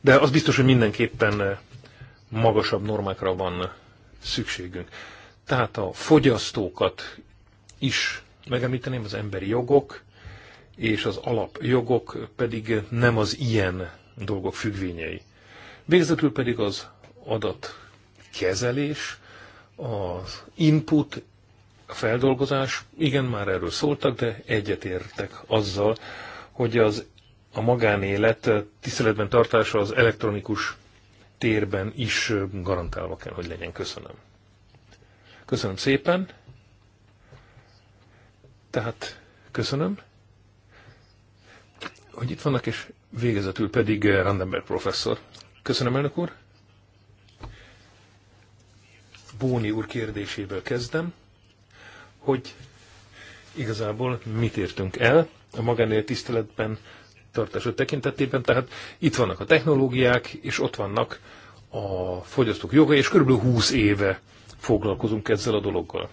De az biztos, hogy mindenképpen magasabb normákra van szükségünk. Tehát a fogyasztókat is megemlíteném, az emberi jogok, és az alapjogok pedig nem az ilyen dolgok függvényei. Végzetül pedig az adatkezelés, az input, a feldolgozás, igen, már erről szóltak, de egyetértek azzal, hogy az a magánélet tiszteletben tartása az elektronikus térben is garantálva kell, hogy legyen. Köszönöm. Köszönöm szépen. Tehát köszönöm, hogy itt vannak, és végezetül pedig eh, Randenberg professzor. Köszönöm, elnök úr. Bóni úr kérdéséből kezdem, hogy igazából mit értünk el a magánél tiszteletben tartása tekintetében. Tehát itt vannak a technológiák, és ott vannak a fogyasztók joga, és körülbelül 20 éve foglalkozunk ezzel a dologgal.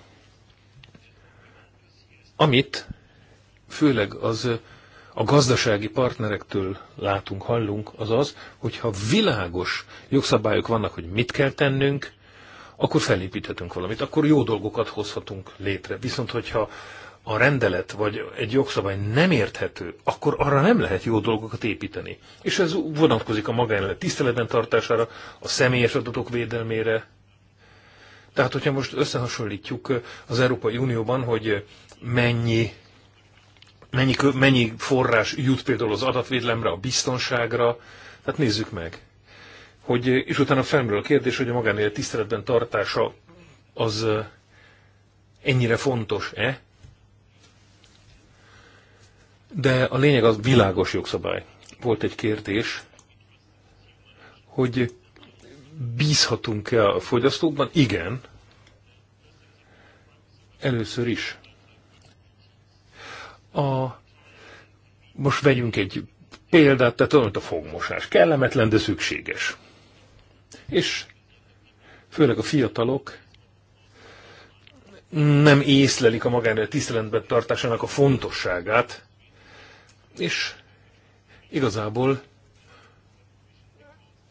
Amit főleg az a gazdasági partnerektől látunk, hallunk, az az, hogyha világos jogszabályok vannak, hogy mit kell tennünk, akkor felépíthetünk valamit, akkor jó dolgokat hozhatunk létre. Viszont, hogyha a rendelet vagy egy jogszabály nem érthető, akkor arra nem lehet jó dolgokat építeni. És ez vonatkozik a magánélet tiszteletben tartására, a személyes adatok védelmére, tehát, hogyha most összehasonlítjuk az Európai Unióban, hogy mennyi, mennyi, mennyi forrás jut például az adatvédelemre, a biztonságra, hát nézzük meg. Hogy, és utána felmerül a kérdés, hogy a magánélet tiszteletben tartása az ennyire fontos-e? De a lényeg az világos jogszabály. Volt egy kérdés, hogy bízhatunk-e a fogyasztókban? Igen. Először is. A, most vegyünk egy példát, tehát olyan, a fogmosás. Kellemetlen, de szükséges. És főleg a fiatalok nem észlelik a magánélet tiszteletben tartásának a fontosságát, és igazából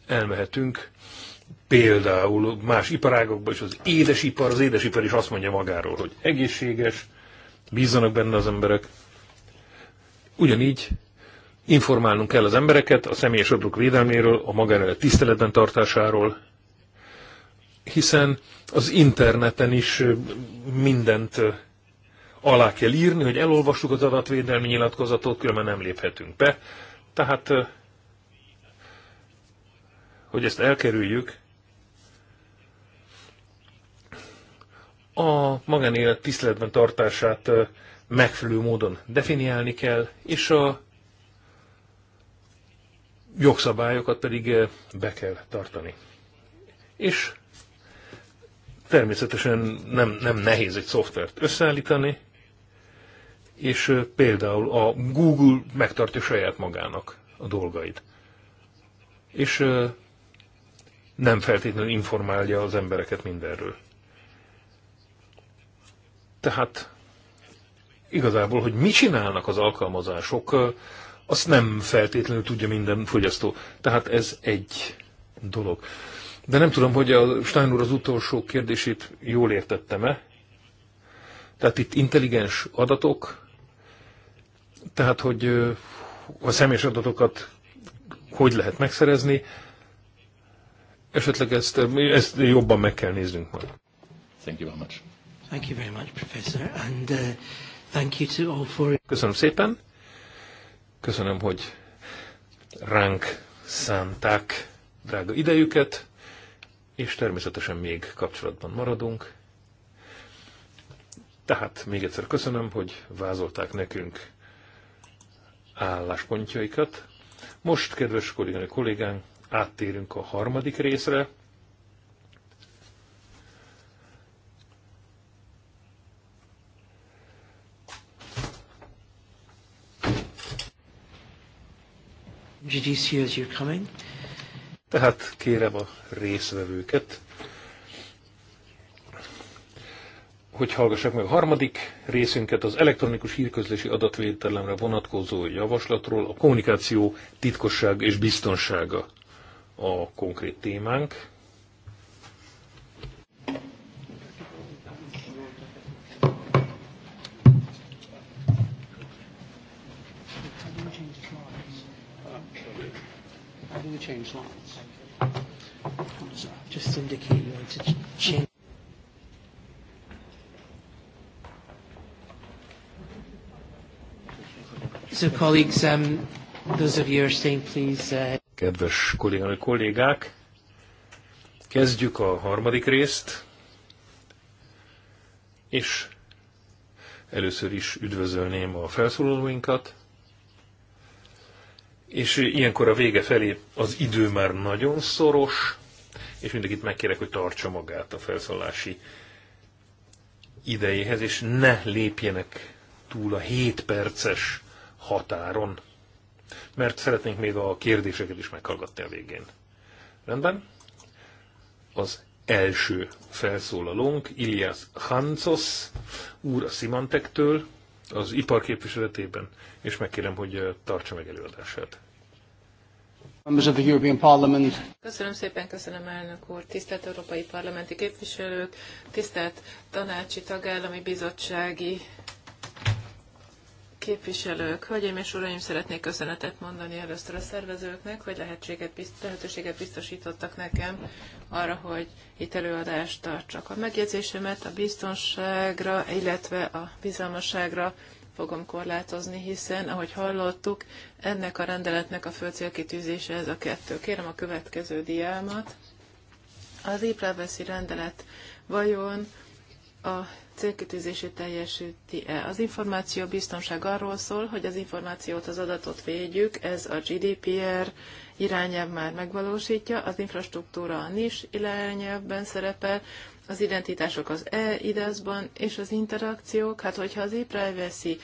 elmehetünk például más iparágokban is az édesipar, az édesipar is azt mondja magáról, hogy egészséges, bízzanak benne az emberek. Ugyanígy informálnunk kell az embereket a személyes adatok védelméről, a magánélet tiszteletben tartásáról, hiszen az interneten is mindent alá kell írni, hogy elolvassuk az adatvédelmi nyilatkozatot, különben nem léphetünk be. Tehát, hogy ezt elkerüljük, a magánélet tiszteletben tartását megfelelő módon definiálni kell, és a jogszabályokat pedig be kell tartani. És természetesen nem, nem nehéz egy szoftvert összeállítani, és például a Google megtartja saját magának a dolgait. És nem feltétlenül informálja az embereket mindenről. Tehát igazából, hogy mit csinálnak az alkalmazások, azt nem feltétlenül tudja minden fogyasztó. Tehát ez egy dolog. De nem tudom, hogy a Stein úr az utolsó kérdését jól értettem-e. Tehát itt intelligens adatok, tehát hogy a személyes adatokat hogy lehet megszerezni, esetleg ezt, ezt jobban meg kell néznünk majd. Thank you very much. Thank you very much, Professor, and uh, thank you to all Köszönöm szépen. Köszönöm, hogy ránk szánták drága idejüket, és természetesen még kapcsolatban maradunk. Tehát még egyszer köszönöm, hogy vázolták nekünk álláspontjaikat. Most, kedves kolléganő kollégánk, áttérünk a harmadik részre, Tehát kérem a részvevőket, hogy hallgassák meg a harmadik részünket az elektronikus hírközlési adatvételemre vonatkozó javaslatról, a kommunikáció titkosság és biztonsága a konkrét témánk. change lines. Just indicate you want to change. So colleagues, um, those of you who are staying, please. Uh... Kedves kollégák, kollégák, kezdjük a harmadik részt, és először is üdvözölném a felszólalóinkat és ilyenkor a vége felé az idő már nagyon szoros, és mindenkit megkérek, hogy tartsa magát a felszólási idejéhez, és ne lépjenek túl a 7 perces határon, mert szeretnénk még a kérdéseket is meghallgatni a végén. Rendben? Az első felszólalónk, Ilias Hancos, úr a simantektől az iparképviseletében, és megkérem, hogy tartsa meg előadását. Köszönöm szépen, köszönöm elnök úr, tisztelt európai parlamenti képviselők, tisztelt tanácsi tagállami bizottsági képviselők, hölgyeim és uraim, szeretnék köszönetet mondani először a szervezőknek, hogy lehetséget, lehetőséget biztosítottak nekem arra, hogy itt előadást tartsak. A megjegyzésemet a biztonságra, illetve a bizalmasságra fogom korlátozni, hiszen, ahogy hallottuk, ennek a rendeletnek a fő célkitűzése ez a kettő. Kérem a következő diámat. Az épráveszi rendelet vajon a célkitűzését teljesíti-e. Az információ biztonság arról szól, hogy az információt, az adatot védjük, ez a GDPR irányelv már megvalósítja, az infrastruktúra a NIS irányelvben szerepel, az identitások az e-idazban, és az interakciók, hát hogyha az e-privacy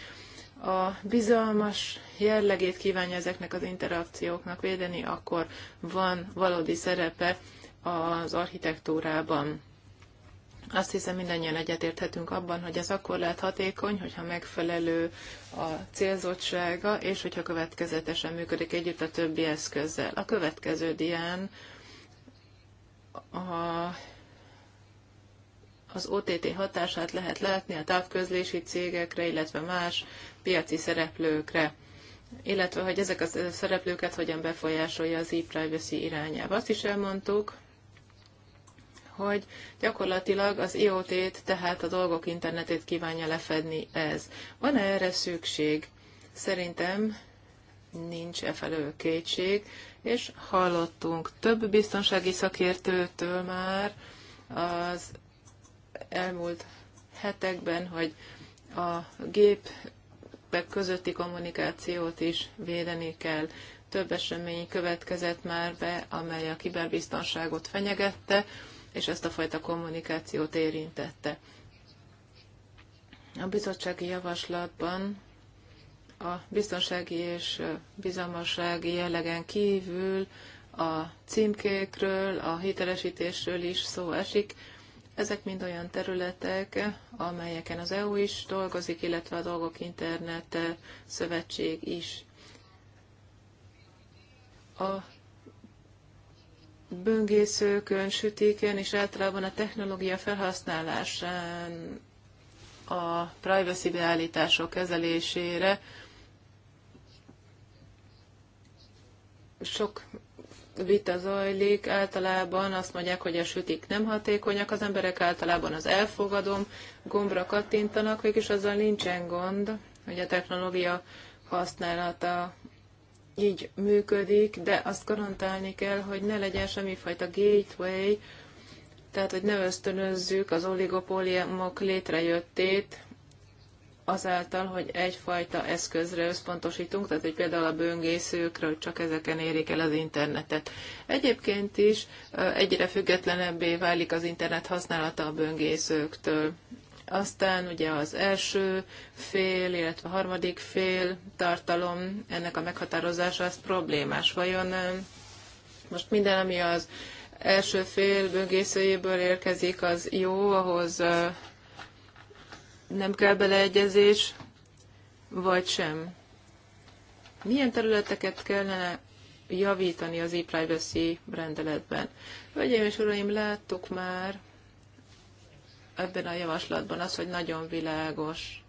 a bizalmas jellegét kívánja ezeknek az interakcióknak védeni, akkor van valódi szerepe az architektúrában. Azt hiszem mindannyian egyetérthetünk abban, hogy ez akkor lehet hatékony, hogyha megfelelő a célzottsága, és hogyha következetesen működik együtt a többi eszközzel. A következő dián a az OTT hatását lehet látni a távközlési cégekre, illetve más piaci szereplőkre illetve hogy ezek a szereplőket hogyan befolyásolja az e-privacy irányába. Azt is elmondtuk, hogy gyakorlatilag az IoT-t, tehát a dolgok internetét kívánja lefedni ez. Van-e erre szükség? Szerintem nincs e felől kétség, és hallottunk több biztonsági szakértőtől már az elmúlt hetekben, hogy a gépek közötti kommunikációt is védeni kell. Több esemény következett már be, amely a kiberbiztonságot fenyegette, és ezt a fajta kommunikációt érintette. A bizottsági javaslatban a biztonsági és bizalmassági jellegen kívül a címkékről, a hitelesítésről is szó esik, ezek mind olyan területek, amelyeken az EU is dolgozik, illetve a Dolgok Internet Szövetség is. A böngészőkön, sütéken és általában a technológia felhasználásán a privacy beállítások kezelésére sok vita zajlik, általában azt mondják, hogy a sütik nem hatékonyak, az emberek általában az elfogadom gombra kattintanak, mégis azzal nincsen gond, hogy a technológia használata így működik, de azt garantálni kell, hogy ne legyen semmifajta gateway, tehát hogy ne ösztönözzük az oligopóliumok létrejöttét, azáltal, hogy egyfajta eszközre összpontosítunk, tehát hogy például a böngészőkre, hogy csak ezeken érik el az internetet. Egyébként is egyre függetlenebbé válik az internet használata a böngészőktől. Aztán ugye az első fél, illetve a harmadik fél tartalom, ennek a meghatározása az problémás. Vajon most minden, ami az első fél böngészőjéből érkezik, az jó, ahhoz nem kell beleegyezés, vagy sem. Milyen területeket kellene javítani az e-privacy rendeletben? Hölgyeim és uraim, láttuk már ebben a javaslatban az, hogy nagyon világos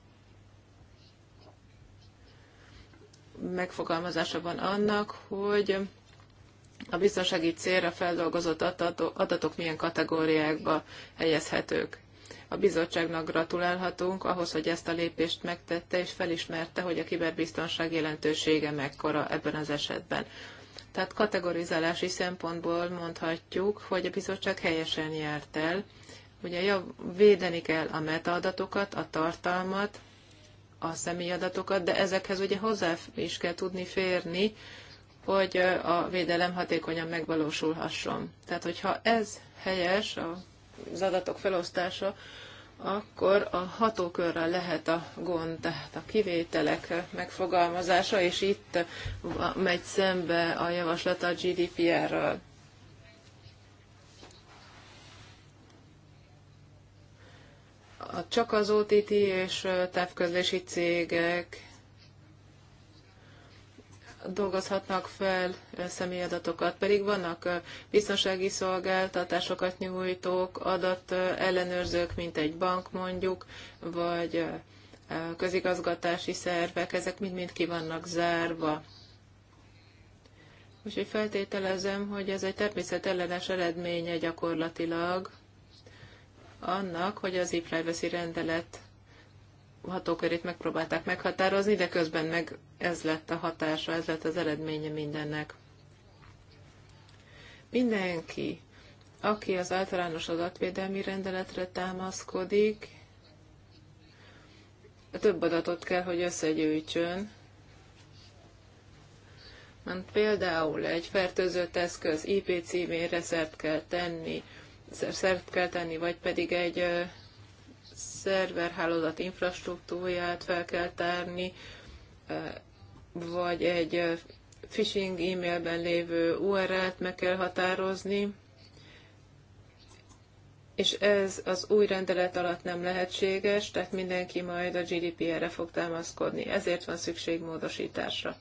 megfogalmazása van annak, hogy a biztonsági célra feldolgozott adatok milyen kategóriákba helyezhetők. A bizottságnak gratulálhatunk ahhoz, hogy ezt a lépést megtette, és felismerte, hogy a kiberbiztonság jelentősége mekkora ebben az esetben. Tehát kategorizálási szempontból mondhatjuk, hogy a bizottság helyesen járt el. Ugye védeni kell a metaadatokat, a tartalmat, a személyadatokat, de ezekhez ugye hozzá is kell tudni férni, hogy a védelem hatékonyan megvalósulhasson. Tehát, hogyha ez helyes, az adatok felosztása, akkor a hatókörrel lehet a gond, tehát a kivételek megfogalmazása, és itt megy szembe a javaslat a GDPR-ről. Csak az OTT és távközlési cégek dolgozhatnak fel eh, személyadatokat, pedig vannak eh, biztonsági szolgáltatásokat nyújtók, adat eh, ellenőrzők, mint egy bank mondjuk, vagy közigazgatási szervek, ezek mind-mind ki vannak zárva. Úgyhogy feltételezem, hogy ez egy természetellenes eredménye gyakorlatilag annak, hogy az e-privacy rendelet hatókörét megpróbálták meghatározni, de közben meg ez lett a hatása, ez lett az eredménye mindennek. Mindenki, aki az általános adatvédelmi rendeletre támaszkodik, több adatot kell, hogy összegyűjtsön, mert például egy fertőzött eszköz IP címére szert kell tenni, szert kell tenni, vagy pedig egy szerverhálózat infrastruktúráját fel kell tárni, vagy egy phishing e-mailben lévő URL-t meg kell határozni, és ez az új rendelet alatt nem lehetséges, tehát mindenki majd a GDPR-re fog támaszkodni, ezért van szükség módosításra.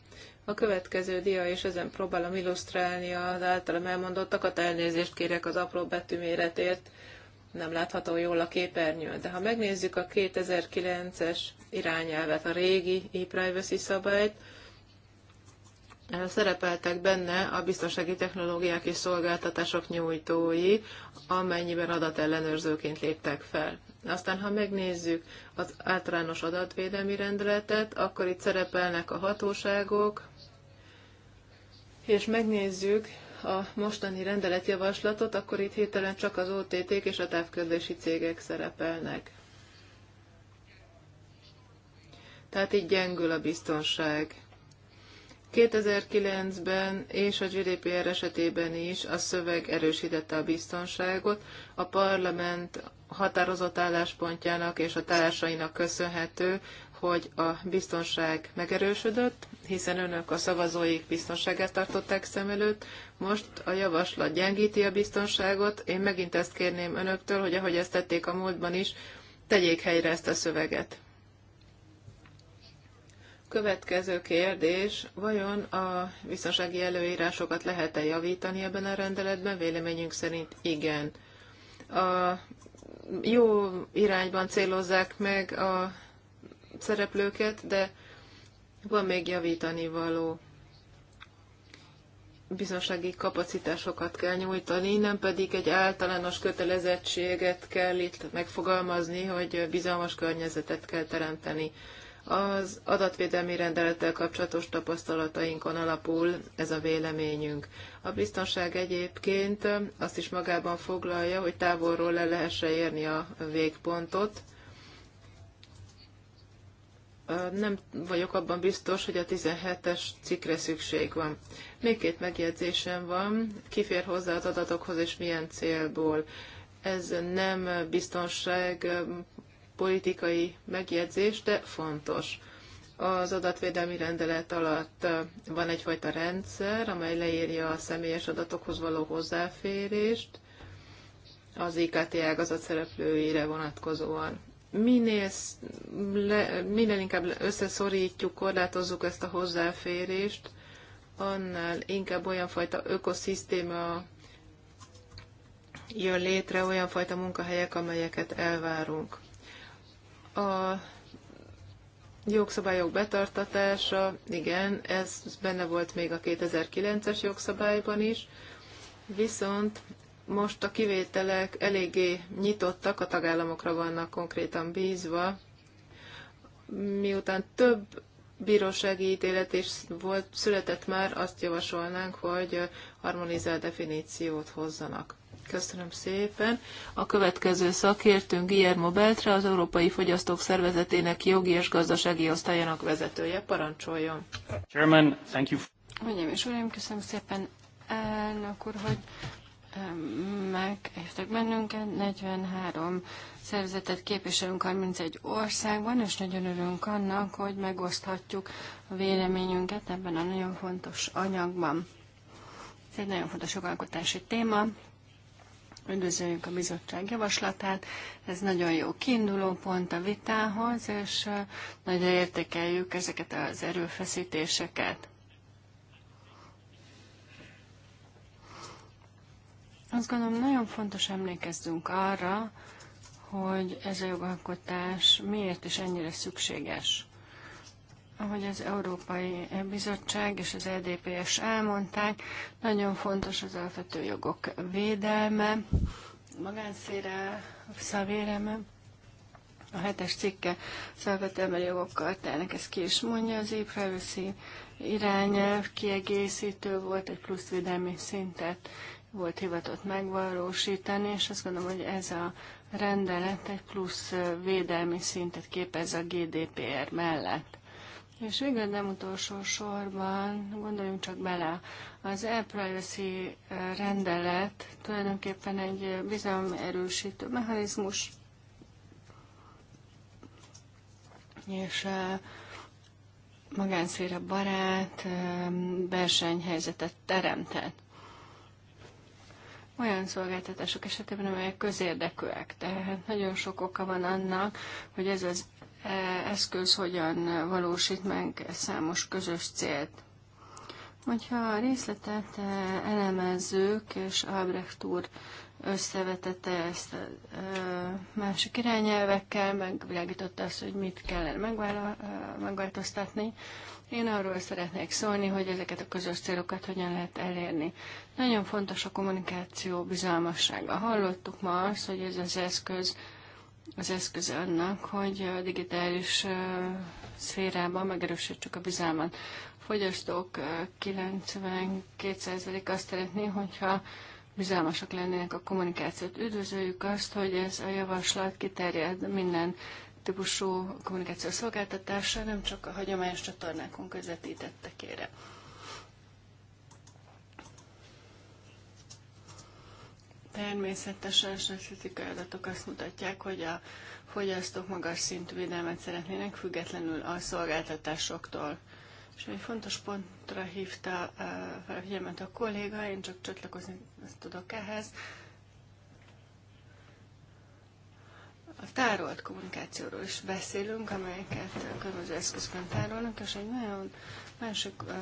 A következő dia, és ezen próbálom illusztrálni az általam elmondottakat, elnézést kérek az apró betűméretért, nem látható jól a képernyőn. De ha megnézzük a 2009-es irányelvet, a régi e-privacy szabályt, eh, szerepeltek benne a biztonsági technológiák és szolgáltatások nyújtói, amennyiben adatellenőrzőként léptek fel. Aztán, ha megnézzük az általános adatvédelmi rendeletet, akkor itt szerepelnek a hatóságok, és megnézzük, a mostani rendeletjavaslatot, akkor itt hirtelen csak az OTT-k és a távközlési cégek szerepelnek. Tehát így gyengül a biztonság. 2009-ben és a GDPR esetében is a szöveg erősítette a biztonságot, a parlament határozott álláspontjának és a társainak köszönhető, hogy a biztonság megerősödött, hiszen önök a szavazóik biztonságát tartották szem előtt, most a javaslat gyengíti a biztonságot, én megint ezt kérném önöktől, hogy ahogy ezt tették a múltban is, tegyék helyre ezt a szöveget. Következő kérdés, vajon a biztonsági előírásokat lehet-e javítani ebben a rendeletben? Véleményünk szerint igen. A jó irányban célozzák meg a szereplőket, de van még javítani való. biztonsági kapacitásokat kell nyújtani, nem pedig egy általános kötelezettséget kell itt megfogalmazni, hogy bizalmas környezetet kell teremteni. Az adatvédelmi rendelettel kapcsolatos tapasztalatainkon alapul ez a véleményünk. A biztonság egyébként azt is magában foglalja, hogy távolról le lehessen érni a végpontot, nem vagyok abban biztos, hogy a 17-es cikkre szükség van. Még két megjegyzésem van, kifér hozzá az adatokhoz és milyen célból. Ez nem biztonság politikai megjegyzés, de fontos. Az adatvédelmi rendelet alatt van egyfajta rendszer, amely leírja a személyes adatokhoz való hozzáférést az IKT ágazat szereplőire vonatkozóan minél, le, minél inkább összeszorítjuk, korlátozzuk ezt a hozzáférést, annál inkább olyan fajta ökoszisztéma jön létre, olyan fajta munkahelyek, amelyeket elvárunk. A jogszabályok betartatása, igen, ez benne volt még a 2009-es jogszabályban is, viszont most a kivételek eléggé nyitottak, a tagállamokra vannak konkrétan bízva. Miután több bírósági ítélet is volt, született már, azt javasolnánk, hogy harmonizál definíciót hozzanak. Köszönöm szépen. A következő szakértőnk Guillermo Beltre, az Európai Fogyasztók Szervezetének jogi és gazdasági osztályának vezetője. Parancsoljon. Chairman, thank you. Mondjam és uraim, köszönöm szépen elnök úr, hogy meghívtak bennünket, 43 szervezetet képviselünk 31 országban, és nagyon örülünk annak, hogy megoszthatjuk a véleményünket ebben a nagyon fontos anyagban. Ez egy nagyon fontos jogalkotási téma. Üdvözöljük a bizottság javaslatát. Ez nagyon jó kiinduló pont a vitához, és eh, nagyon értékeljük ezeket az erőfeszítéseket. Azt gondolom, nagyon fontos emlékezzünk arra, hogy ez a jogalkotás miért is ennyire szükséges. Ahogy az Európai Bizottság és az EDPS elmondták, nagyon fontos az alapvető jogok védelme, magánszére szavéreme. A hetes cikke az alapvető emberi jogokkal, kartának ezt ki is mondja, az e irányelv kiegészítő volt, egy plusz védelmi szintet volt hivatott megvalósítani, és azt gondolom, hogy ez a rendelet egy plusz védelmi szintet képez a GDPR mellett. És végül nem utolsó sorban, gondoljunk csak bele, az e-privacy rendelet tulajdonképpen egy bizalmi erősítő mechanizmus, és magánszféra barát versenyhelyzetet teremtett olyan szolgáltatások esetében, amelyek közérdekűek. Tehát nagyon sok oka van annak, hogy ez az e, eszköz hogyan valósít meg számos közös célt. Hogyha a részletet e, elemezzük, és Albrecht úr összevetette ezt a e, másik irányelvekkel, megvilágította azt, hogy mit kellene megváltoztatni, én arról szeretnék szólni, hogy ezeket a közös célokat hogyan lehet elérni. Nagyon fontos a kommunikáció bizalmassága. Hallottuk ma azt, hogy ez az eszköz az eszköz annak, hogy a digitális szférában megerősítsük a bizalmat. A fogyasztók 92% azt szeretné, hogyha bizalmasak lennének a kommunikációt. Üdvözöljük azt, hogy ez a javaslat kiterjed minden típusú kommunikáció szolgáltatása nem csak a hagyományos csatornákon közvetítettek ére. Természetesen statisztikai adatok azt mutatják, hogy a fogyasztók magas szintű védelmet szeretnének, függetlenül a szolgáltatásoktól. És egy fontos pontra hívta eh, fel a figyelmet a kolléga, én csak csatlakozni tudok ehhez. A tárolt kommunikációról is beszélünk, amelyeket különböző eszközben tárolnak, és egy nagyon másik ö,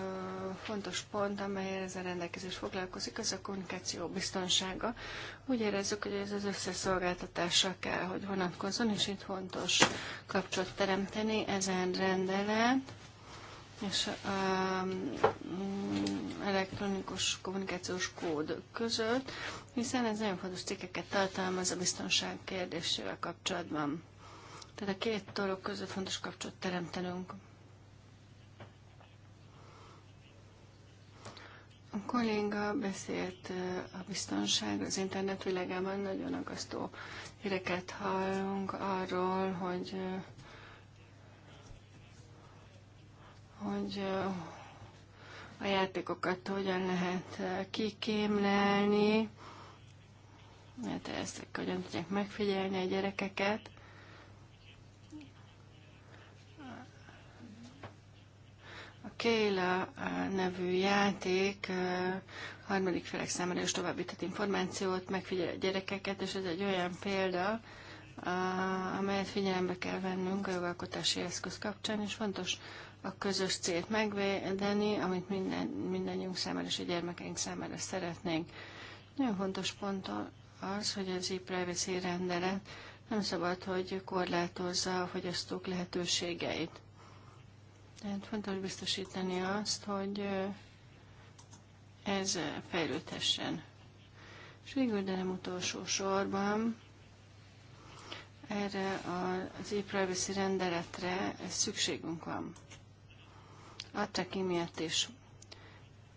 fontos pont, amelyel ez a rendelkezés foglalkozik, az a kommunikáció biztonsága. Úgy érezzük, hogy ez az összeszolgáltatásra kell, hogy vonatkozzon, és itt fontos kapcsolat teremteni ezen rendelet és um, elektronikus kommunikációs kód között, hiszen ez nagyon fontos cikkeket tartalmaz a biztonság kérdésével kapcsolatban. Tehát a két torok között fontos kapcsolat teremtenünk. A kolléga beszélt uh, a biztonságról, az internet világában nagyon agasztó híreket hallunk arról, hogy uh, hogy a játékokat hogyan lehet kikémlelni, mert ezek hogyan tudják megfigyelni a gyerekeket. A Kéla nevű játék harmadik felek számára is továbbított információt, megfigyel a gyerekeket, és ez egy olyan példa, amelyet figyelembe kell vennünk a jogalkotási eszköz kapcsán, és fontos a közös célt megvédeni, amit minden, mindannyiunk számára és a gyermekeink számára szeretnénk. Nagyon fontos pont az, hogy az e-privacy rendelet nem szabad, hogy korlátozza a fogyasztók lehetőségeit. Tehát fontos biztosítani azt, hogy ez fejlődhessen. És végül, de nem utolsó sorban, erre az e-privacy rendeletre szükségünk van a tracking miatt is.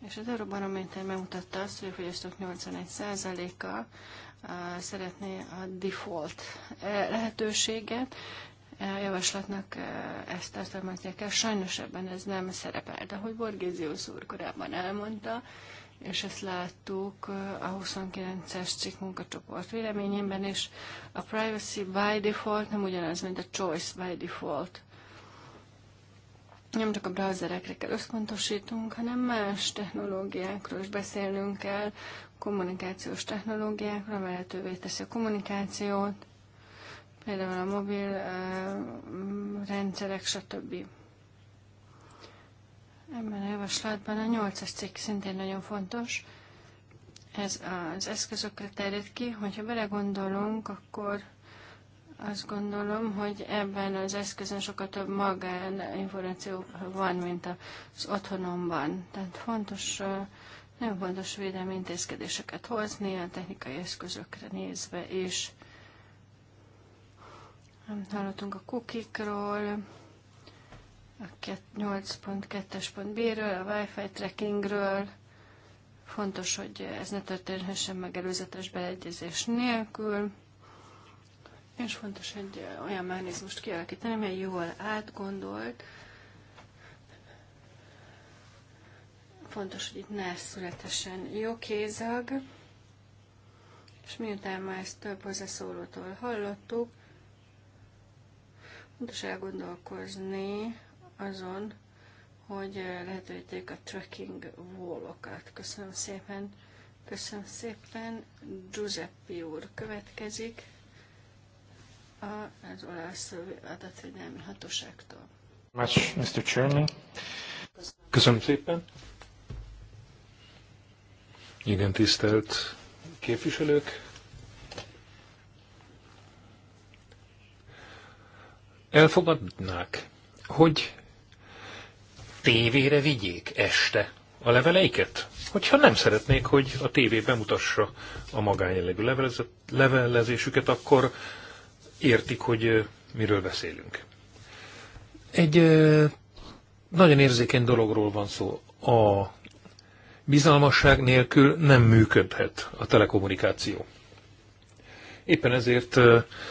És az Euróbarométer megmutatta azt, hogy a fogyasztók 81%-a szeretné a default e, lehetőséget, e, a javaslatnak e, ezt tartalmazzák el. Sajnos ebben ez nem szerepel, de hogy Borgézius úr korábban elmondta, és ezt láttuk a 29-es cikk munkacsoport véleményében, és a privacy by default nem ugyanaz, mint a choice by default nem csak a browserekre kell összpontosítunk, hanem más technológiákról is beszélnünk kell, kommunikációs technológiákra, mert lehetővé teszi a kommunikációt, például a mobil uh, rendszerek, stb. Ebben a javaslatban a 8-as cikk szintén nagyon fontos. Ez az eszközökre terjed ki, hogyha belegondolunk, akkor azt gondolom, hogy ebben az eszközön sokkal több információ van, mint az otthonomban. Tehát fontos, nagyon fontos védelmi intézkedéseket hozni a technikai eszközökre nézve, és hallottunk a kukikról, a 82b ről a Wi-Fi trackingről, fontos, hogy ez ne történhessen meg előzetes beleegyezés nélkül. És fontos egy olyan mechanizmust kialakítani, amely jól átgondolt. Fontos, hogy itt ne születesen kézag. És miután már ezt több hozzászólótól hallottuk, fontos elgondolkozni azon, hogy lehetővé a tracking wallokat. Köszönöm szépen. Köszönöm szépen. Giuseppe úr következik az olasz adatvédelmi hatóságtól. Much, Mr. Chairman. Köszönöm szépen. Igen, tisztelt képviselők. Elfogadnák, hogy tévére vigyék este a leveleiket? Hogyha nem szeretnék, hogy a tévé bemutassa a magánjellegű levelezésüket, akkor értik, hogy miről beszélünk. Egy nagyon érzékeny dologról van szó. A bizalmasság nélkül nem működhet a telekommunikáció. Éppen ezért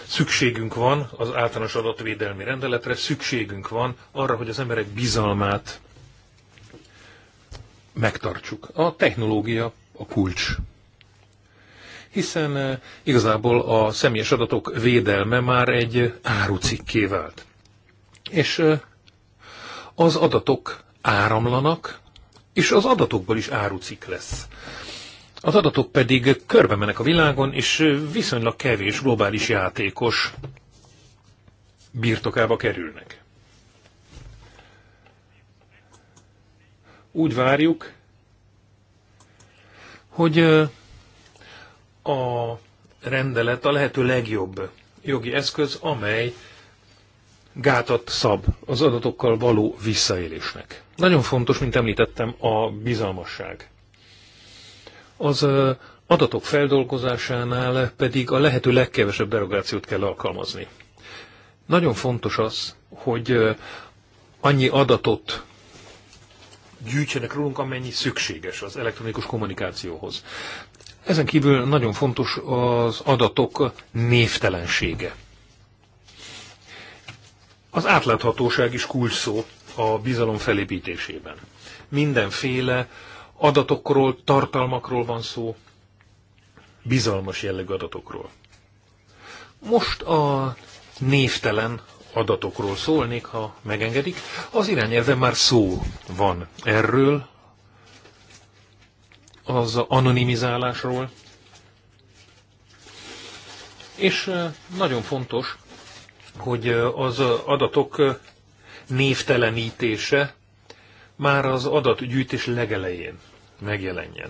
szükségünk van az általános adatvédelmi rendeletre, szükségünk van arra, hogy az emberek bizalmát megtartsuk. A technológia a kulcs hiszen eh, igazából a személyes adatok védelme már egy árucikké vált. És eh, az adatok áramlanak, és az adatokból is árucik lesz. Az adatok pedig körbe mennek a világon, és eh, viszonylag kevés globális játékos birtokába kerülnek. Úgy várjuk, hogy a rendelet a lehető legjobb jogi eszköz, amely gátat szab az adatokkal való visszaélésnek. Nagyon fontos, mint említettem, a bizalmasság. Az adatok feldolgozásánál pedig a lehető legkevesebb derogációt kell alkalmazni. Nagyon fontos az, hogy annyi adatot gyűjtsenek rólunk, amennyi szükséges az elektronikus kommunikációhoz. Ezen kívül nagyon fontos az adatok névtelensége. Az átláthatóság is kulcs szó a bizalom felépítésében. Mindenféle adatokról, tartalmakról van szó, bizalmas jellegű adatokról. Most a névtelen adatokról szólnék, ha megengedik. Az irányelve már szó van erről az anonimizálásról. És nagyon fontos, hogy az adatok névtelenítése már az adatgyűjtés legelején megjelenjen.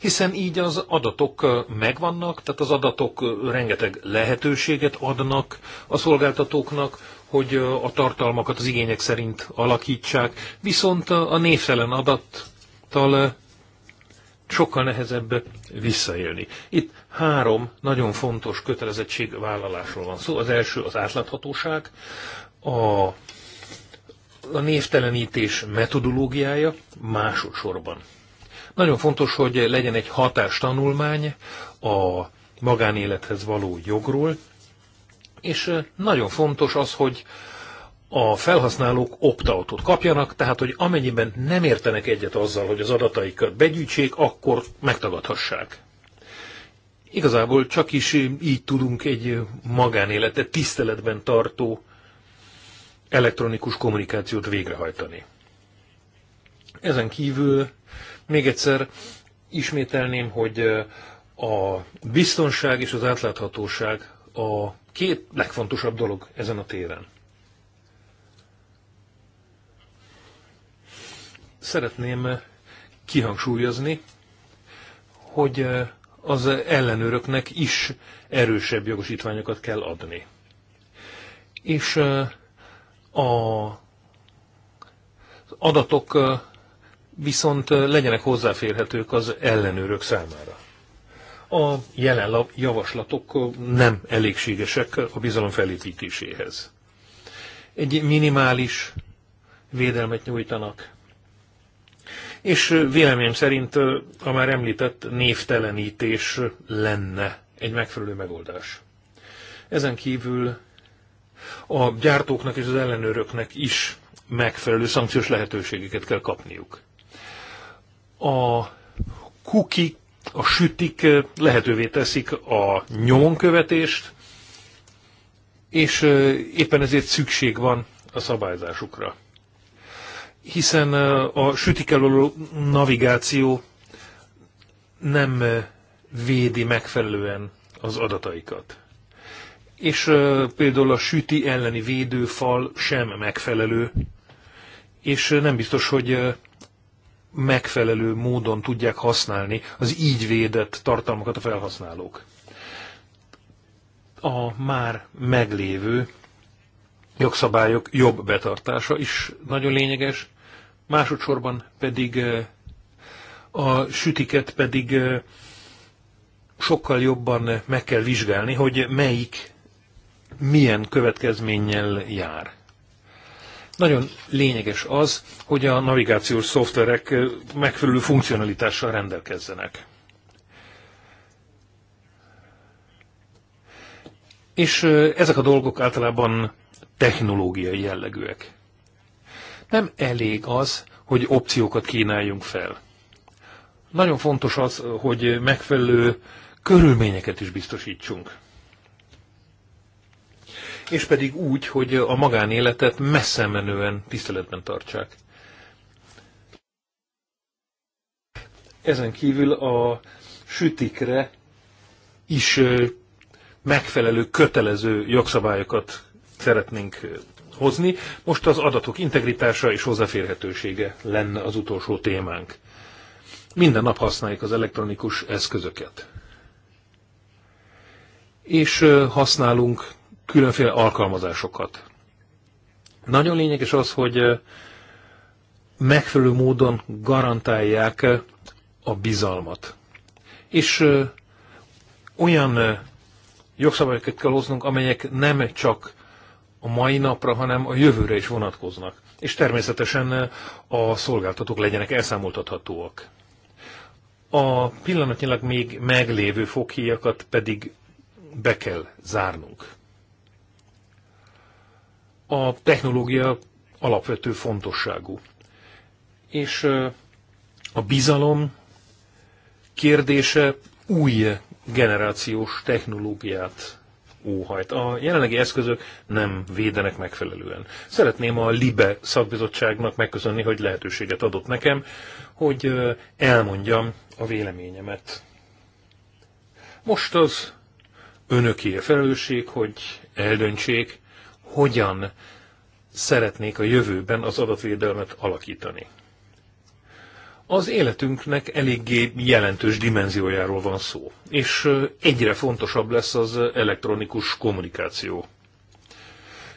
Hiszen így az adatok megvannak, tehát az adatok rengeteg lehetőséget adnak a szolgáltatóknak, hogy a tartalmakat az igények szerint alakítsák, viszont a névtelen adattal sokkal nehezebb visszaélni. Itt három nagyon fontos kötelezettségvállalásról van szó. Az első az átláthatóság, a, a névtelenítés metodológiája másodszorban. Nagyon fontos, hogy legyen egy hatástanulmány a magánélethez való jogról, és nagyon fontos az, hogy a felhasználók opt-outot kapjanak, tehát hogy amennyiben nem értenek egyet azzal, hogy az adataikat begyűjtsék, akkor megtagadhassák. Igazából csak is eh, így tudunk egy eh, magánéletet tiszteletben tartó elektronikus kommunikációt végrehajtani. Ezen kívül még egyszer ismételném, hogy eh, a biztonság és az átláthatóság a két legfontosabb dolog ezen a téren. Szeretném eh, kihangsúlyozni, hogy eh, az ellenőröknek is erősebb jogosítványokat kell adni. És eh, a adatok viszont legyenek hozzáférhetők az ellenőrök számára. A jelen javaslatok nem elégségesek a bizalom felépítéséhez. Egy minimális védelmet nyújtanak, és véleményem szerint a már említett névtelenítés lenne egy megfelelő megoldás. Ezen kívül a gyártóknak és az ellenőröknek is megfelelő szankciós lehetőségeket kell kapniuk. A kuki, a sütik lehetővé teszik a nyomonkövetést, és éppen ezért szükség van a szabályzásukra hiszen a sütikkel való navigáció nem védi megfelelően az adataikat. És például a süti elleni védőfal sem megfelelő, és nem biztos, hogy megfelelő módon tudják használni az így védett tartalmakat a felhasználók. A már meglévő jogszabályok jobb betartása is nagyon lényeges, másodszorban pedig a sütiket pedig sokkal jobban meg kell vizsgálni, hogy melyik milyen következménnyel jár. Nagyon lényeges az, hogy a navigációs szoftverek megfelelő funkcionalitással rendelkezzenek. És ezek a dolgok általában technológiai jellegűek. Nem elég az, hogy opciókat kínáljunk fel. Nagyon fontos az, hogy megfelelő körülményeket is biztosítsunk. És pedig úgy, hogy a magánéletet messze menően tiszteletben tartsák. Ezen kívül a sütikre is megfelelő kötelező jogszabályokat szeretnénk hozni. Most az adatok integritása és hozzáférhetősége lenne az utolsó témánk. Minden nap használjuk az elektronikus eszközöket. És használunk különféle alkalmazásokat. Nagyon lényeges az, hogy megfelelő módon garantálják a bizalmat. És olyan jogszabályokat kell hoznunk, amelyek nem csak a mai napra, hanem a jövőre is vonatkoznak. És természetesen eh, a szolgáltatók legyenek elszámoltathatóak. A pillanatnyilag még meglévő fokhíjakat pedig be kell zárnunk. A technológia alapvető fontosságú. És eh, a bizalom kérdése új generációs technológiát óhajt. A jelenlegi eszközök nem védenek megfelelően. Szeretném a LIBE szakbizottságnak megköszönni, hogy lehetőséget adott nekem, hogy elmondjam a véleményemet. Most az önöké a felelősség, hogy eldöntsék, hogyan szeretnék a jövőben az adatvédelmet alakítani az életünknek eléggé jelentős dimenziójáról van szó, és egyre fontosabb lesz az elektronikus kommunikáció.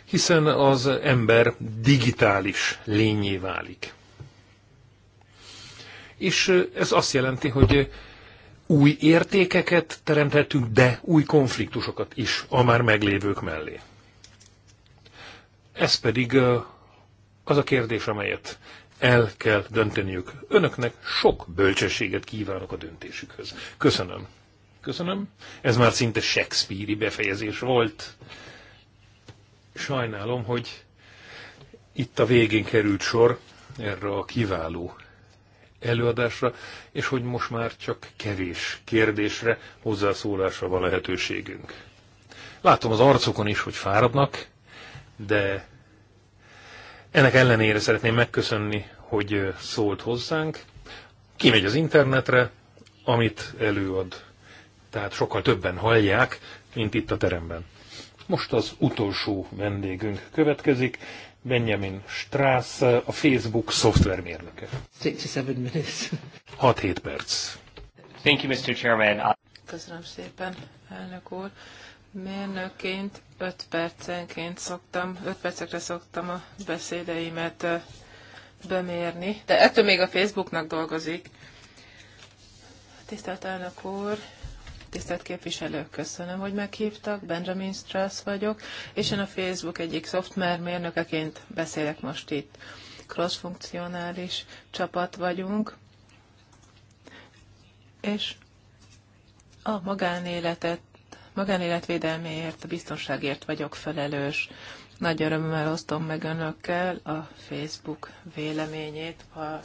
Hiszen az ember digitális lényé válik. És ez azt jelenti, hogy új értékeket teremthetünk, de új konfliktusokat is a már meglévők mellé. Ez pedig az a kérdés, amelyet el kell dönteniük. Önöknek sok bölcsességet kívánok a döntésükhöz. Köszönöm. Köszönöm. Ez már szinte Shakespeare-i befejezés volt. Sajnálom, hogy itt a végén került sor erre a kiváló előadásra, és hogy most már csak kevés kérdésre, hozzászólásra van lehetőségünk. Látom az arcokon is, hogy fáradnak, de ennek ellenére szeretném megköszönni, hogy szólt hozzánk. Kimegy az internetre, amit előad. Tehát sokkal többen hallják, mint itt a teremben. Most az utolsó vendégünk következik, Benjamin Strass, a Facebook szoftvermérnöke. 6-7 perc. Thank you, Mr. Chairman. Köszönöm szépen, elnök úr. Mérnökként 5 percenként szoktam, 5 percekre szoktam a beszédeimet bemérni, de ettől még a Facebooknak dolgozik. Tisztelt elnök úr, tisztelt képviselők, köszönöm, hogy meghívtak. Benjamin Strass vagyok, és én a Facebook egyik szoftvermérnökeként beszélek most itt. Crossfunkcionális csapat vagyunk, és a magánéletet magánéletvédelméért, a biztonságért vagyok felelős. Nagy örömmel osztom meg önökkel a Facebook véleményét a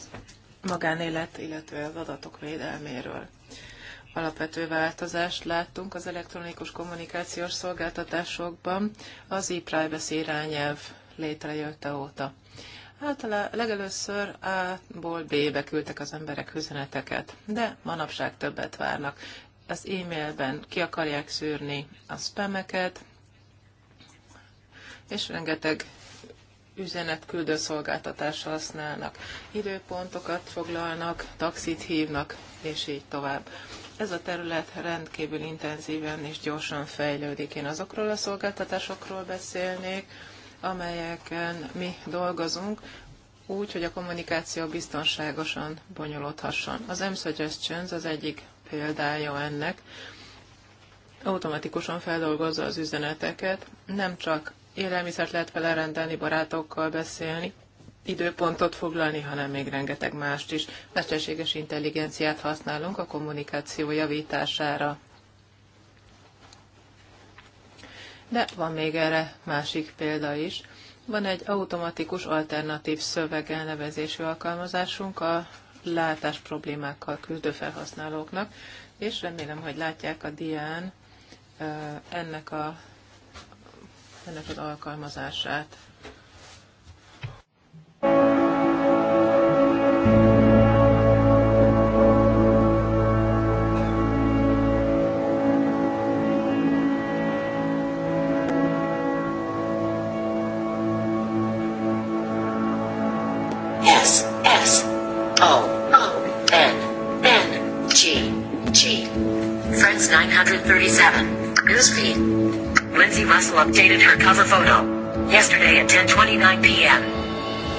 magánélet, illetve az adatok védelméről. Alapvető változást láttunk az elektronikus kommunikációs szolgáltatásokban az e-privacy irányelv létrejötte óta. Általában legelőször A-ból B-be küldtek az emberek üzeneteket, de manapság többet várnak az e-mailben ki akarják szűrni a spameket, és rengeteg üzenetküldő szolgáltatásra használnak, időpontokat foglalnak, taxit hívnak, és így tovább. Ez a terület rendkívül intenzíven és gyorsan fejlődik. Én azokról a szolgáltatásokról beszélnék, amelyeken mi dolgozunk, úgy, hogy a kommunikáció biztonságosan bonyolódhasson. Az M-Suggestions az egyik példája ennek. Automatikusan feldolgozza az üzeneteket, nem csak élelmiszert lehet vele rendelni, barátokkal beszélni, időpontot foglalni, hanem még rengeteg mást is. Mesterséges intelligenciát használunk a kommunikáció javítására. De van még erre másik példa is. Van egy automatikus alternatív szövegelnevezésű alkalmazásunk a látás problémákkal küzdő felhasználóknak, és remélem, hogy látják a dián ennek, a, ennek az alkalmazását. Russell updated her cover photo. Yesterday at 10.29 p.m.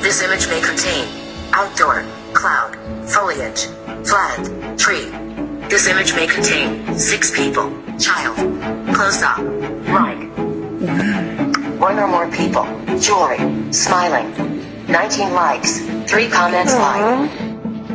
This image may contain outdoor, cloud, foliage, flag, tree. This image may contain six people, child, close up, like, one or more people, jewelry, smiling, 19 likes, three comments like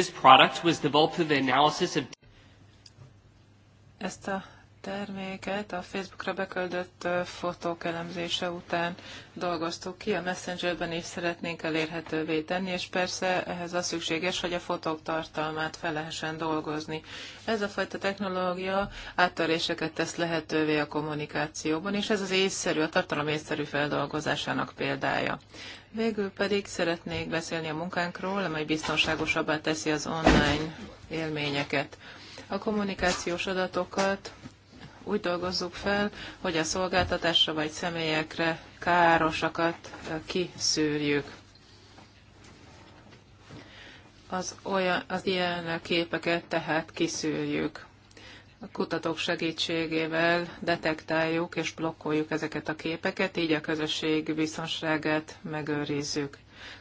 This product was developed through the analysis of ezt a terméket a Facebookra beköldött fotók elemzése után dolgoztuk ki, a Messengerben is szeretnénk elérhetővé tenni, és persze ehhez az szükséges, hogy a fotók tartalmát fel lehessen dolgozni. Ez a fajta technológia áttöréseket tesz lehetővé a kommunikációban, és ez az észszerű, a tartalom észszerű feldolgozásának példája. Végül pedig szeretnék beszélni a munkánkról, amely biztonságosabbá teszi az online élményeket. A kommunikációs adatokat úgy dolgozzuk fel, hogy a szolgáltatásra vagy személyekre károsakat kiszűrjük. Az, olyan, az ilyen képeket tehát kiszűrjük kutatók segítségével detektáljuk és blokkoljuk ezeket a képeket, így a közösség biztonságát megőrizzük.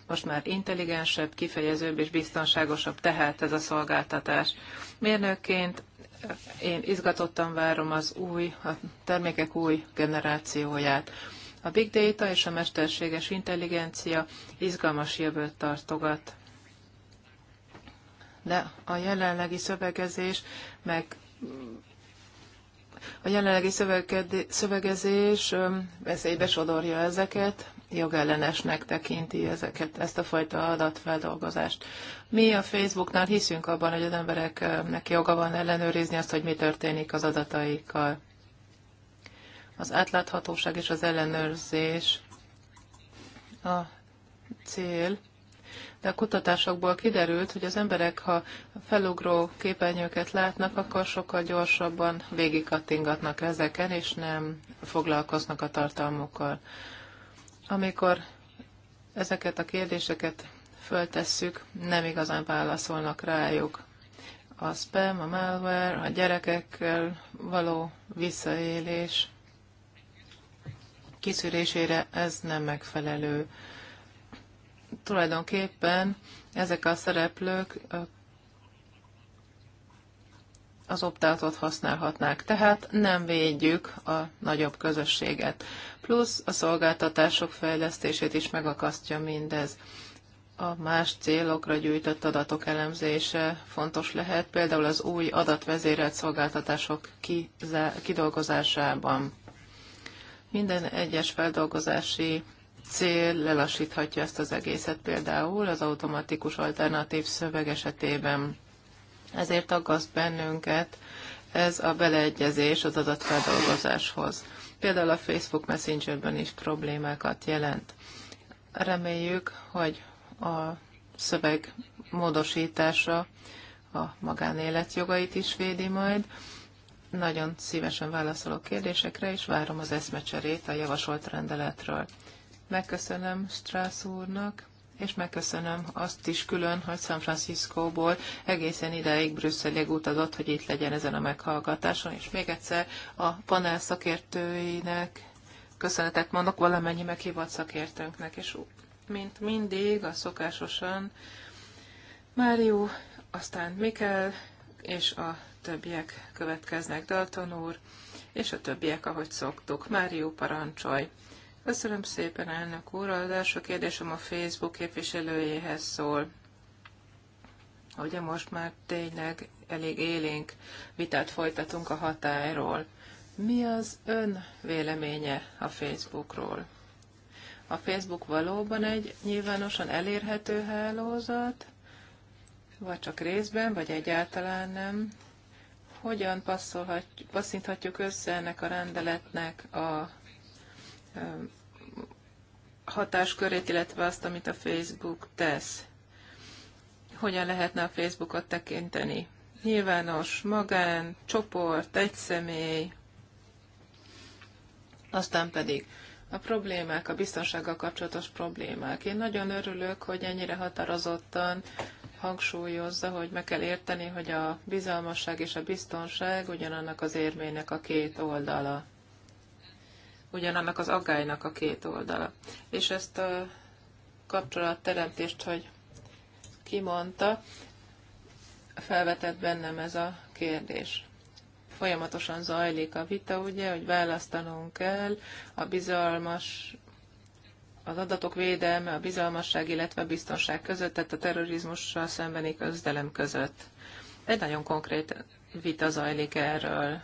Most már intelligensebb, kifejezőbb és biztonságosabb tehát ez a szolgáltatás. Mérnökként én izgatottan várom az új, a termékek új generációját. A big data és a mesterséges intelligencia izgalmas jövőt tartogat. De a jelenlegi szövegezés meg a jelenlegi szövegezés veszélybe sodorja ezeket, jogellenesnek tekinti ezeket, ezt a fajta adatfeldolgozást. Mi a Facebooknál hiszünk abban, hogy az embereknek joga van ellenőrizni azt, hogy mi történik az adataikkal. Az átláthatóság és az ellenőrzés a cél de a kutatásokból kiderült, hogy az emberek, ha felugró képernyőket látnak, akkor sokkal gyorsabban végigkattingatnak ezeken, és nem foglalkoznak a tartalmukkal. Amikor ezeket a kérdéseket föltesszük, nem igazán válaszolnak rájuk. A spam, a malware, a gyerekekkel való visszaélés kiszűrésére ez nem megfelelő tulajdonképpen ezek a szereplők az optátot használhatnák, tehát nem védjük a nagyobb közösséget. Plusz a szolgáltatások fejlesztését is megakasztja mindez. A más célokra gyűjtött adatok elemzése fontos lehet, például az új adatvezérelt szolgáltatások kidolgozásában. Minden egyes feldolgozási cél lelassíthatja ezt az egészet például az automatikus alternatív szöveg esetében. Ezért aggaszt bennünket ez a beleegyezés az adatfeldolgozáshoz. Például a Facebook Messengerben is problémákat jelent. Reméljük, hogy a szöveg módosítása a magánélet jogait is védi majd. Nagyon szívesen válaszolok kérdésekre, és várom az eszmecserét a javasolt rendeletről. Megköszönöm Strász úrnak, és megköszönöm azt is külön, hogy San Franciscóból egészen ideig Brüsszelig utazott, hogy itt legyen ezen a meghallgatáson, és még egyszer a panel szakértőinek köszönetet mondok valamennyi meghívott szakértőnknek, és mint mindig, a szokásosan Márió, aztán Mikel és a többiek következnek, Dalton úr, és a többiek, ahogy szoktuk. Márió, parancsolj! Köszönöm szépen, elnök úr. Az első kérdésem a Facebook képviselőjéhez szól. Ugye most már tényleg elég élénk vitát folytatunk a hatályról. Mi az ön véleménye a Facebookról? A Facebook valóban egy nyilvánosan elérhető hálózat, vagy csak részben, vagy egyáltalán nem? Hogyan passzolhatjuk, passzinthatjuk össze ennek a rendeletnek a hatáskörét, illetve azt, amit a Facebook tesz. Hogyan lehetne a Facebookot tekinteni? Nyilvános, magán, csoport, egy személy, aztán pedig a problémák, a biztonsággal kapcsolatos problémák. Én nagyon örülök, hogy ennyire határozottan hangsúlyozza, hogy meg kell érteni, hogy a bizalmasság és a biztonság ugyanannak az érmének a két oldala ugyanannak az aggálynak a két oldala. És ezt a kapcsolatteremtést, hogy kimondta, felvetett bennem ez a kérdés. Folyamatosan zajlik a vita, ugye, hogy választanunk kell a bizalmas az adatok védelme, a bizalmasság, illetve a biztonság között, tehát a terrorizmussal szembeni közdelem között. Egy nagyon konkrét vita zajlik erről.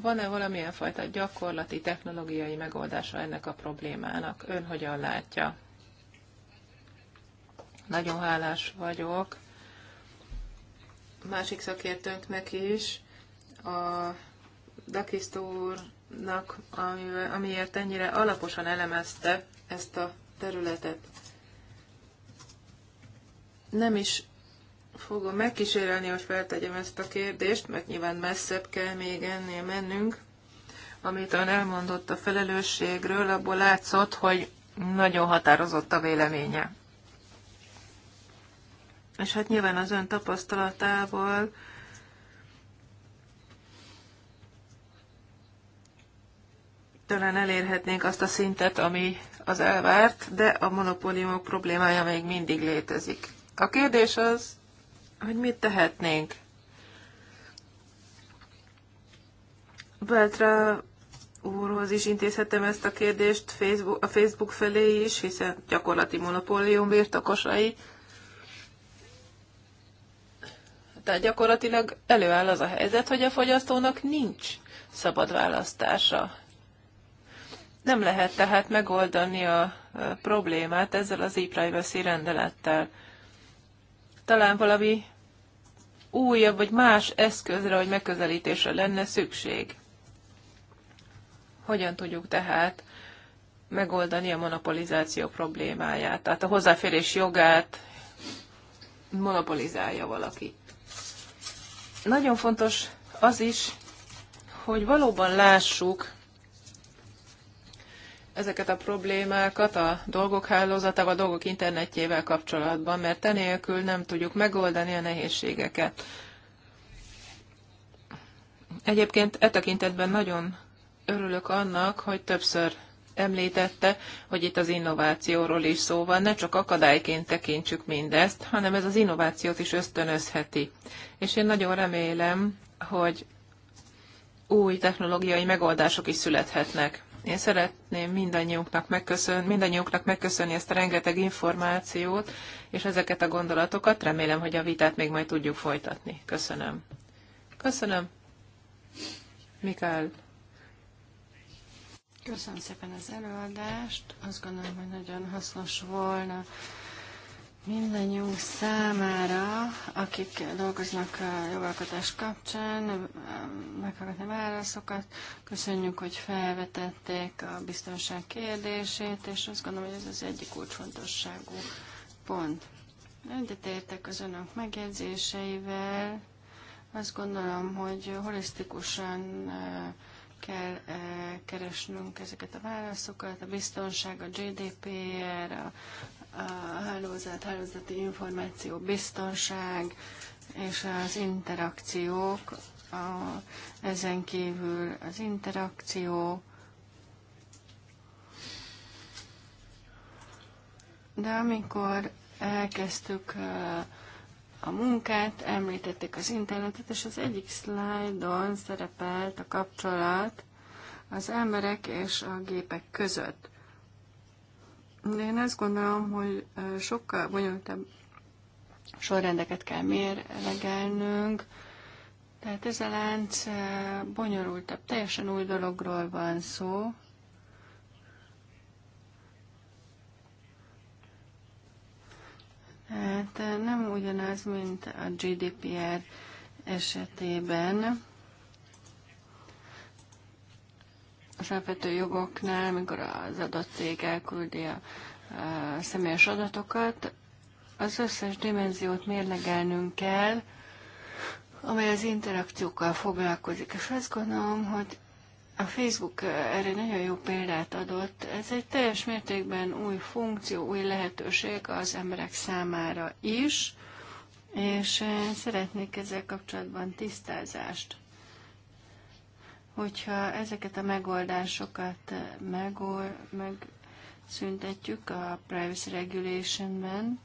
Van-e valamilyen fajta gyakorlati, technológiai megoldása ennek a problémának? Ön hogyan látja? Nagyon hálás vagyok. Másik szakértőnknek is, a Dakisztó úrnak, amiért ennyire alaposan elemezte ezt a területet. Nem is fogom megkísérelni, hogy feltegyem ezt a kérdést, mert nyilván messzebb kell még ennél mennünk. Amit ön elmondott a felelősségről, abból látszott, hogy nagyon határozott a véleménye. És hát nyilván az ön tapasztalatával talán elérhetnénk azt a szintet, ami az elvárt, de a monopóliumok problémája még mindig létezik. A kérdés az, hogy mit tehetnénk. Beltra úrhoz is intézhetem ezt a kérdést Facebook, a Facebook felé is, hiszen gyakorlati monopólium birtokosai. Tehát gyakorlatilag előáll az a helyzet, hogy a fogyasztónak nincs szabad választása. Nem lehet tehát megoldani a problémát ezzel az e-privacy rendelettel talán valami újabb vagy más eszközre vagy megközelítésre lenne szükség. Hogyan tudjuk tehát megoldani a monopolizáció problémáját? Tehát a hozzáférés jogát monopolizálja valaki. Nagyon fontos az is, hogy valóban lássuk, ezeket a problémákat a dolgok hálózatával, a dolgok internetjével kapcsolatban, mert enélkül nem tudjuk megoldani a nehézségeket. Egyébként e tekintetben nagyon örülök annak, hogy többször említette, hogy itt az innovációról is szó van, ne csak akadályként tekintsük mindezt, hanem ez az innovációt is ösztönözheti. És én nagyon remélem, hogy új technológiai megoldások is születhetnek. Én szeretném mindannyiunknak, megköszönni, mindannyiunknak megköszönni ezt a rengeteg információt és ezeket a gondolatokat. Remélem, hogy a vitát még majd tudjuk folytatni. Köszönöm. Köszönöm. Mikael. Köszönöm szépen az előadást. Azt gondolom, hogy nagyon hasznos volna mindannyiunk számára, akik dolgoznak a jogalkotás kapcsán, meghallgatni válaszokat. Köszönjük, hogy felvetették a biztonság kérdését, és azt gondolom, hogy ez az egyik kulcsfontosságú pont. értek az önök megjegyzéseivel. Azt gondolom, hogy holisztikusan kell keresnünk ezeket a válaszokat, a biztonság, a GDPR, a a hálózat, hálózati információ, biztonság és az interakciók, a, ezen kívül az interakció, de amikor elkezdtük a munkát, említették az internetet, és az egyik szlájdon szerepelt a kapcsolat az emberek és a gépek között. Én azt gondolom, hogy sokkal bonyolultabb sorrendeket kell mérlegelnünk, tehát ez a lánc bonyolultabb, teljesen új dologról van szó. Hát nem ugyanaz, mint a GDPR esetében. az alapvető jogoknál, amikor az adott cég elküldi a, a személyes adatokat, az összes dimenziót mérlegelnünk kell, amely az interakciókkal foglalkozik. És azt gondolom, hogy a Facebook erre nagyon jó példát adott. Ez egy teljes mértékben új funkció, új lehetőség az emberek számára is, és szeretnék ezzel kapcsolatban tisztázást. Hogyha ezeket a megoldásokat megol, megszüntetjük a Privacy Regulation-ben,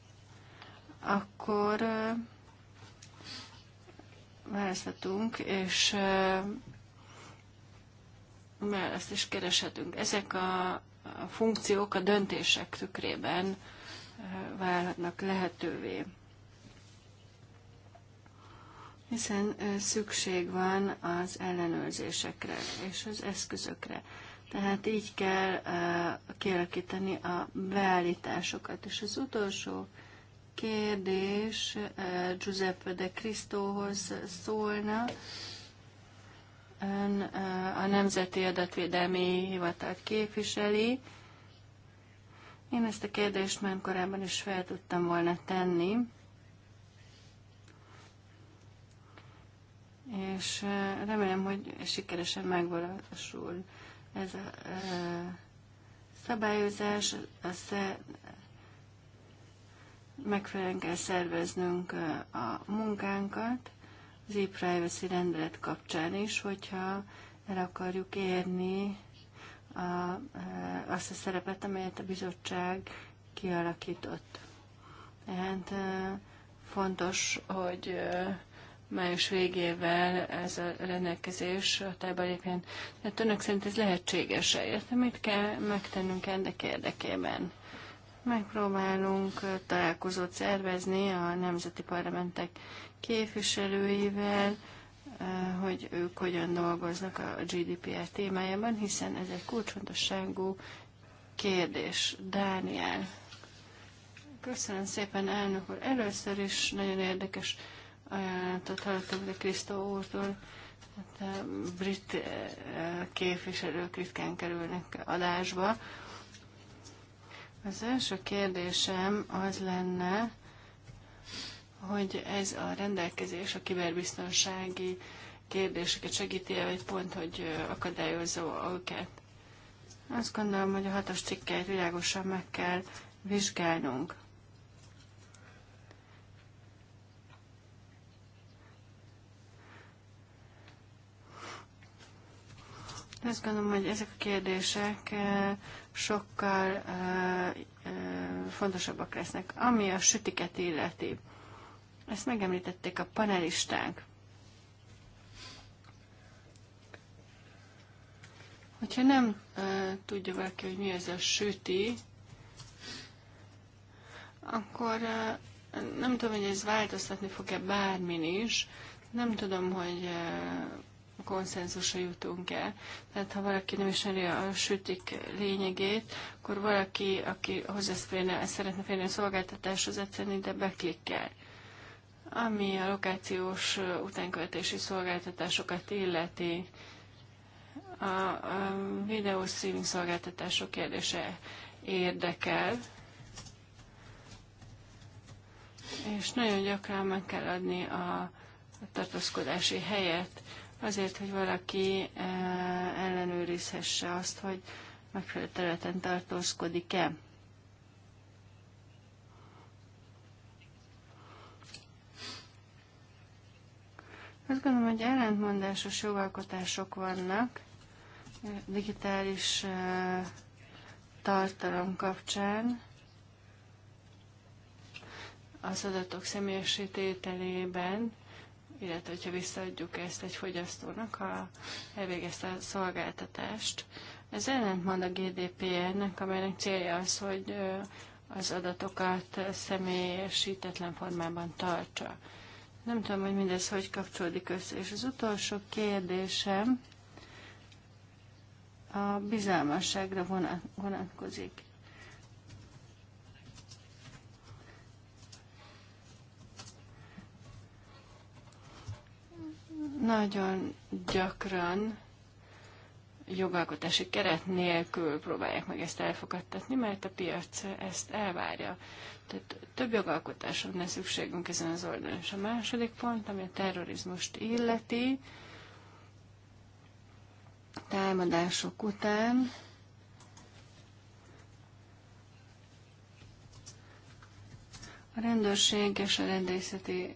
akkor választhatunk, és ezt is kereshetünk. Ezek a funkciók a döntések tükrében válhatnak lehetővé hiszen szükség van az ellenőrzésekre és az eszközökre. Tehát így kell kialakítani a beállításokat. És az utolsó kérdés Giuseppe de Cristóhoz szólna. Ön a Nemzeti Adatvédelmi Hivatalt képviseli. Én ezt a kérdést már korábban is fel tudtam volna tenni. és remélem, hogy sikeresen megvalósul ez a szabályozás, a szer... megfelelően kell szerveznünk a munkánkat, az e-privacy rendelet kapcsán is, hogyha el akarjuk érni a, azt a szerepet, amelyet a bizottság kialakított. Tehát fontos, hogy május végével ez a rendelkezés hatályba lépjen. Tehát önök szerint ez lehetséges -e? Érte, mit kell megtennünk ennek érdekében? Megpróbálunk találkozót szervezni a nemzeti parlamentek képviselőivel, hogy ők hogyan dolgoznak a GDPR témájában, hiszen ez egy kulcsfontosságú kérdés. Dániel. Köszönöm szépen, elnök úr. Először is nagyon érdekes ajánlatot hallottam, de Krisztó úrtól, hát a eh, brit eh, képviselők ritkán kerülnek adásba. Az első kérdésem az lenne, hogy ez a rendelkezés a kiberbiztonsági kérdéseket segíti el, vagy pont, hogy eh, akadályozza őket. Azt gondolom, hogy a hatos cikkeit világosan meg kell vizsgálnunk. De azt gondolom, hogy ezek a kérdések eh, sokkal eh, eh, fontosabbak lesznek, ami a sütiket illeti. Ezt megemlítették a panelisták. Hogyha nem tudja valaki, hogy mi ez a süti, akkor nem tudom, hogy ez változtatni fog-e bármin is. Nem tudom, hogy a konszenzusra jutunk el. Tehát ha valaki nem ismeri a sütik lényegét, akkor valaki, aki hozzáférne, szeretne férni a szolgáltatáshoz, egyszerűen ide beklikkel. Ami a lokációs utánkövetési szolgáltatásokat illeti, a, a videó streaming szolgáltatások kérdése érdekel, és nagyon gyakran meg kell adni a tartózkodási helyet azért, hogy valaki eh, ellenőrizhesse azt, hogy megfelelő területen tartózkodik-e. Azt gondolom, hogy ellentmondásos jogalkotások vannak eh, digitális eh, tartalom kapcsán az adatok személyesítételében illetve hogyha visszaadjuk ezt egy fogyasztónak, ha elvégezte a szolgáltatást. Ez ellentmond a GDPR-nek, amelynek célja az, hogy az adatokat személyesítetlen formában tartsa. Nem tudom, hogy mindez hogy kapcsolódik össze. És az utolsó kérdésem a bizalmasságra vonatkozik. Nagyon gyakran jogalkotási keret nélkül próbálják meg ezt elfogadtatni, mert a piac ezt elvárja. Tehát több jogalkotásra ne szükségünk ezen az oldalon. És a második pont, ami a terrorizmust illeti, támadások után a rendőrség és a rendészeti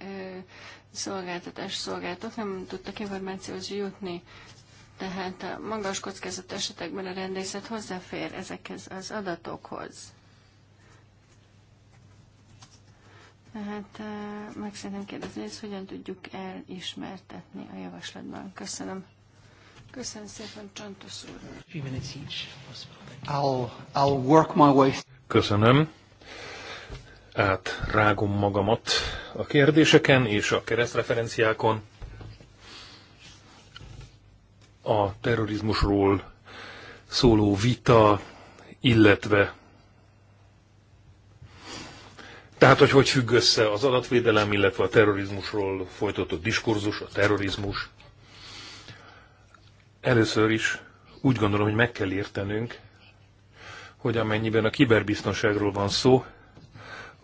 szolgáltatás szolgáltat, nem tudtak információhoz jutni. Tehát a magas kockázat esetekben a rendészet hozzáfér ezekhez az adatokhoz. Tehát eh, meg szeretném kérdezni, hogy hogyan tudjuk elismertetni a javaslatban. Köszönöm. Köszönöm szépen, Csantos úr. I'll, I'll work my way. Köszönöm átrágom magamat a kérdéseken és a keresztreferenciákon. A terrorizmusról szóló vita, illetve tehát, hogy hogy függ össze az adatvédelem, illetve a terrorizmusról folytatott diskurzus, a terrorizmus. Először is úgy gondolom, hogy meg kell értenünk, hogy amennyiben a kiberbiztonságról van szó,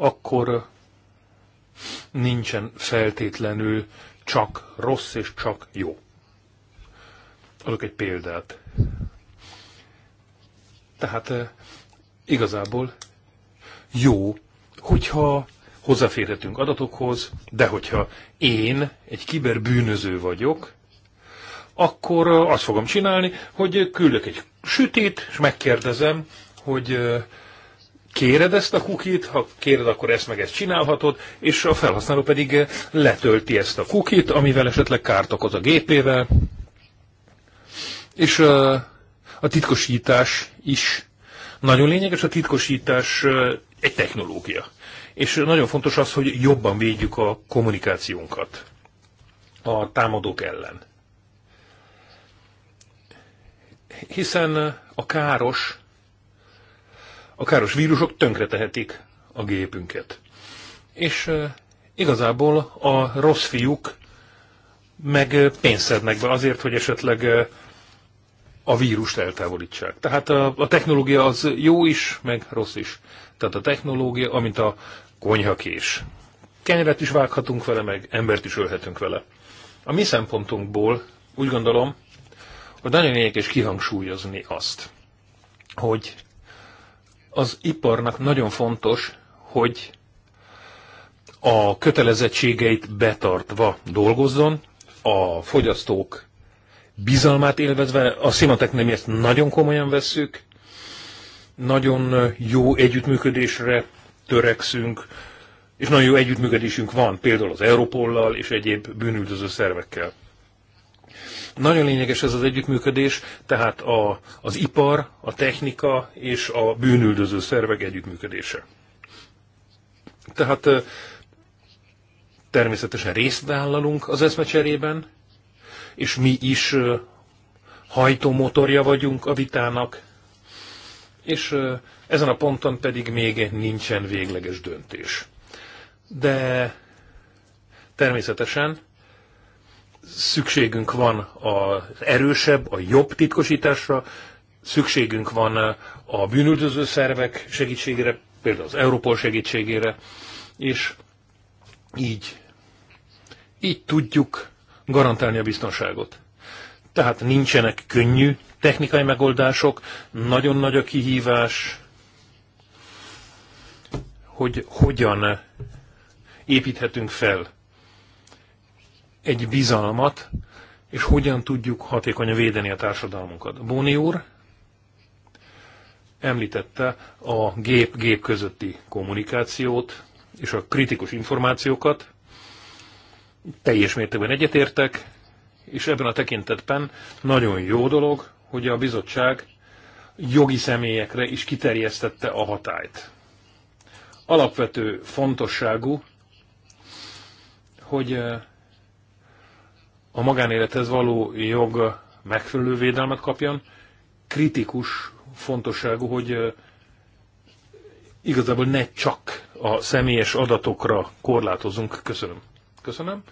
akkor nincsen feltétlenül csak rossz és csak jó. Adok egy példát. Tehát eh, igazából jó, hogyha hozzáférhetünk adatokhoz, de hogyha én egy kiberbűnöző vagyok, akkor eh, azt fogom csinálni, hogy küldök egy sütét, és megkérdezem, hogy eh, kéred ezt a kukit, ha kéred, akkor ezt meg ezt csinálhatod, és a felhasználó pedig eh, letölti ezt a kukit, amivel esetleg kárt okoz a gépével, és eh, a, titkosítás is nagyon lényeges, a titkosítás eh, egy technológia. És nagyon fontos az, hogy jobban védjük a kommunikációnkat a támadók ellen. Hiszen a káros a káros vírusok tönkretehetik a gépünket. És igazából a rossz fiúk meg pénzt szednek be azért, hogy esetleg a vírust eltávolítsák. Tehát a, a technológia az jó is, meg rossz is. Tehát a technológia, amint a konyhakés. Kenyeret is vághatunk vele, meg embert is ölhetünk vele. A mi szempontunkból úgy gondolom, hogy nagyon lényeges kihangsúlyozni azt, hogy az iparnak nagyon fontos, hogy a kötelezettségeit betartva dolgozzon, a fogyasztók bizalmát élvezve, a Szimatek nem ezt nagyon komolyan vesszük, nagyon jó együttműködésre törekszünk, és nagyon jó együttműködésünk van például az Európollal és egyéb bűnüldöző szervekkel. Nagyon lényeges ez az együttműködés, tehát a, az ipar, a technika és a bűnüldöző szervek együttműködése. Tehát természetesen részt vállalunk az eszmecserében, és mi is hajtómotorja vagyunk a vitának, és ezen a ponton pedig még nincsen végleges döntés. De természetesen szükségünk van az erősebb, a jobb titkosításra, szükségünk van a bűnüldöző szervek segítségére, például az Európol segítségére, és így, így tudjuk garantálni a biztonságot. Tehát nincsenek könnyű technikai megoldások, nagyon nagy a kihívás, hogy hogyan építhetünk fel egy bizalmat, és hogyan tudjuk hatékonyan védeni a társadalmunkat. Bóni úr említette a gép-gép közötti kommunikációt és a kritikus információkat. Teljes mértékben egyetértek, és ebben a tekintetben nagyon jó dolog, hogy a bizottság jogi személyekre is kiterjesztette a hatályt. Alapvető fontosságú, hogy eh, a magánélethez való jog megfelelő védelmet kapjon. Kritikus fontosságú, hogy igazából ne csak a személyes adatokra korlátozunk. Köszönöm. Köszönöm.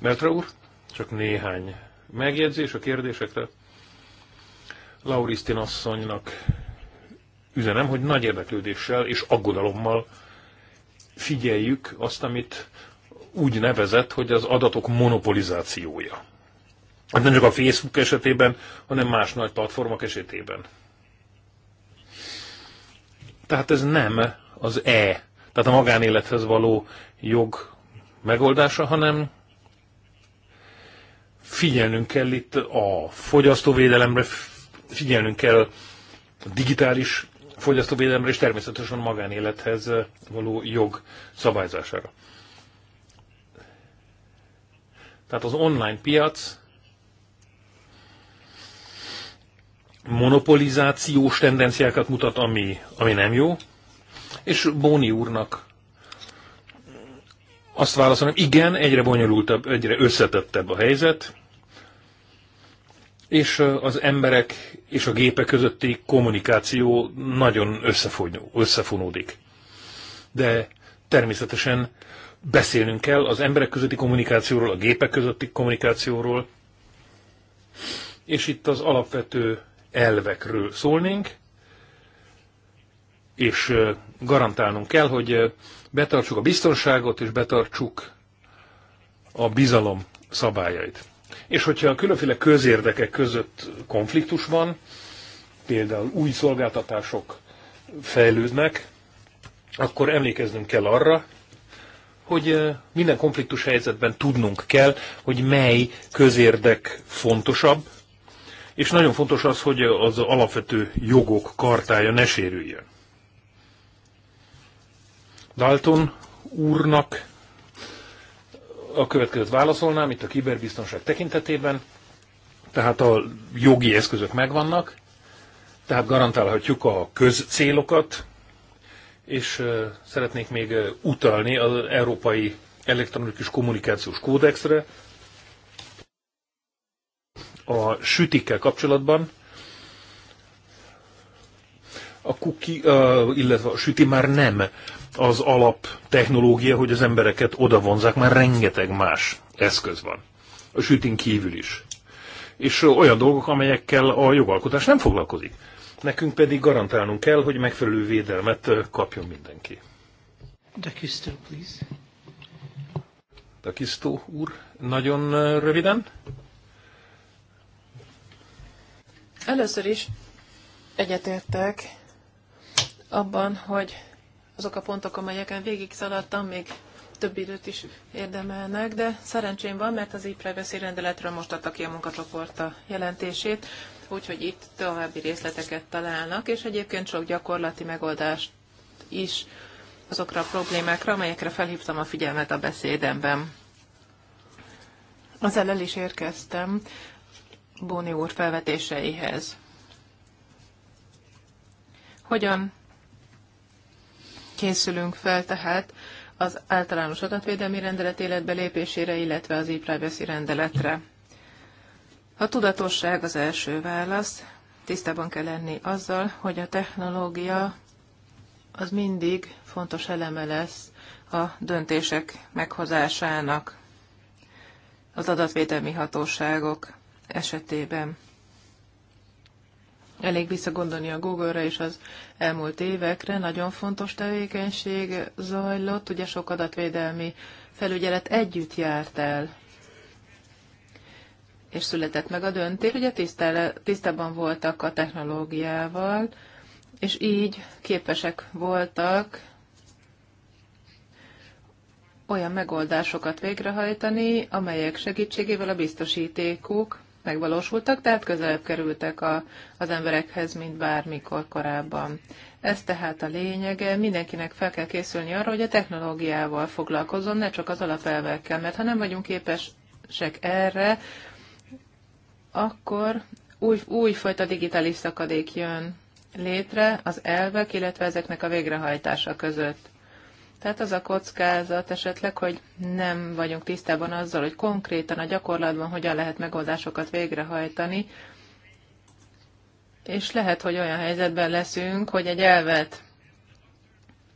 Meltra úr, csak néhány megjegyzés a kérdésekre. Laurisztin asszonynak üzenem, hogy nagy érdeklődéssel és aggodalommal figyeljük azt, amit úgy nevezett, hogy az adatok monopolizációja. Hát nem csak a Facebook esetében, hanem más nagy platformok esetében. Tehát ez nem az E, tehát a magánélethez való jog megoldása, hanem figyelnünk kell itt a fogyasztóvédelemre, figyelnünk kell a digitális fogyasztóvédelemre és természetesen a magánélethez való jog szabályzására. Tehát az online piac monopolizációs tendenciákat mutat, ami, ami nem jó. És Bóni úrnak azt válaszolom, igen, egyre bonyolultabb, egyre összetettebb a helyzet, és az emberek és a gépek közötti kommunikáció nagyon összefonódik. De természetesen beszélnünk kell az emberek közötti kommunikációról, a gépek közötti kommunikációról, és itt az alapvető elvekről szólnénk, és garantálnunk kell, hogy betartsuk a biztonságot, és betartsuk a bizalom szabályait. És hogyha a különféle közérdekek között konfliktus van, például új szolgáltatások fejlődnek, akkor emlékeznünk kell arra, hogy minden konfliktus helyzetben tudnunk kell, hogy mely közérdek fontosabb, és nagyon fontos az, hogy az alapvető jogok kartája ne sérüljön. Dalton úrnak a következőt válaszolnám itt a kiberbiztonság tekintetében. Tehát a jogi eszközök megvannak, tehát garantálhatjuk a közcélokat, és szeretnék még utalni az Európai Elektronikus Kommunikációs Kódexre a sütikkel kapcsolatban. A kuki, illetve a süti már nem az alap technológia, hogy az embereket odavonzák, már rengeteg más eszköz van. A sütin kívül is. És olyan dolgok, amelyekkel a jogalkotás nem foglalkozik. Nekünk pedig garantálnunk kell, hogy megfelelő védelmet kapjon mindenki. Dakisztó, please. Dakisztó úr, nagyon röviden. Először is egyetértek abban, hogy azok a pontok, amelyeken végig szaladtam, még több időt is érdemelnek, de szerencsém van, mert az e-privacy rendeletről most adta ki a munkacsoport a jelentését, úgyhogy itt további részleteket találnak, és egyébként sok gyakorlati megoldást is azokra a problémákra, amelyekre felhívtam a figyelmet a beszédemben. Az el is érkeztem Bóni úr felvetéseihez. Hogyan készülünk fel tehát az általános adatvédelmi rendelet lépésére, illetve az e-privacy rendeletre? A tudatosság az első válasz. Tisztában kell lenni azzal, hogy a technológia az mindig fontos eleme lesz a döntések meghozásának az adatvédelmi hatóságok esetében. Elég visszagondolni a Google-ra és az elmúlt évekre. Nagyon fontos tevékenység zajlott, ugye sok adatvédelmi felügyelet együtt járt el és született meg a döntés. Ugye tisztában voltak a technológiával, és így képesek voltak olyan megoldásokat végrehajtani, amelyek segítségével a biztosítékuk megvalósultak, tehát közelebb kerültek a, az emberekhez, mint bármikor korábban. Ez tehát a lényege, mindenkinek fel kell készülni arra, hogy a technológiával foglalkozzon, ne csak az alapelvekkel, mert ha nem vagyunk képesek erre, akkor új, újfajta digitális szakadék jön létre az elvek, illetve ezeknek a végrehajtása között. Tehát az a kockázat esetleg, hogy nem vagyunk tisztában azzal, hogy konkrétan a gyakorlatban hogyan lehet megoldásokat végrehajtani, és lehet, hogy olyan helyzetben leszünk, hogy egy elvet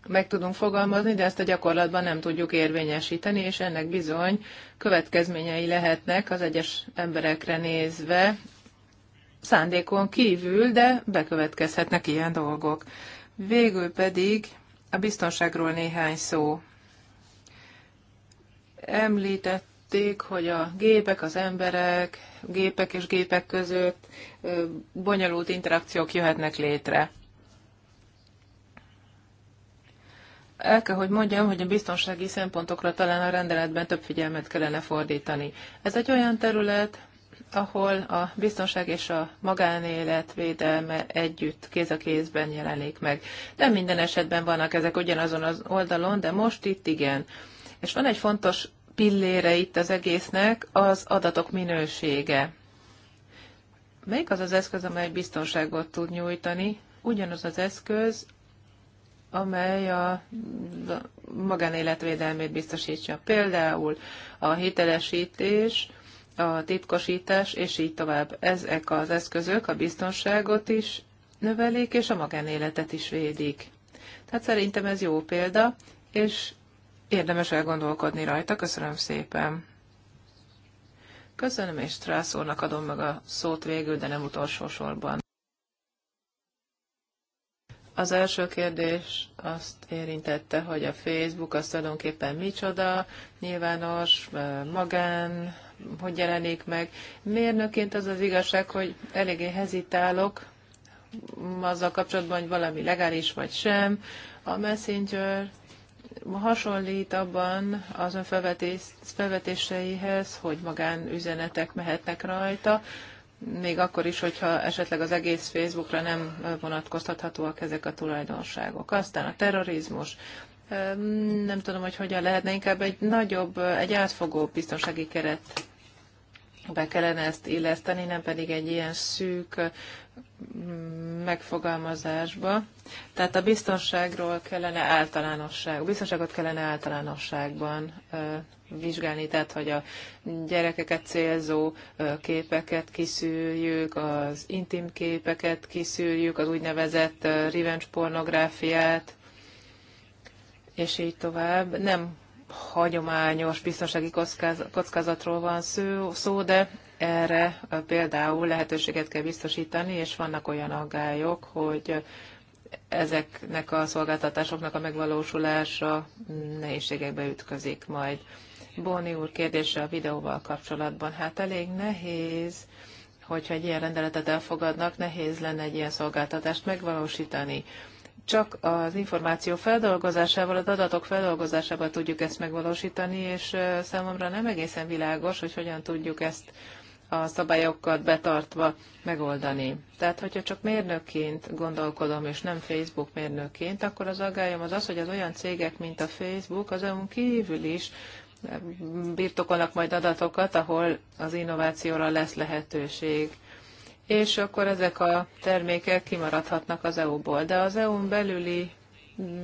meg tudunk fogalmazni, de ezt a gyakorlatban nem tudjuk érvényesíteni, és ennek bizony következményei lehetnek az egyes emberekre nézve, szándékon kívül, de bekövetkezhetnek ilyen dolgok. Végül pedig a biztonságról néhány szó. Említették, hogy a gépek, az emberek, gépek és gépek között bonyolult interakciók jöhetnek létre. el kell, hogy mondjam, hogy a biztonsági szempontokra talán a rendeletben több figyelmet kellene fordítani. Ez egy olyan terület, ahol a biztonság és a magánélet védelme együtt kéz a kézben jelenik meg. Nem minden esetben vannak ezek ugyanazon az oldalon, de most itt igen. És van egy fontos pillére itt az egésznek, az adatok minősége. Melyik az az eszköz, amely biztonságot tud nyújtani? Ugyanaz az eszköz, amely a magánéletvédelmét biztosítja. Például a hitelesítés, a titkosítás, és így tovább. Ezek az eszközök a biztonságot is növelik, és a magánéletet is védik. Tehát szerintem ez jó példa, és érdemes elgondolkodni rajta. Köszönöm szépen! Köszönöm, és Strászónak adom meg a szót végül, de nem utolsó sorban. Az első kérdés azt érintette, hogy a Facebook az tulajdonképpen micsoda, nyilvános, magán, hogy jelenik meg. Mérnöként az az igazság, hogy eléggé hezitálok azzal kapcsolatban, hogy valami legális vagy sem. A Messenger hasonlít abban az felvetéseihez, hogy magánüzenetek mehetnek rajta, még akkor is, hogyha esetleg az egész Facebookra nem vonatkoztathatóak ezek a tulajdonságok. Aztán a terrorizmus, nem tudom, hogy hogyan lehetne, inkább egy nagyobb, egy átfogó biztonsági keret be kellene ezt illeszteni, nem pedig egy ilyen szűk megfogalmazásba. Tehát a biztonságról kellene általánosság, a biztonságot kellene általánosságban vizsgálni, tehát hogy a gyerekeket célzó képeket kiszűrjük, az intim képeket kiszűrjük, az úgynevezett revenge pornográfiát, és így tovább. Nem hagyományos biztonsági kockázatról van szó, szó de erre például lehetőséget kell biztosítani, és vannak olyan aggályok, hogy ezeknek a szolgáltatásoknak a megvalósulása nehézségekbe ütközik majd. Bóni úr kérdése a videóval kapcsolatban. Hát elég nehéz, hogyha egy ilyen rendeletet elfogadnak, nehéz lenne egy ilyen szolgáltatást megvalósítani. Csak az információ feldolgozásával, az adatok feldolgozásával tudjuk ezt megvalósítani, és számomra nem egészen világos, hogy hogyan tudjuk ezt a szabályokat betartva megoldani. Tehát, hogyha csak mérnökként gondolkodom, és nem Facebook mérnökként, akkor az aggályom az az, hogy az olyan cégek, mint a Facebook, az EU kívül is birtokolnak majd adatokat, ahol az innovációra lesz lehetőség. És akkor ezek a termékek kimaradhatnak az EU-ból, de az EU-n belüli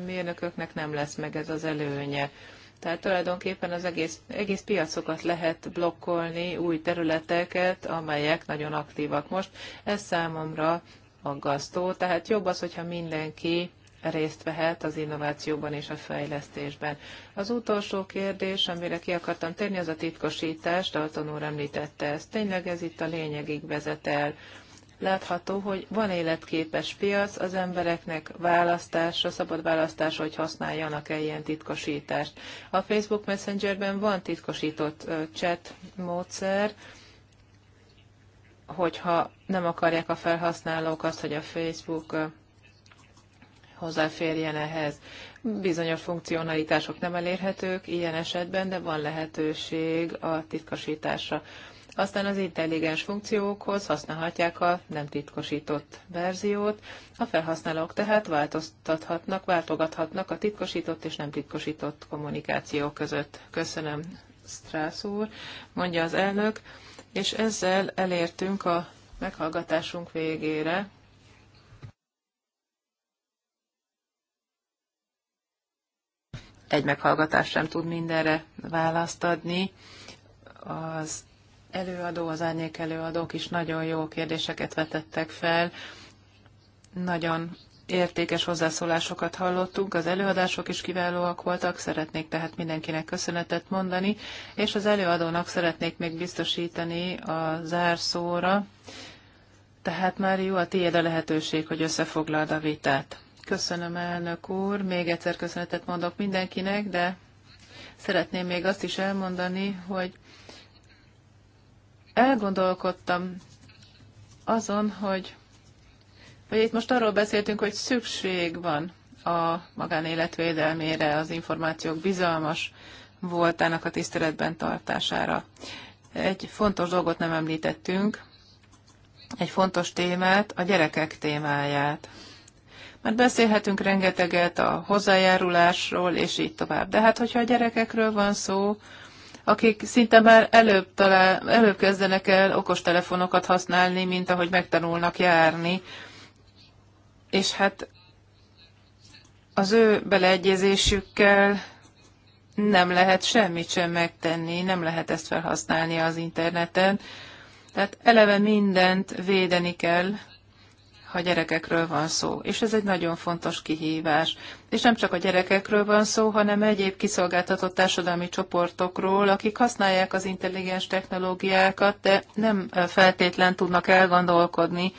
mérnököknek nem lesz meg ez az előnye. Tehát tulajdonképpen az egész, egész piacokat lehet blokkolni, új területeket, amelyek nagyon aktívak most. Ez számomra aggasztó. Tehát jobb az, hogyha mindenki részt vehet az innovációban és a fejlesztésben. Az utolsó kérdés, amire ki akartam térni, az a titkosítás, Dalton úr említette ezt. Tényleg ez itt a lényegig vezet el. Látható, hogy van életképes piac, az embereknek választása, szabad választás, hogy használjanak-e ilyen titkosítást. A Facebook Messengerben van titkosított chat módszer, hogyha nem akarják a felhasználók azt, hogy a Facebook hozzáférjen ehhez. Bizonyos funkcionalitások nem elérhetők ilyen esetben, de van lehetőség a titkosításra. Aztán az intelligens funkciókhoz használhatják a nem titkosított verziót. A felhasználók tehát változtathatnak, váltogathatnak a titkosított és nem titkosított kommunikáció között. Köszönöm, Strász úr, mondja az elnök, és ezzel elértünk a meghallgatásunk végére. egy meghallgatás sem tud mindenre választ adni. Az előadó, az árnyék előadók is nagyon jó kérdéseket vetettek fel. Nagyon értékes hozzászólásokat hallottunk, az előadások is kiválóak voltak, szeretnék tehát mindenkinek köszönetet mondani, és az előadónak szeretnék még biztosítani a zárszóra, tehát már jó a tiéd a lehetőség, hogy összefoglald a vitát. Köszönöm, elnök úr. Még egyszer köszönetet mondok mindenkinek, de szeretném még azt is elmondani, hogy elgondolkodtam azon, hogy vagy itt most arról beszéltünk, hogy szükség van a magánéletvédelmére, az információk bizalmas voltának a tiszteletben tartására. Egy fontos dolgot nem említettünk, egy fontos témát, a gyerekek témáját mert beszélhetünk rengeteget a hozzájárulásról, és így tovább. De hát, hogyha a gyerekekről van szó, akik szinte már előbb, talál, előbb kezdenek el okostelefonokat használni, mint ahogy megtanulnak járni, és hát az ő beleegyezésükkel nem lehet semmit sem megtenni, nem lehet ezt felhasználni az interneten. Tehát eleve mindent védeni kell, ha gyerekekről van szó. És ez egy nagyon fontos kihívás. És nem csak a gyerekekről van szó, hanem egyéb kiszolgáltatott társadalmi csoportokról, akik használják az intelligens technológiákat, de nem feltétlen tudnak elgondolkodni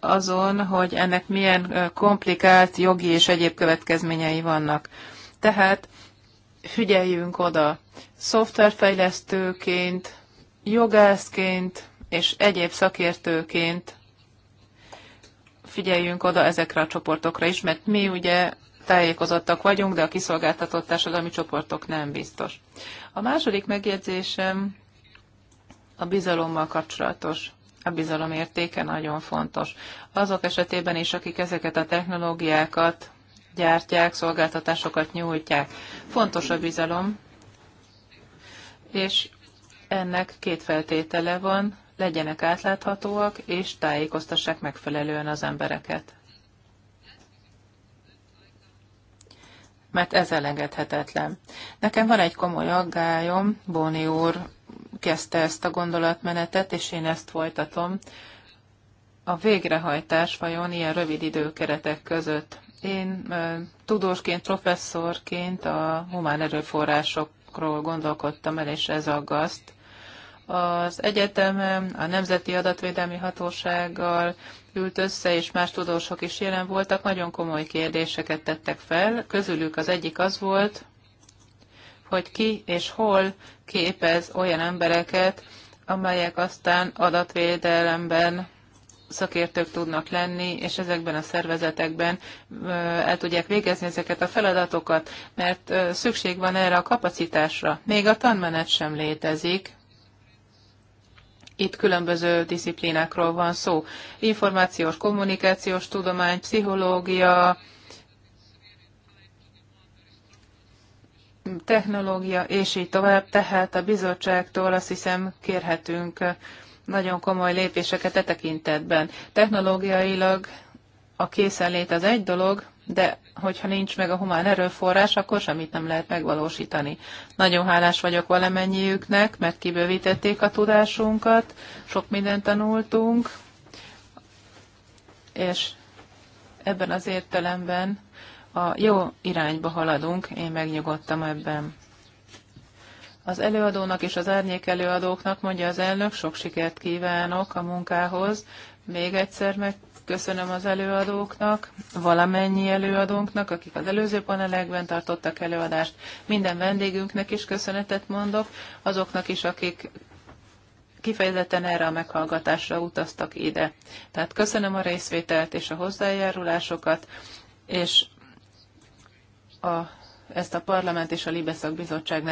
azon, hogy ennek milyen komplikált jogi és egyéb következményei vannak. Tehát figyeljünk oda. Szoftverfejlesztőként, jogászként és egyéb szakértőként figyeljünk oda ezekre a csoportokra is, mert mi ugye tájékozottak vagyunk, de a kiszolgáltatott társadalmi csoportok nem biztos. A második megjegyzésem a bizalommal kapcsolatos. A bizalom értéke nagyon fontos. Azok esetében is, akik ezeket a technológiákat gyártják, szolgáltatásokat nyújtják. Fontos a bizalom, és ennek két feltétele van legyenek átláthatóak és tájékoztassák megfelelően az embereket. Mert ez elengedhetetlen. Nekem van egy komoly aggályom, Bóni úr kezdte ezt a gondolatmenetet, és én ezt folytatom. A végrehajtás vajon ilyen rövid időkeretek között? Én tudósként, professzorként a humán erőforrásokról gondolkodtam el, és ez aggaszt az egyetemen, a Nemzeti Adatvédelmi Hatósággal ült össze, és más tudósok is jelen voltak, nagyon komoly kérdéseket tettek fel. Közülük az egyik az volt, hogy ki és hol képez olyan embereket, amelyek aztán adatvédelemben szakértők tudnak lenni, és ezekben a szervezetekben el tudják végezni ezeket a feladatokat, mert szükség van erre a kapacitásra. Még a tanmenet sem létezik, itt különböző disziplinákról van szó. Információs, kommunikációs tudomány, pszichológia, technológia, és így tovább. Tehát a bizottságtól azt hiszem kérhetünk nagyon komoly lépéseket e tekintetben. Technológiailag a készenlét az egy dolog, de hogyha nincs meg a humán erőforrás, akkor semmit nem lehet megvalósítani. Nagyon hálás vagyok valamennyiüknek, mert kibővítették a tudásunkat, sok mindent tanultunk, és ebben az értelemben a jó irányba haladunk, én megnyugodtam ebben. Az előadónak és az árnyék előadóknak, mondja az elnök, sok sikert kívánok a munkához. Még egyszer meg köszönöm az előadóknak, valamennyi előadónknak, akik az előző panelekben tartottak előadást. Minden vendégünknek is köszönetet mondok, azoknak is, akik kifejezetten erre a meghallgatásra utaztak ide. Tehát köszönöm a részvételt és a hozzájárulásokat, és a, ezt a parlament és a Libeszak Bizottság nevében.